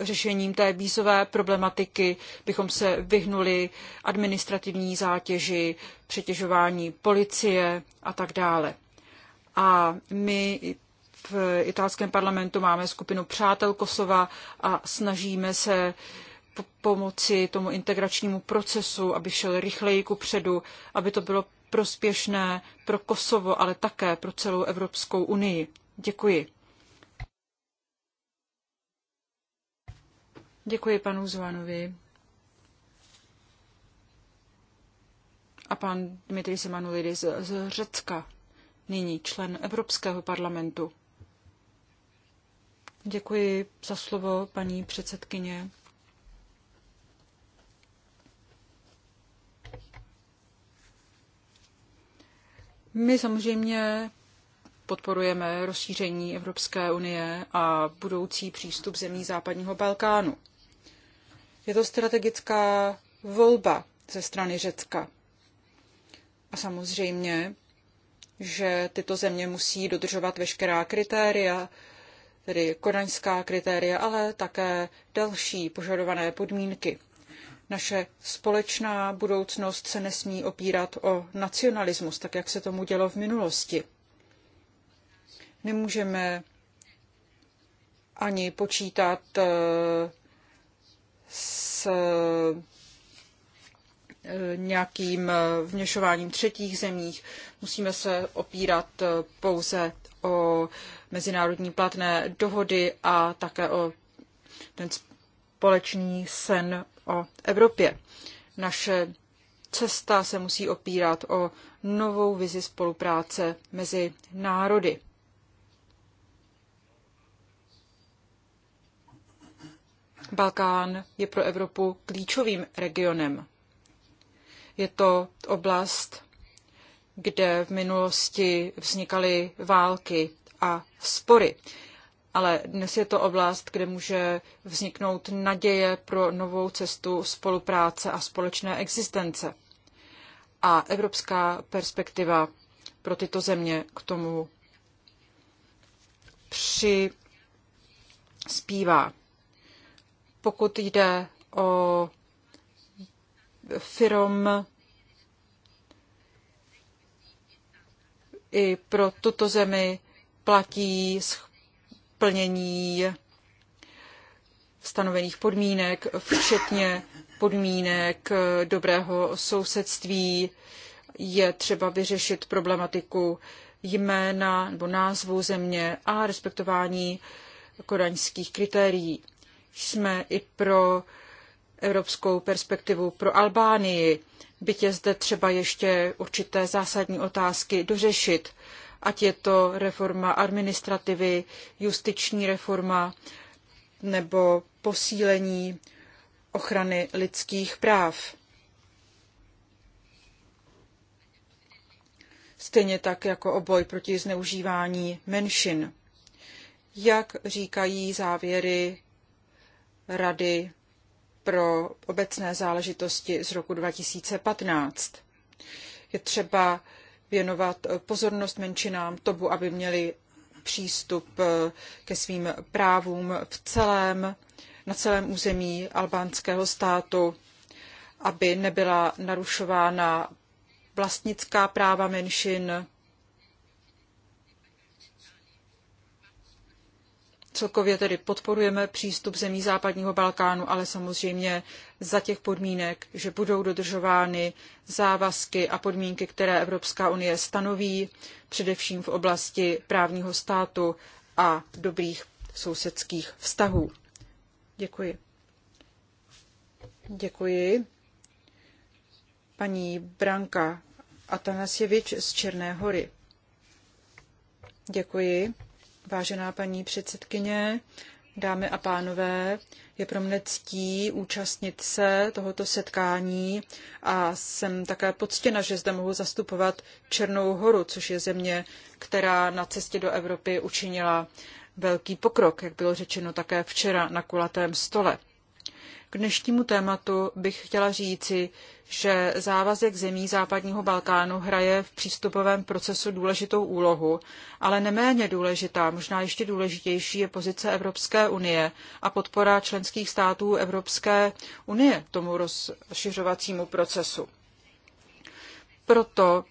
řešením té vízové problematiky bychom se vyhnuli administrativní zátěži, přetěžování policie a tak dále. A my v italském parlamentu máme skupinu Přátel Kosova a snažíme se pomoci tomu integračnímu procesu, aby šel rychleji ku předu, aby to bylo prospěšné pro Kosovo, ale také pro celou Evropskou unii. Děkuji. Děkuji panu Zvanovi. A pan Dmitry Simanulidis z Řecka, nyní člen Evropského parlamentu. Děkuji za slovo, paní předsedkyně. My samozřejmě podporujeme rozšíření Evropské unie a budoucí přístup zemí západního Balkánu. Je to strategická volba ze strany Řecka. A samozřejmě, že tyto země musí dodržovat veškerá kritéria, tedy kodaňská kritéria, ale také další požadované podmínky. Naše společná budoucnost se nesmí opírat o nacionalismus, tak jak se tomu dělo v minulosti. Nemůžeme ani počítat eh, s nějakým eh, vněšováním třetích zemích. Musíme se opírat eh, pouze o mezinárodní platné dohody a také o ten společný sen o Evropě. Naše cesta se musí opírat o novou vizi spolupráce mezi národy. Balkán je pro Evropu klíčovým regionem. Je to oblast, kde v minulosti vznikaly války a spory. Ale dnes je to oblast, kde může vzniknout naděje pro novou cestu spolupráce a společné existence. A evropská perspektiva pro tyto země k tomu přispívá. Pokud jde o firm i pro tuto zemi platí plnění stanovených podmínek, včetně podmínek dobrého sousedství. Je třeba vyřešit problematiku jména nebo názvu země a respektování kodaňských kritérií. Jsme i pro evropskou perspektivu pro Albánii byť je zde třeba ještě určité zásadní otázky dořešit, ať je to reforma administrativy, justiční reforma nebo posílení ochrany lidských práv. Stejně tak jako o boj proti zneužívání menšin. Jak říkají závěry Rady pro obecné záležitosti z roku 2015. Je třeba věnovat pozornost menšinám tomu, aby měli přístup ke svým právům v celém, na celém území albánského státu, aby nebyla narušována vlastnická práva menšin, Celkově tedy podporujeme přístup zemí západního Balkánu, ale samozřejmě za těch podmínek, že budou dodržovány závazky a podmínky, které Evropská unie stanoví, především v oblasti právního státu a dobrých sousedských vztahů. Děkuji. Děkuji. Paní Branka Atanasjevič z Černé hory. Děkuji. Vážená paní předsedkyně, dámy a pánové, je pro mne ctí účastnit se tohoto setkání a jsem také poctěna, že zde mohu zastupovat Černou horu, což je země, která na cestě do Evropy učinila velký pokrok, jak bylo řečeno také včera na kulatém stole. K dnešnímu tématu bych chtěla říci, že závazek zemí západního Balkánu hraje v přístupovém procesu důležitou úlohu, ale neméně důležitá, možná ještě důležitější je pozice Evropské unie a podpora členských států Evropské unie tomu rozšiřovacímu procesu. Proto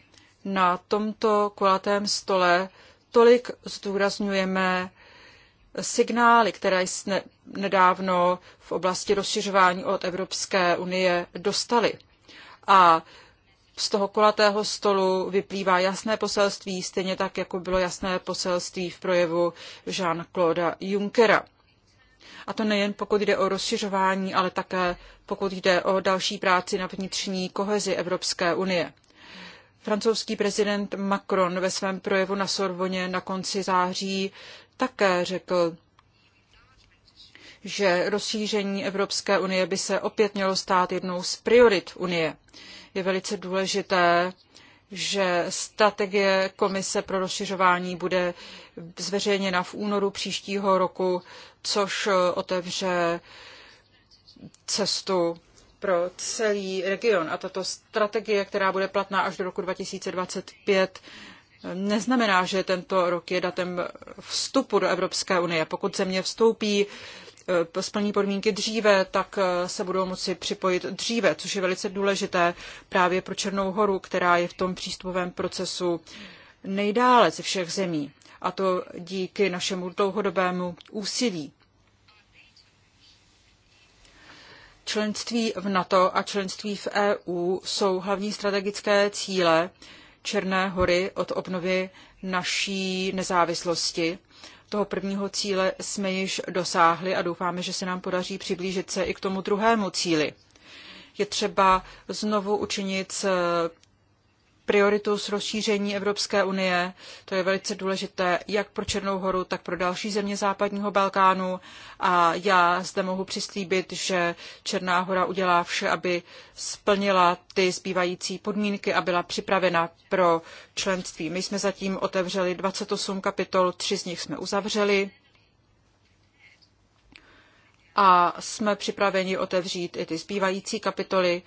na tomto kulatém stole tolik zdůrazňujeme signály, které jsme nedávno v oblasti rozšiřování od Evropské unie dostali. A z toho kolatého stolu vyplývá jasné poselství, stejně tak, jako bylo jasné poselství v projevu Jean-Claude Junckera. A to nejen pokud jde o rozšiřování, ale také pokud jde o další práci na vnitřní kohezi Evropské unie. Francouzský prezident Macron ve svém projevu na Sorboně na konci září také řekl, že rozšíření Evropské unie by se opět mělo stát jednou z priorit unie. Je velice důležité, že strategie Komise pro rozšiřování bude zveřejněna v únoru příštího roku, což otevře cestu pro celý region. A tato strategie, která bude platná až do roku 2025, neznamená, že tento rok je datem vstupu do Evropské unie. Pokud země vstoupí, eh, splní podmínky dříve, tak eh, se budou moci připojit dříve, což je velice důležité právě pro Černou horu, která je v tom přístupovém procesu nejdále ze všech zemí. A to díky našemu dlouhodobému úsilí. Členství v NATO a členství v EU jsou hlavní strategické cíle, Černé hory od obnovy naší nezávislosti. Toho prvního cíle jsme již dosáhli a doufáme, že se nám podaří přiblížit se i k tomu druhému cíli. Je třeba znovu učinit prioritu s rozšíření Evropské unie. To je velice důležité jak pro Černou horu, tak pro další země západního Balkánu. A já zde mohu přislíbit, že Černá hora udělá vše, aby splnila ty zbývající podmínky a byla připravena pro členství. My jsme zatím otevřeli 28 kapitol, tři z nich jsme uzavřeli a jsme připraveni otevřít i ty zbývající kapitoly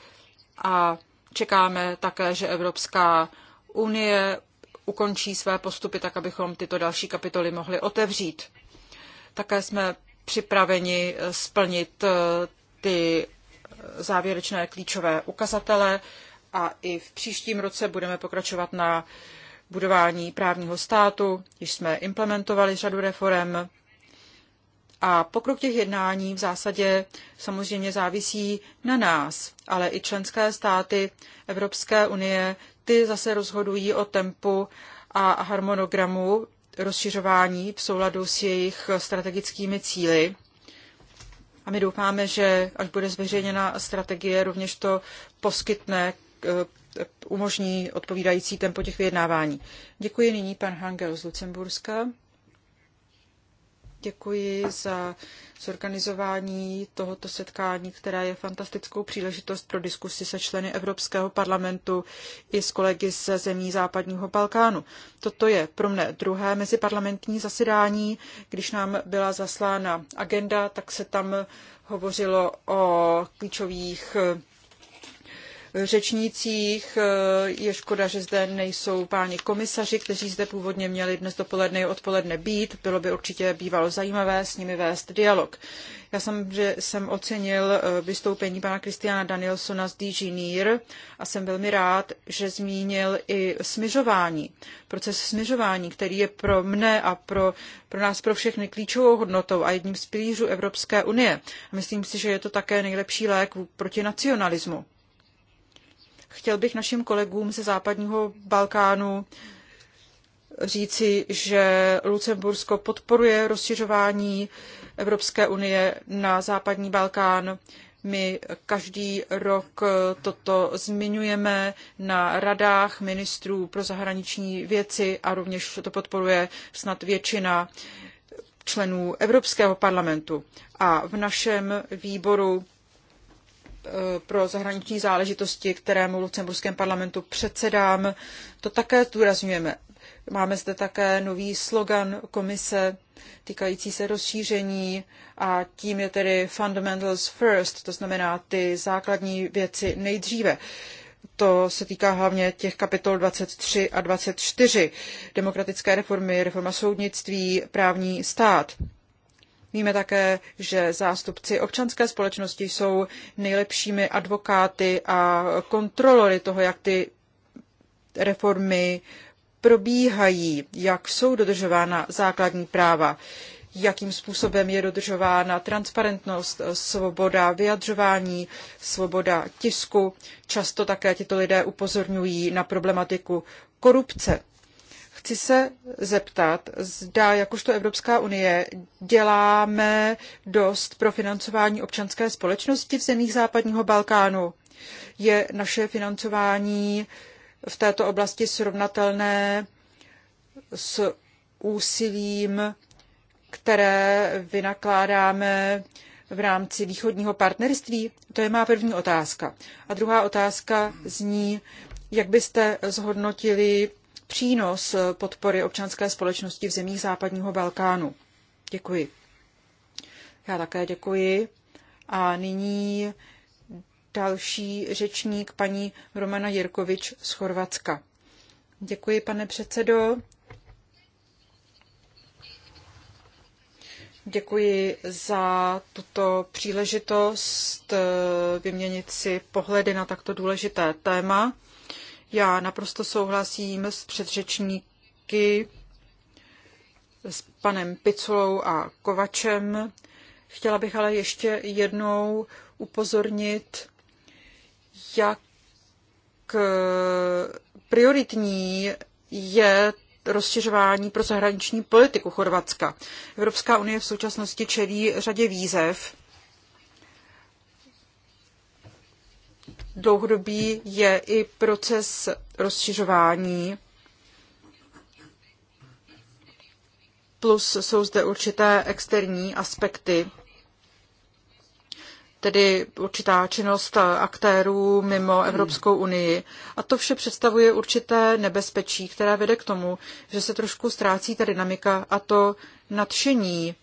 a Čekáme také, že Evropská unie ukončí své postupy tak, abychom tyto další kapitoly mohli otevřít. Také jsme připraveni splnit eh, ty závěrečné klíčové ukazatele a i v příštím roce budeme pokračovat na budování právního státu, již jsme implementovali řadu reform a pokrok těch jednání v zásadě samozřejmě závisí na nás, ale i členské státy Evropské unie, ty zase rozhodují o tempu a harmonogramu rozšiřování v souladu s jejich strategickými cíly. A my doufáme, že až bude zveřejněna strategie, rovněž to poskytne, eh, umožní odpovídající tempo těch vyjednávání. Děkuji nyní pan Hangel z Lucemburska děkuji za zorganizování tohoto setkání, které je fantastickou příležitost pro diskusi se členy Evropského parlamentu i s kolegy ze zemí západního Balkánu. Toto je pro mne druhé meziparlamentní zasedání. Když nám byla zaslána agenda, tak se tam hovořilo o klíčových řečnících. Eh, je škoda, že zde nejsou páni komisaři, kteří zde původně měli dnes dopoledne i odpoledne být. Bylo by určitě bývalo zajímavé s nimi vést dialog. Já jsem, že jsem ocenil eh, vystoupení pana Kristiana Danielsona z DG NIR a jsem velmi rád, že zmínil i směřování. Proces směřování, který je pro mne a pro, pro nás pro všechny klíčovou hodnotou a jedním z pilířů Evropské unie. Myslím si, že je to také nejlepší lék proti nacionalismu. Chtěl bych našim kolegům ze západního Balkánu říci, že Lucembursko podporuje rozšiřování Evropské unie na západní Balkán. My každý rok toto zmiňujeme na radách ministrů pro zahraniční věci a rovněž to podporuje snad většina členů Evropského parlamentu. A v našem výboru Eh, pro zahraniční záležitosti, kterému v Lucemburském parlamentu předsedám. To také zdůrazňujeme. Máme zde také nový slogan komise týkající se rozšíření a tím je tedy fundamentals first, to znamená ty základní věci nejdříve. To se týká hlavně těch kapitol 23 a 24, demokratické reformy, reforma soudnictví, právní stát. Víme také, že zástupci občanské společnosti jsou nejlepšími advokáty a kontrolory toho, jak ty reformy probíhají, jak jsou dodržována základní práva, jakým způsobem je dodržována transparentnost, svoboda vyjadřování, svoboda tisku. Často také tito lidé upozorňují na problematiku korupce. Chci se zeptat, zda jakožto Evropská unie děláme dost pro financování občanské společnosti v zemích západního Balkánu. Je naše financování v této oblasti srovnatelné s úsilím, které vynakládáme v rámci východního partnerství? To je má první otázka. A druhá otázka zní, jak byste zhodnotili přínos podpory občanské společnosti v zemích západního Balkánu. Děkuji. Já také děkuji. A nyní další řečník, paní Romana Jirkovič z Chorvatska. Děkuji, pane předsedo. Děkuji za tuto příležitost eh, vyměnit si pohledy na takto důležité téma. Já naprosto souhlasím s předřečníky, s panem Piculou a Kovačem. Chtěla bych ale ještě jednou upozornit, jak eh, prioritní je rozšiřování pro zahraniční politiku Chorvatska. Evropská unie v současnosti čelí řadě výzev, dlouhodobý je i proces rozšiřování. Plus jsou zde určité externí aspekty, tedy určitá činnost aktérů mimo Evropskou unii. A to vše představuje určité nebezpečí, které vede k tomu, že se trošku ztrácí ta dynamika a to nadšení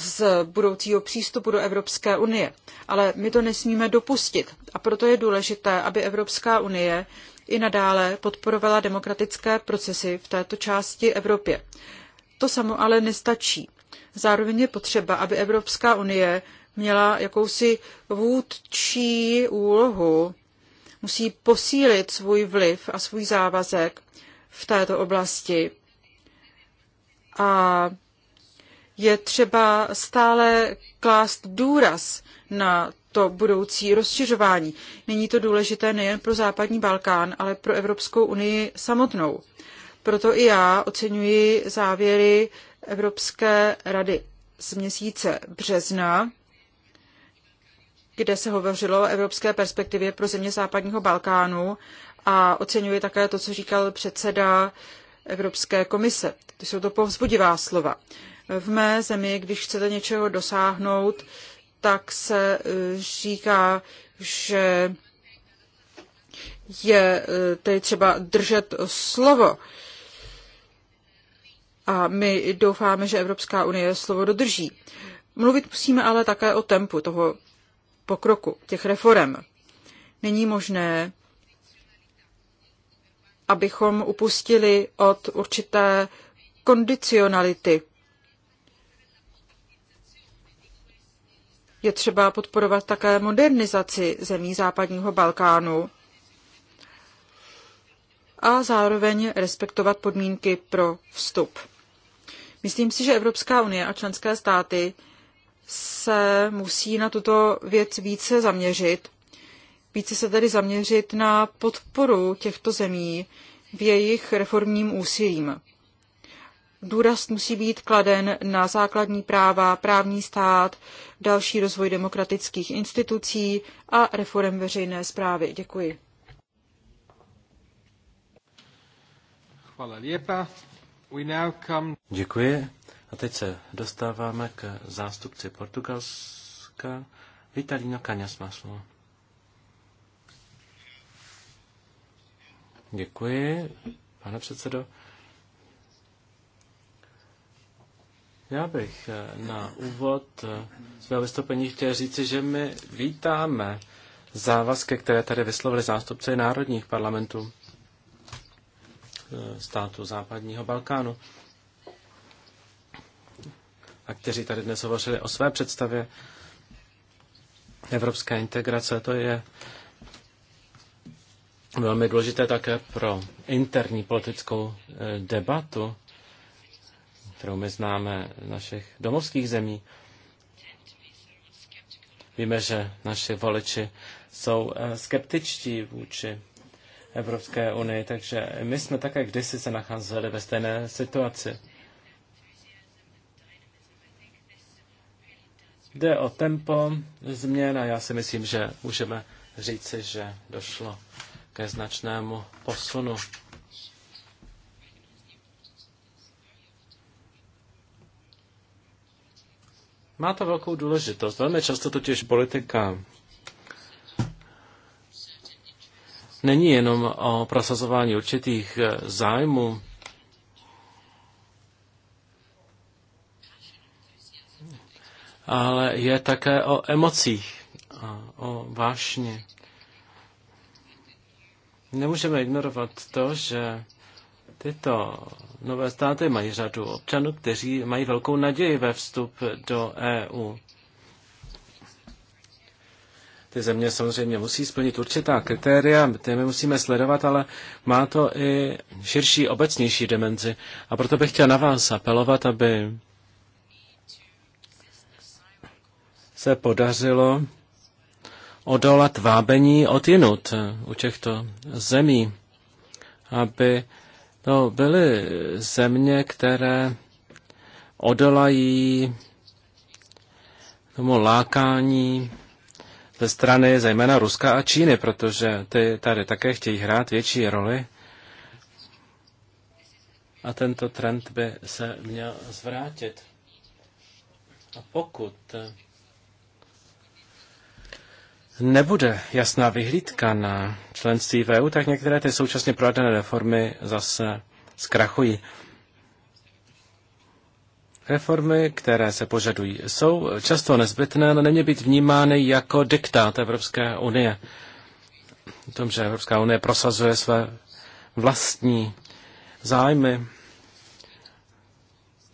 z budoucího přístupu do Evropské unie. Ale my to nesmíme dopustit a proto je důležité, aby Evropská unie i nadále podporovala demokratické procesy v této části Evropě. To samo ale nestačí. Zároveň je potřeba, aby Evropská unie měla jakousi vůdčí úlohu, musí posílit svůj vliv a svůj závazek v této oblasti. A je třeba stále klást důraz na to budoucí rozšiřování. Není to důležité nejen pro západní Balkán, ale pro Evropskou unii samotnou. Proto i já oceňuji závěry Evropské rady z měsíce března, kde se hovořilo o evropské perspektivě pro země západního Balkánu a oceňuji také to, co říkal předseda Evropské komise. To jsou to povzbudivá slova. V mé zemi, když chcete něčeho dosáhnout, tak se e, říká, že je e, tedy třeba držet slovo. A my doufáme, že Evropská unie slovo dodrží. Mluvit musíme ale také o tempu toho pokroku, těch reform. Není možné, abychom upustili od určité kondicionality Je třeba podporovat také modernizaci zemí západního Balkánu a zároveň respektovat podmínky pro vstup. Myslím si, že Evropská unie a členské státy se musí na tuto věc více zaměřit, více se tedy zaměřit na podporu těchto zemí v jejich reformním úsilím důraz musí být kladen na základní práva, právní stát, další rozvoj demokratických institucí a reform veřejné zprávy. Děkuji.
Děkuji. A teď se dostáváme k zástupci Portugalska. Vitalino Kaňas má slovo. Děkuji, pane předsedo. Já bych eh, na úvod eh, svého vystoupení chtěl říci, že my vítáme závazky, které tady vyslovili zástupci národních parlamentů eh, státu západního Balkánu a kteří tady dnes hovořili o své představě evropské integrace. To je velmi důležité také pro interní politickou debatu kterou my známe z našich domovských zemí. Víme, že naši voliči jsou eh, skeptičtí vůči Evropské unii, takže my jsme také kdysi se nacházeli ve stejné situaci. Jde o tempo změn a já si myslím, že můžeme říci, že došlo ke značnému posunu. Má to velkou důležitost. Velmi často totiž politika není jenom o prosazování určitých eh, zájmů. ale je také o emocích a o vášně. Nemůžeme ignorovat to, že Tyto nové státy mají řadu občanů, kteří mají velkou naději ve vstup do EU. Ty země samozřejmě musí splnit určitá kritéria, ty my musíme sledovat, ale má to i širší, obecnější dimenzi. A proto bych chtěl na vás apelovat, aby se podařilo odolat vábení od jinut u těchto zemí, aby to no, byly země, které odolají tomu lákání ze strany zejména Ruska a Číny, protože ty tady také chtějí hrát větší roli. A tento trend by se měl zvrátit. A pokud nebude jasná vyhlídka na členství v EU, tak některé ty současně provedené reformy zase zkrachují. Reformy, které se požadují, jsou často nezbytné, ale neměly být vnímány jako diktát Evropské unie. V tom, že Evropská unie prosazuje své vlastní zájmy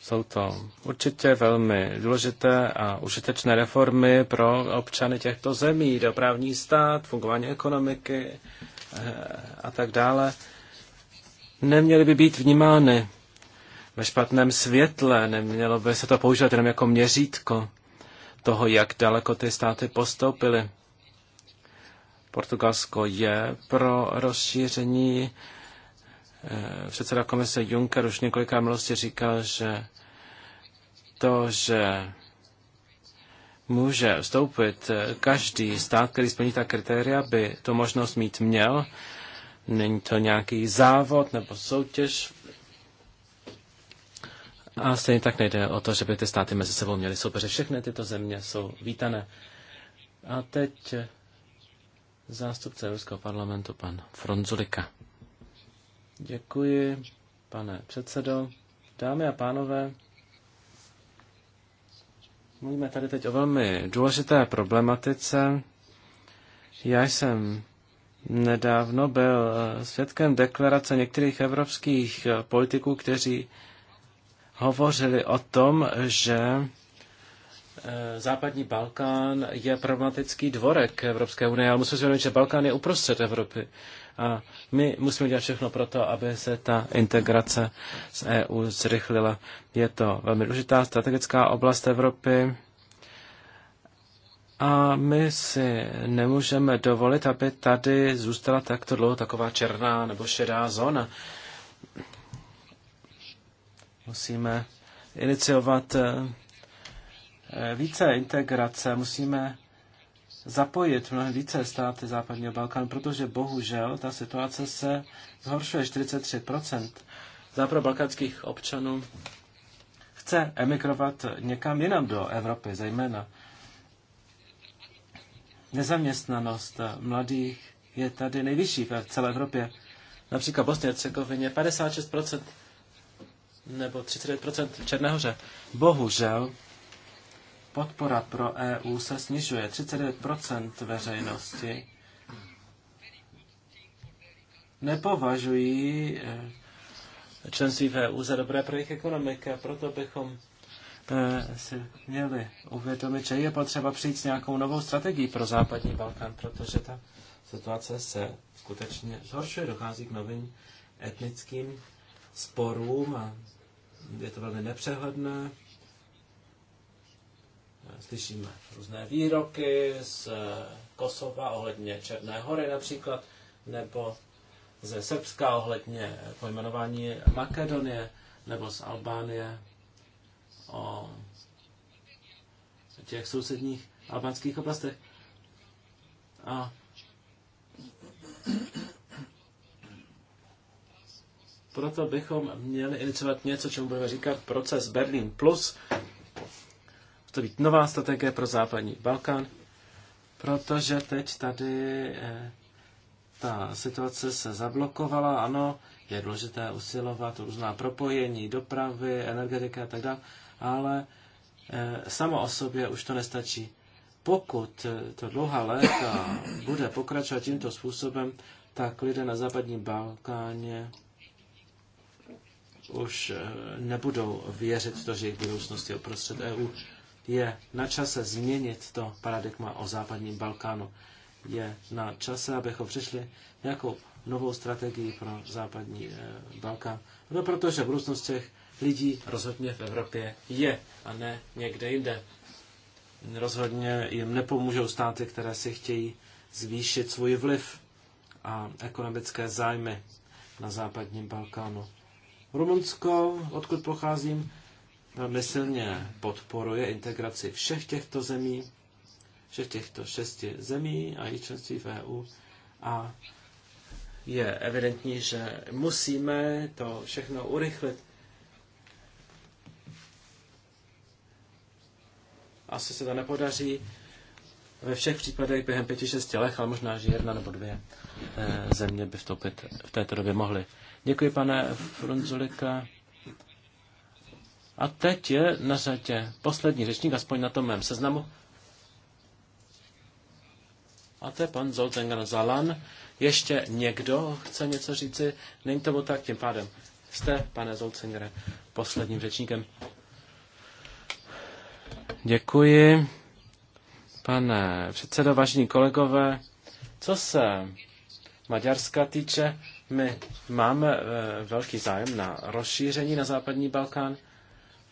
jsou to určitě velmi důležité a užitečné reformy pro občany těchto zemí, dopravní stát, fungování ekonomiky eh, a tak dále. Neměly by být vnímány ve špatném světle, nemělo by se to používat jenom jako měřítko toho, jak daleko ty státy postoupily. Portugalsko je pro rozšíření Eh, předseda komise Juncker už několikrát milosti říkal, že to, že může vstoupit eh, každý stát, který splní ta kritéria, by tu možnost mít měl. Není to nějaký závod nebo soutěž. A stejně tak nejde o to, že by ty státy mezi sebou měly soupeře. Všechny tyto země jsou vítané. A teď eh, zástupce Evropského parlamentu, pan Fronzulika. Děkuji, pane předsedo. Dámy a pánové, mluvíme tady teď o velmi důležité problematice. Já jsem nedávno byl eh, svědkem deklarace některých evropských eh, politiků, kteří hovořili o tom, že eh, západní Balkán je problematický dvorek Evropské unie, ale musím si uvědomit, že Balkán je uprostřed Evropy. A my musíme dělat všechno pro to, aby se ta integrace z EU zrychlila. Je to velmi důležitá strategická oblast Evropy. A my si nemůžeme dovolit, aby tady zůstala takto dlouho taková černá nebo šedá zóna. Musíme iniciovat eh, více integrace, musíme zapojit mnohem více státy západního Balkánu, protože bohužel ta situace se zhoršuje 43%. Západobalkánských občanů chce emigrovat někam jinam do Evropy, zejména. Nezaměstnanost mladých je tady nejvyšší v celé Evropě. Například v Bosně a Třekovině 56% nebo 39% v Černéhoře. Bohužel Podpora pro EU se snižuje. 39% veřejnosti nepovažují eh, členství v EU za dobré pro jejich ekonomiky a proto bychom eh, si měli uvědomit, že je potřeba přijít s nějakou novou strategií pro západní Balkán, protože ta situace se skutečně zhoršuje, dochází k novým etnickým sporům a je to velmi nepřehledné. Slyšíme různé výroky z Kosova ohledně Černé hory například, nebo ze Srbska ohledně pojmenování Makedonie, nebo z Albánie o těch sousedních albánských oblastech. A proto bychom měli iniciovat něco, čemu budeme říkat proces Berlin Plus, to být nová strategie pro západní Balkán, protože teď tady eh, ta situace se zablokovala, ano, je důležité usilovat různá propojení, dopravy, energetika a tak dále, ale eh, samo o sobě už to nestačí. Pokud eh, to dlouhá léta bude pokračovat tímto způsobem, tak lidé na západním Balkáně už nebudou věřit to, že jejich budoucnost je uprostřed EU. Je na čase změnit to paradigma o západním Balkánu. Je na čase, abychom přišli nějakou novou strategii pro západní eh, Balkán. No, protože budoucnost těch lidí rozhodně v Evropě je a ne někde jinde. Rozhodně jim nepomůžou státy, které si chtějí zvýšit svůj vliv a ekonomické zájmy na západním Balkánu. Rumunsko, odkud pocházím, velmi silně podporuje integraci všech těchto zemí, všech těchto šesti zemí a jejich členství v EU. A je evidentní, že musíme to všechno urychlit. Asi se to nepodaří ve všech případech během pěti, šesti let, ale možná, že jedna nebo dvě eh, země by vstoupit v této době mohly. Děkuji, pane Frunzulika. A teď je na řadě poslední řečník, aspoň na tom mém seznamu. A to je pan Zoltengar Zalan. Ještě někdo chce něco říci? Není tomu tak, tím pádem jste, pane Zolcengere, posledním řečníkem. Děkuji. Pane předsedo, vážení kolegové, co se Maďarska týče, my máme eh, velký zájem na rozšíření na západní Balkán.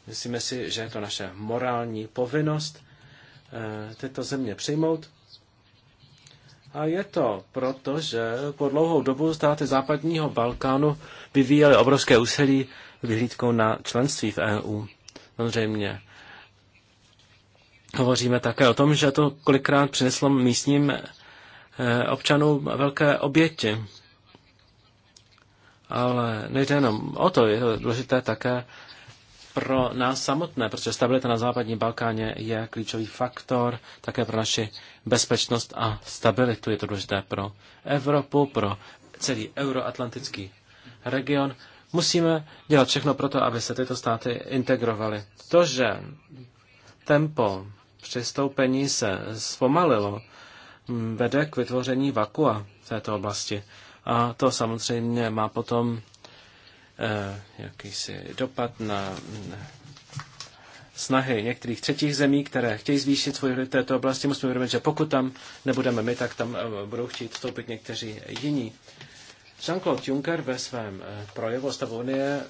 Myslíme si, že je to naše morální povinnost eh, tyto země přijmout. A je to proto, že po dlouhou dobu státy západního Balkánu vyvíjely obrovské úsilí vyhlídkou na členství v EU. Samozřejmě hovoříme také o tom, že to kolikrát přineslo místním eh, občanům velké oběti. Ale nejde jenom o to, je to důležité také pro nás samotné, protože stabilita na západním Balkáně je klíčový faktor také pro naši bezpečnost a stabilitu. Je to důležité pro Evropu, pro celý euroatlantický region. Musíme dělat všechno pro to, aby se tyto státy integrovaly. To, že tempo přistoupení se zpomalilo, mm, vede k vytvoření vakua v této oblasti. A to samozřejmě má potom Eh, jakýsi dopad na snahy některých třetích zemí, které chtějí zvýšit svůj vliv této oblasti. Musíme uvědomit, že pokud tam nebudeme my, tak tam eh, budou chtít vstoupit někteří jiní. Jean-Claude Juncker ve svém eh, projevu o stavu Unie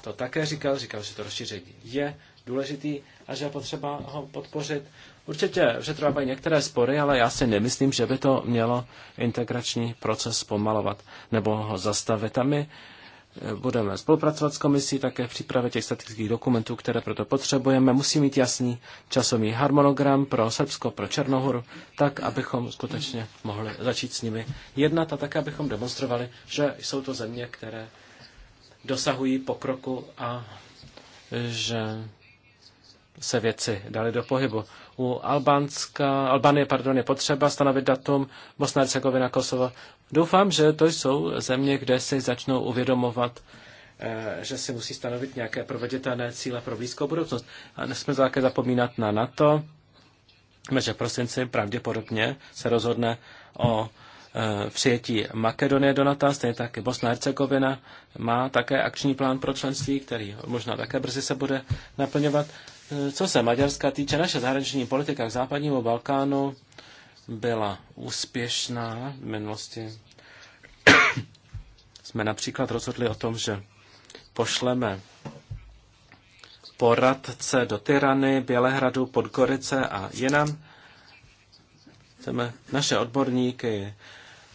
to také říkal, říkal, že to rozšíření je důležitý a že je potřeba ho podpořit. Určitě přetrvávají některé spory, ale já si nemyslím, že by to mělo integrační proces pomalovat nebo ho zastavit. A my Budeme spolupracovat s komisí také v přípravě těch statických dokumentů, které proto potřebujeme. Musí mít jasný časový harmonogram pro Srbsko, pro Černohoru, tak, abychom skutečně mohli začít s nimi jednat a také, abychom demonstrovali, že jsou to země, které dosahují pokroku a že se věci dali do pohybu. U Albánska, Albánie pardon, je potřeba stanovit datum, Bosna Hercegovina, Kosovo Doufám, že to jsou země, kde si začnou uvědomovat, eh, že si musí stanovit nějaké proveditelné cíle pro blízkou budoucnost. A nesmíme také zapomínat na NATO, že v prosinci pravděpodobně se rozhodne o eh, přijetí Makedonie do NATO, stejně tak Bosna Hercegovina má také akční plán pro členství, který možná také brzy se bude naplňovat. Eh, co se Maďarska týče, naše zahraniční politika k západnímu Balkánu byla úspěšná v minulosti. Jsme například rozhodli o tom, že pošleme poradce do Tyrany, Bělehradu, Podgorice a jinam. Chceme naše odborníky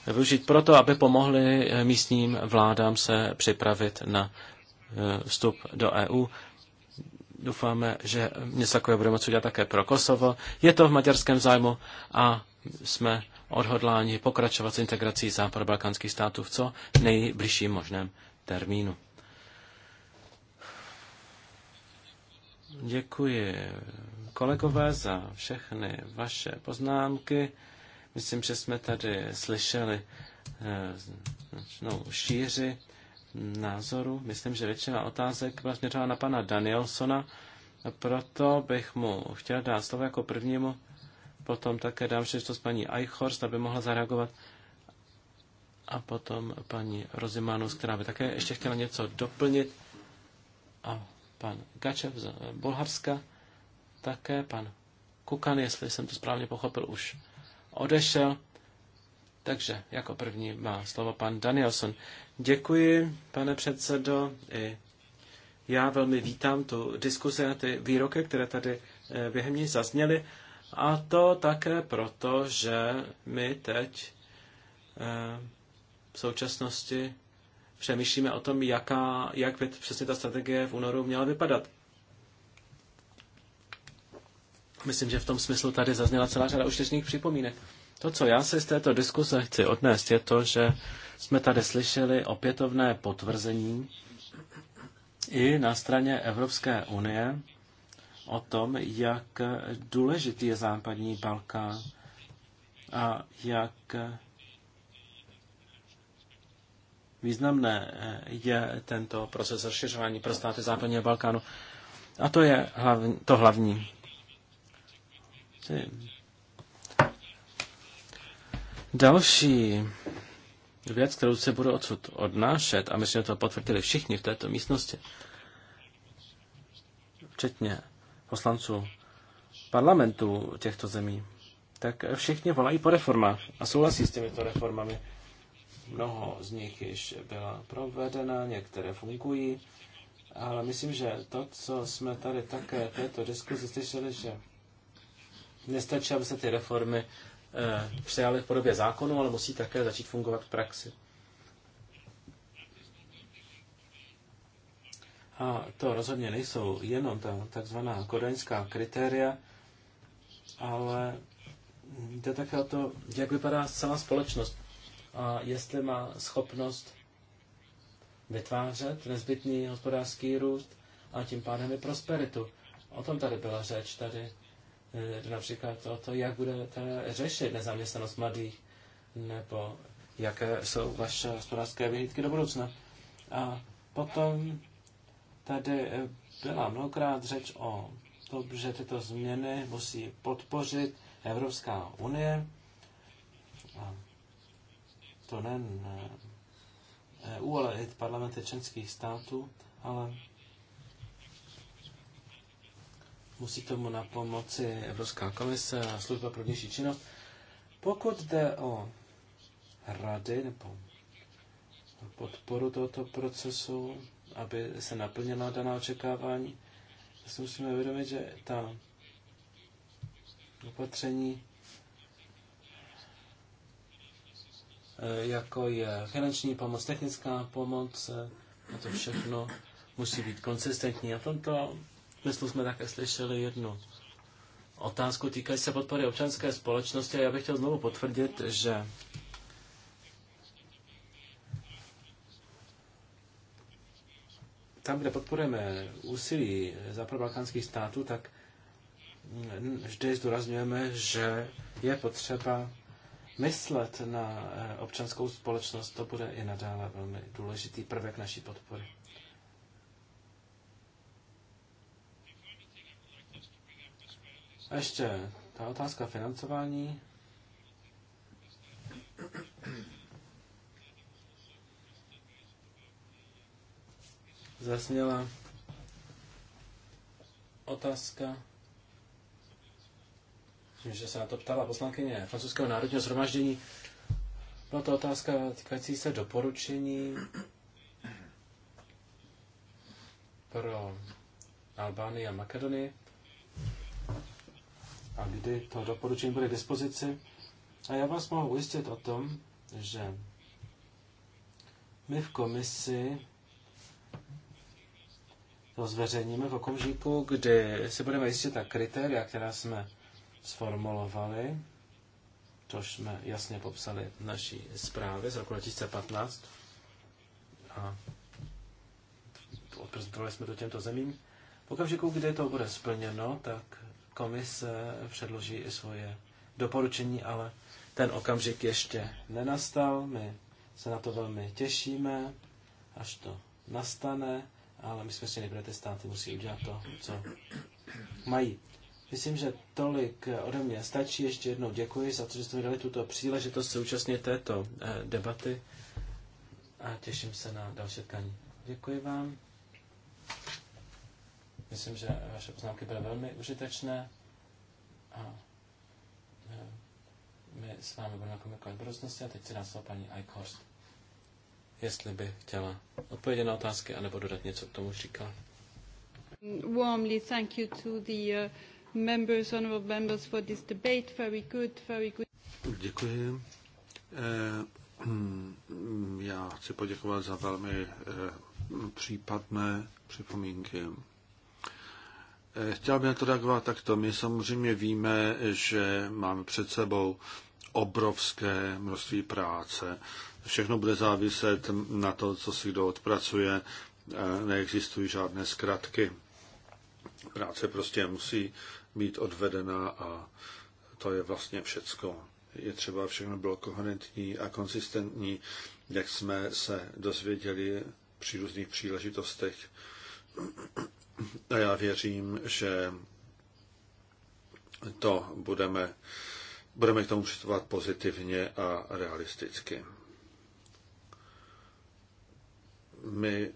využít proto, aby pomohli místním vládám se připravit na e, vstup do EU. Doufáme, že něco takové budeme moci udělat také pro Kosovo. Je to v maďarském zájmu a jsme odhodláni pokračovat s integrací západobalkánských států v co nejbližším možném termínu. Děkuji kolegové za všechny vaše poznámky. Myslím, že jsme tady slyšeli značnou eh, šíři názoru. Myslím, že většina otázek byla směřována na pana Danielsona, proto bych mu chtěl dát slovo jako prvnímu Potom také dám příležitost paní Eichhorst, aby mohla zareagovat. A potom paní Rozimanus, která by také ještě chtěla něco doplnit. A pan Gačev z Bulharska, také pan Kukan, jestli jsem to správně pochopil, už odešel. Takže jako první má slovo pan Danielson. Děkuji, pane předsedo. I já velmi vítám tu diskuzi a ty výroky, které tady eh, během ní zazněly. A to také proto, že my teď eh, v současnosti přemýšlíme o tom, jaká, jak by přesně ta strategie v únoru měla vypadat. Myslím, že v tom smyslu tady zazněla celá řada užitečných připomínek. To, co já si z této diskuse chci odnést, je to, že jsme tady slyšeli opětovné potvrzení i na straně Evropské unie o tom, jak důležitý je západní Balkán a jak významné je tento proces rozšiřování pro státy západního Balkánu. A to je hlavní, to hlavní. Další věc, kterou se budu odsud odnášet, a myslím, že to potvrdili všichni v této místnosti, včetně poslanců parlamentů těchto zemí, tak všichni volají po reformách a souhlasí s těmito reformami. Mnoho z nich již byla provedena, některé fungují, ale myslím, že to, co jsme tady také v této diskuzi slyšeli, že nestačí, aby se ty reformy eh, přijaly v podobě zákonu, ale musí také začít fungovat v praxi. A to rozhodně nejsou jenom ta takzvaná kodaňská kritéria, ale jde také o to, jak vypadá celá společnost a jestli má schopnost vytvářet nezbytný hospodářský růst a tím pádem i prosperitu. O tom tady byla řeč, tady eh, například o to, jak budete řešit nezaměstnanost mladých, nebo jaké jsou vaše hospodářské vyhlídky do budoucna. A potom Tady eh, byla mnohokrát řeč o tom, že tyto změny musí podpořit Evropská unie. A to nejen eh, EU, ale i parlamenty členských států, ale musí tomu na pomoci Evropská komise a služba pro vnější činnost. Pokud jde o rady nebo podporu tohoto procesu, aby se naplnila daná očekávání. To si musíme uvědomit, že ta opatření, eh, jako je finanční pomoc, technická pomoc, eh, a to všechno musí být konsistentní. A v tomto smyslu jsme také slyšeli jednu otázku týkající se podpory občanské společnosti a já bych chtěl znovu potvrdit, že tam, kde podporujeme úsilí západobalkánských států, tak vždy zdůrazňujeme, že je potřeba myslet na eh, občanskou společnost. To bude i nadále velmi důležitý prvek naší podpory. A ještě ta otázka financování. zazněla otázka, že se na to ptala poslankyně francouzského národního zhromaždění, Byla to otázka týkající se doporučení pro Albánii a Makedonii a kdy to doporučení bude k dispozici. A já vás mohu ujistit o tom, že my v komisi to zveřejníme v okamžiku, kdy si budeme jistit na kritéria, která jsme sformulovali, což jsme jasně popsali v naší zprávě z roku 2015 a odprezentovali jsme to těmto zemím. V okamžiku, kdy to bude splněno, tak komise předloží i svoje doporučení, ale ten okamžik ještě nenastal. My se na to velmi těšíme, až to nastane ale my jsme si nebyli, ty státy musí udělat to, co mají. Myslím, že tolik ode mě stačí. Ještě jednou děkuji za to, že jste mi dali tuto příležitost současně této eh, debaty a těším se na další tkání. Děkuji vám. Myslím, že vaše poznámky byly velmi užitečné a eh, my s vámi budeme komunikovat v budoucnosti a teď se dá paní Eichhorst jestli by chtěla odpovědět na otázky anebo dodat něco k tomu, říkala.
Warmly thank you to the uh, members, honorable members for this debate. Very good, very good.
Děkuji. Eh, já chci poděkovat za velmi eh, případné připomínky. Eh, chtěl bych na to reagovat takto. My samozřejmě víme, že máme před sebou obrovské množství práce. Všechno bude záviset na to, co si kdo odpracuje. E, neexistují žádné zkratky. Práce prostě musí být odvedena a to je vlastně všecko. Je třeba všechno bylo koherentní a konsistentní, jak jsme se dozvěděli při různých příležitostech. A já věřím, že to budeme budeme k tomu přistupovat pozitivně a realisticky. My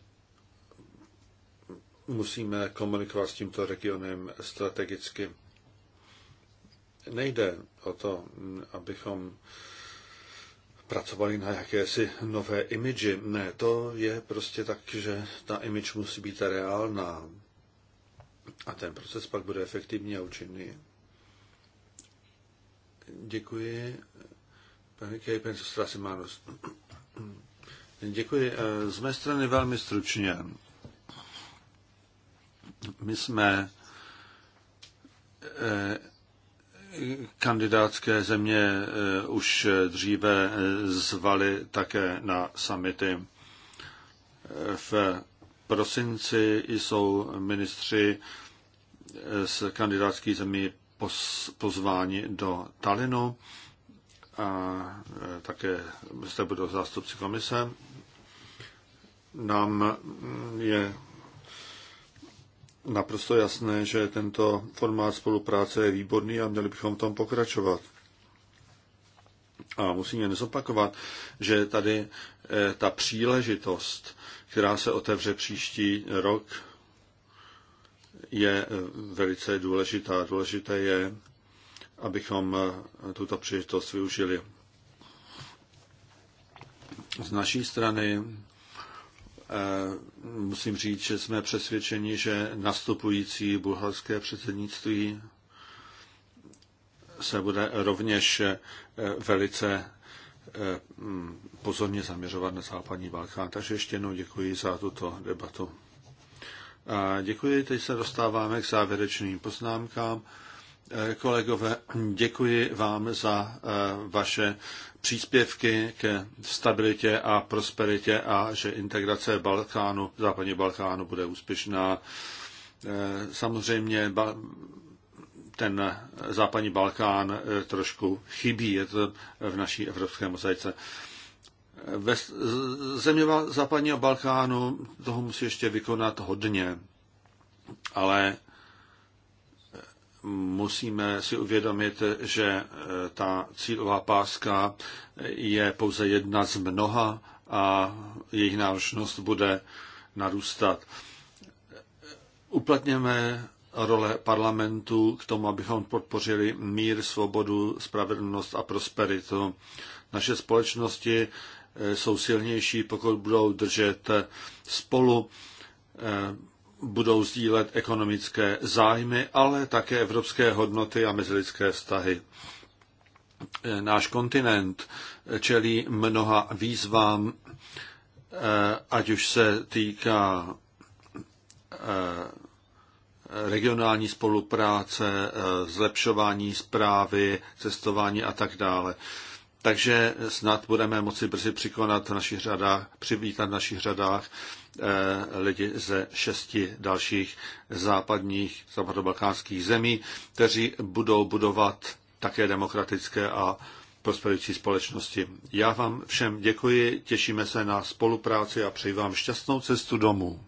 musíme komunikovat s tímto regionem strategicky. Nejde o to, abychom pracovali na jakési nové imidži. Ne, to je prostě tak, že ta image musí být reálná. A ten proces pak bude efektivní a účinný. Děkuji. Pane Kejpen, Strasimanus. Děkuji. Eh, z mé strany velmi stručně. My jsme eh, kandidátské země eh, už dříve zvali také na samity. V prosinci jsou ministři z kandidátských zemí pozváni do Talinu a e, také zde budou zástupci komise. Nám mm, je naprosto jasné, že tento formát spolupráce je výborný a měli bychom v tom pokračovat. A musím jen zopakovat, že tady e, ta příležitost, která se otevře příští rok, je eh, velice důležitá. Důležité je, abychom eh, tuto příležitost využili. Z naší strany eh, musím říct, že jsme přesvědčeni, že nastupující bulharské předsednictví se bude rovněž velice mm, pozorně zaměřovat na západní Balkán. Takže ještě jednou děkuji za tuto debatu. A děkuji, teď se dostáváme k závěrečným poznámkám. Eh, kolegové, děkuji vám za eh, vaše příspěvky ke stabilitě a prosperitě a že integrace Balkánu, západní Balkánu bude úspěšná. Eh, samozřejmě ten západní Balkán trošku chybí, je to v naší evropské mozaice. Ve země západního Balkánu toho musí ještě vykonat hodně, ale e, musíme si uvědomit, že e, ta cílová páska je pouze jedna z mnoha a jejich náročnost bude narůstat. Uplatněme role parlamentu k tomu, abychom podpořili mír, svobodu, spravedlnost a prosperitu. Naše společnosti Eh, jsou silnější, pokud budou držet eh, spolu, eh, budou sdílet ekonomické zájmy, ale také evropské hodnoty a mezilidské vztahy. Náš kontinent čelí mnoha výzvám, ať už se týká regionální spolupráce, zlepšování zprávy, cestování a tak dále. Takže snad budeme moci brzy přikonat v našich řadách, přivítat v našich řadách eh, lidi ze šesti dalších západních, západobalkánských zemí, kteří budou budovat také demokratické a prosperující společnosti. Já vám všem děkuji, těšíme se na spolupráci a přeji vám šťastnou cestu domů.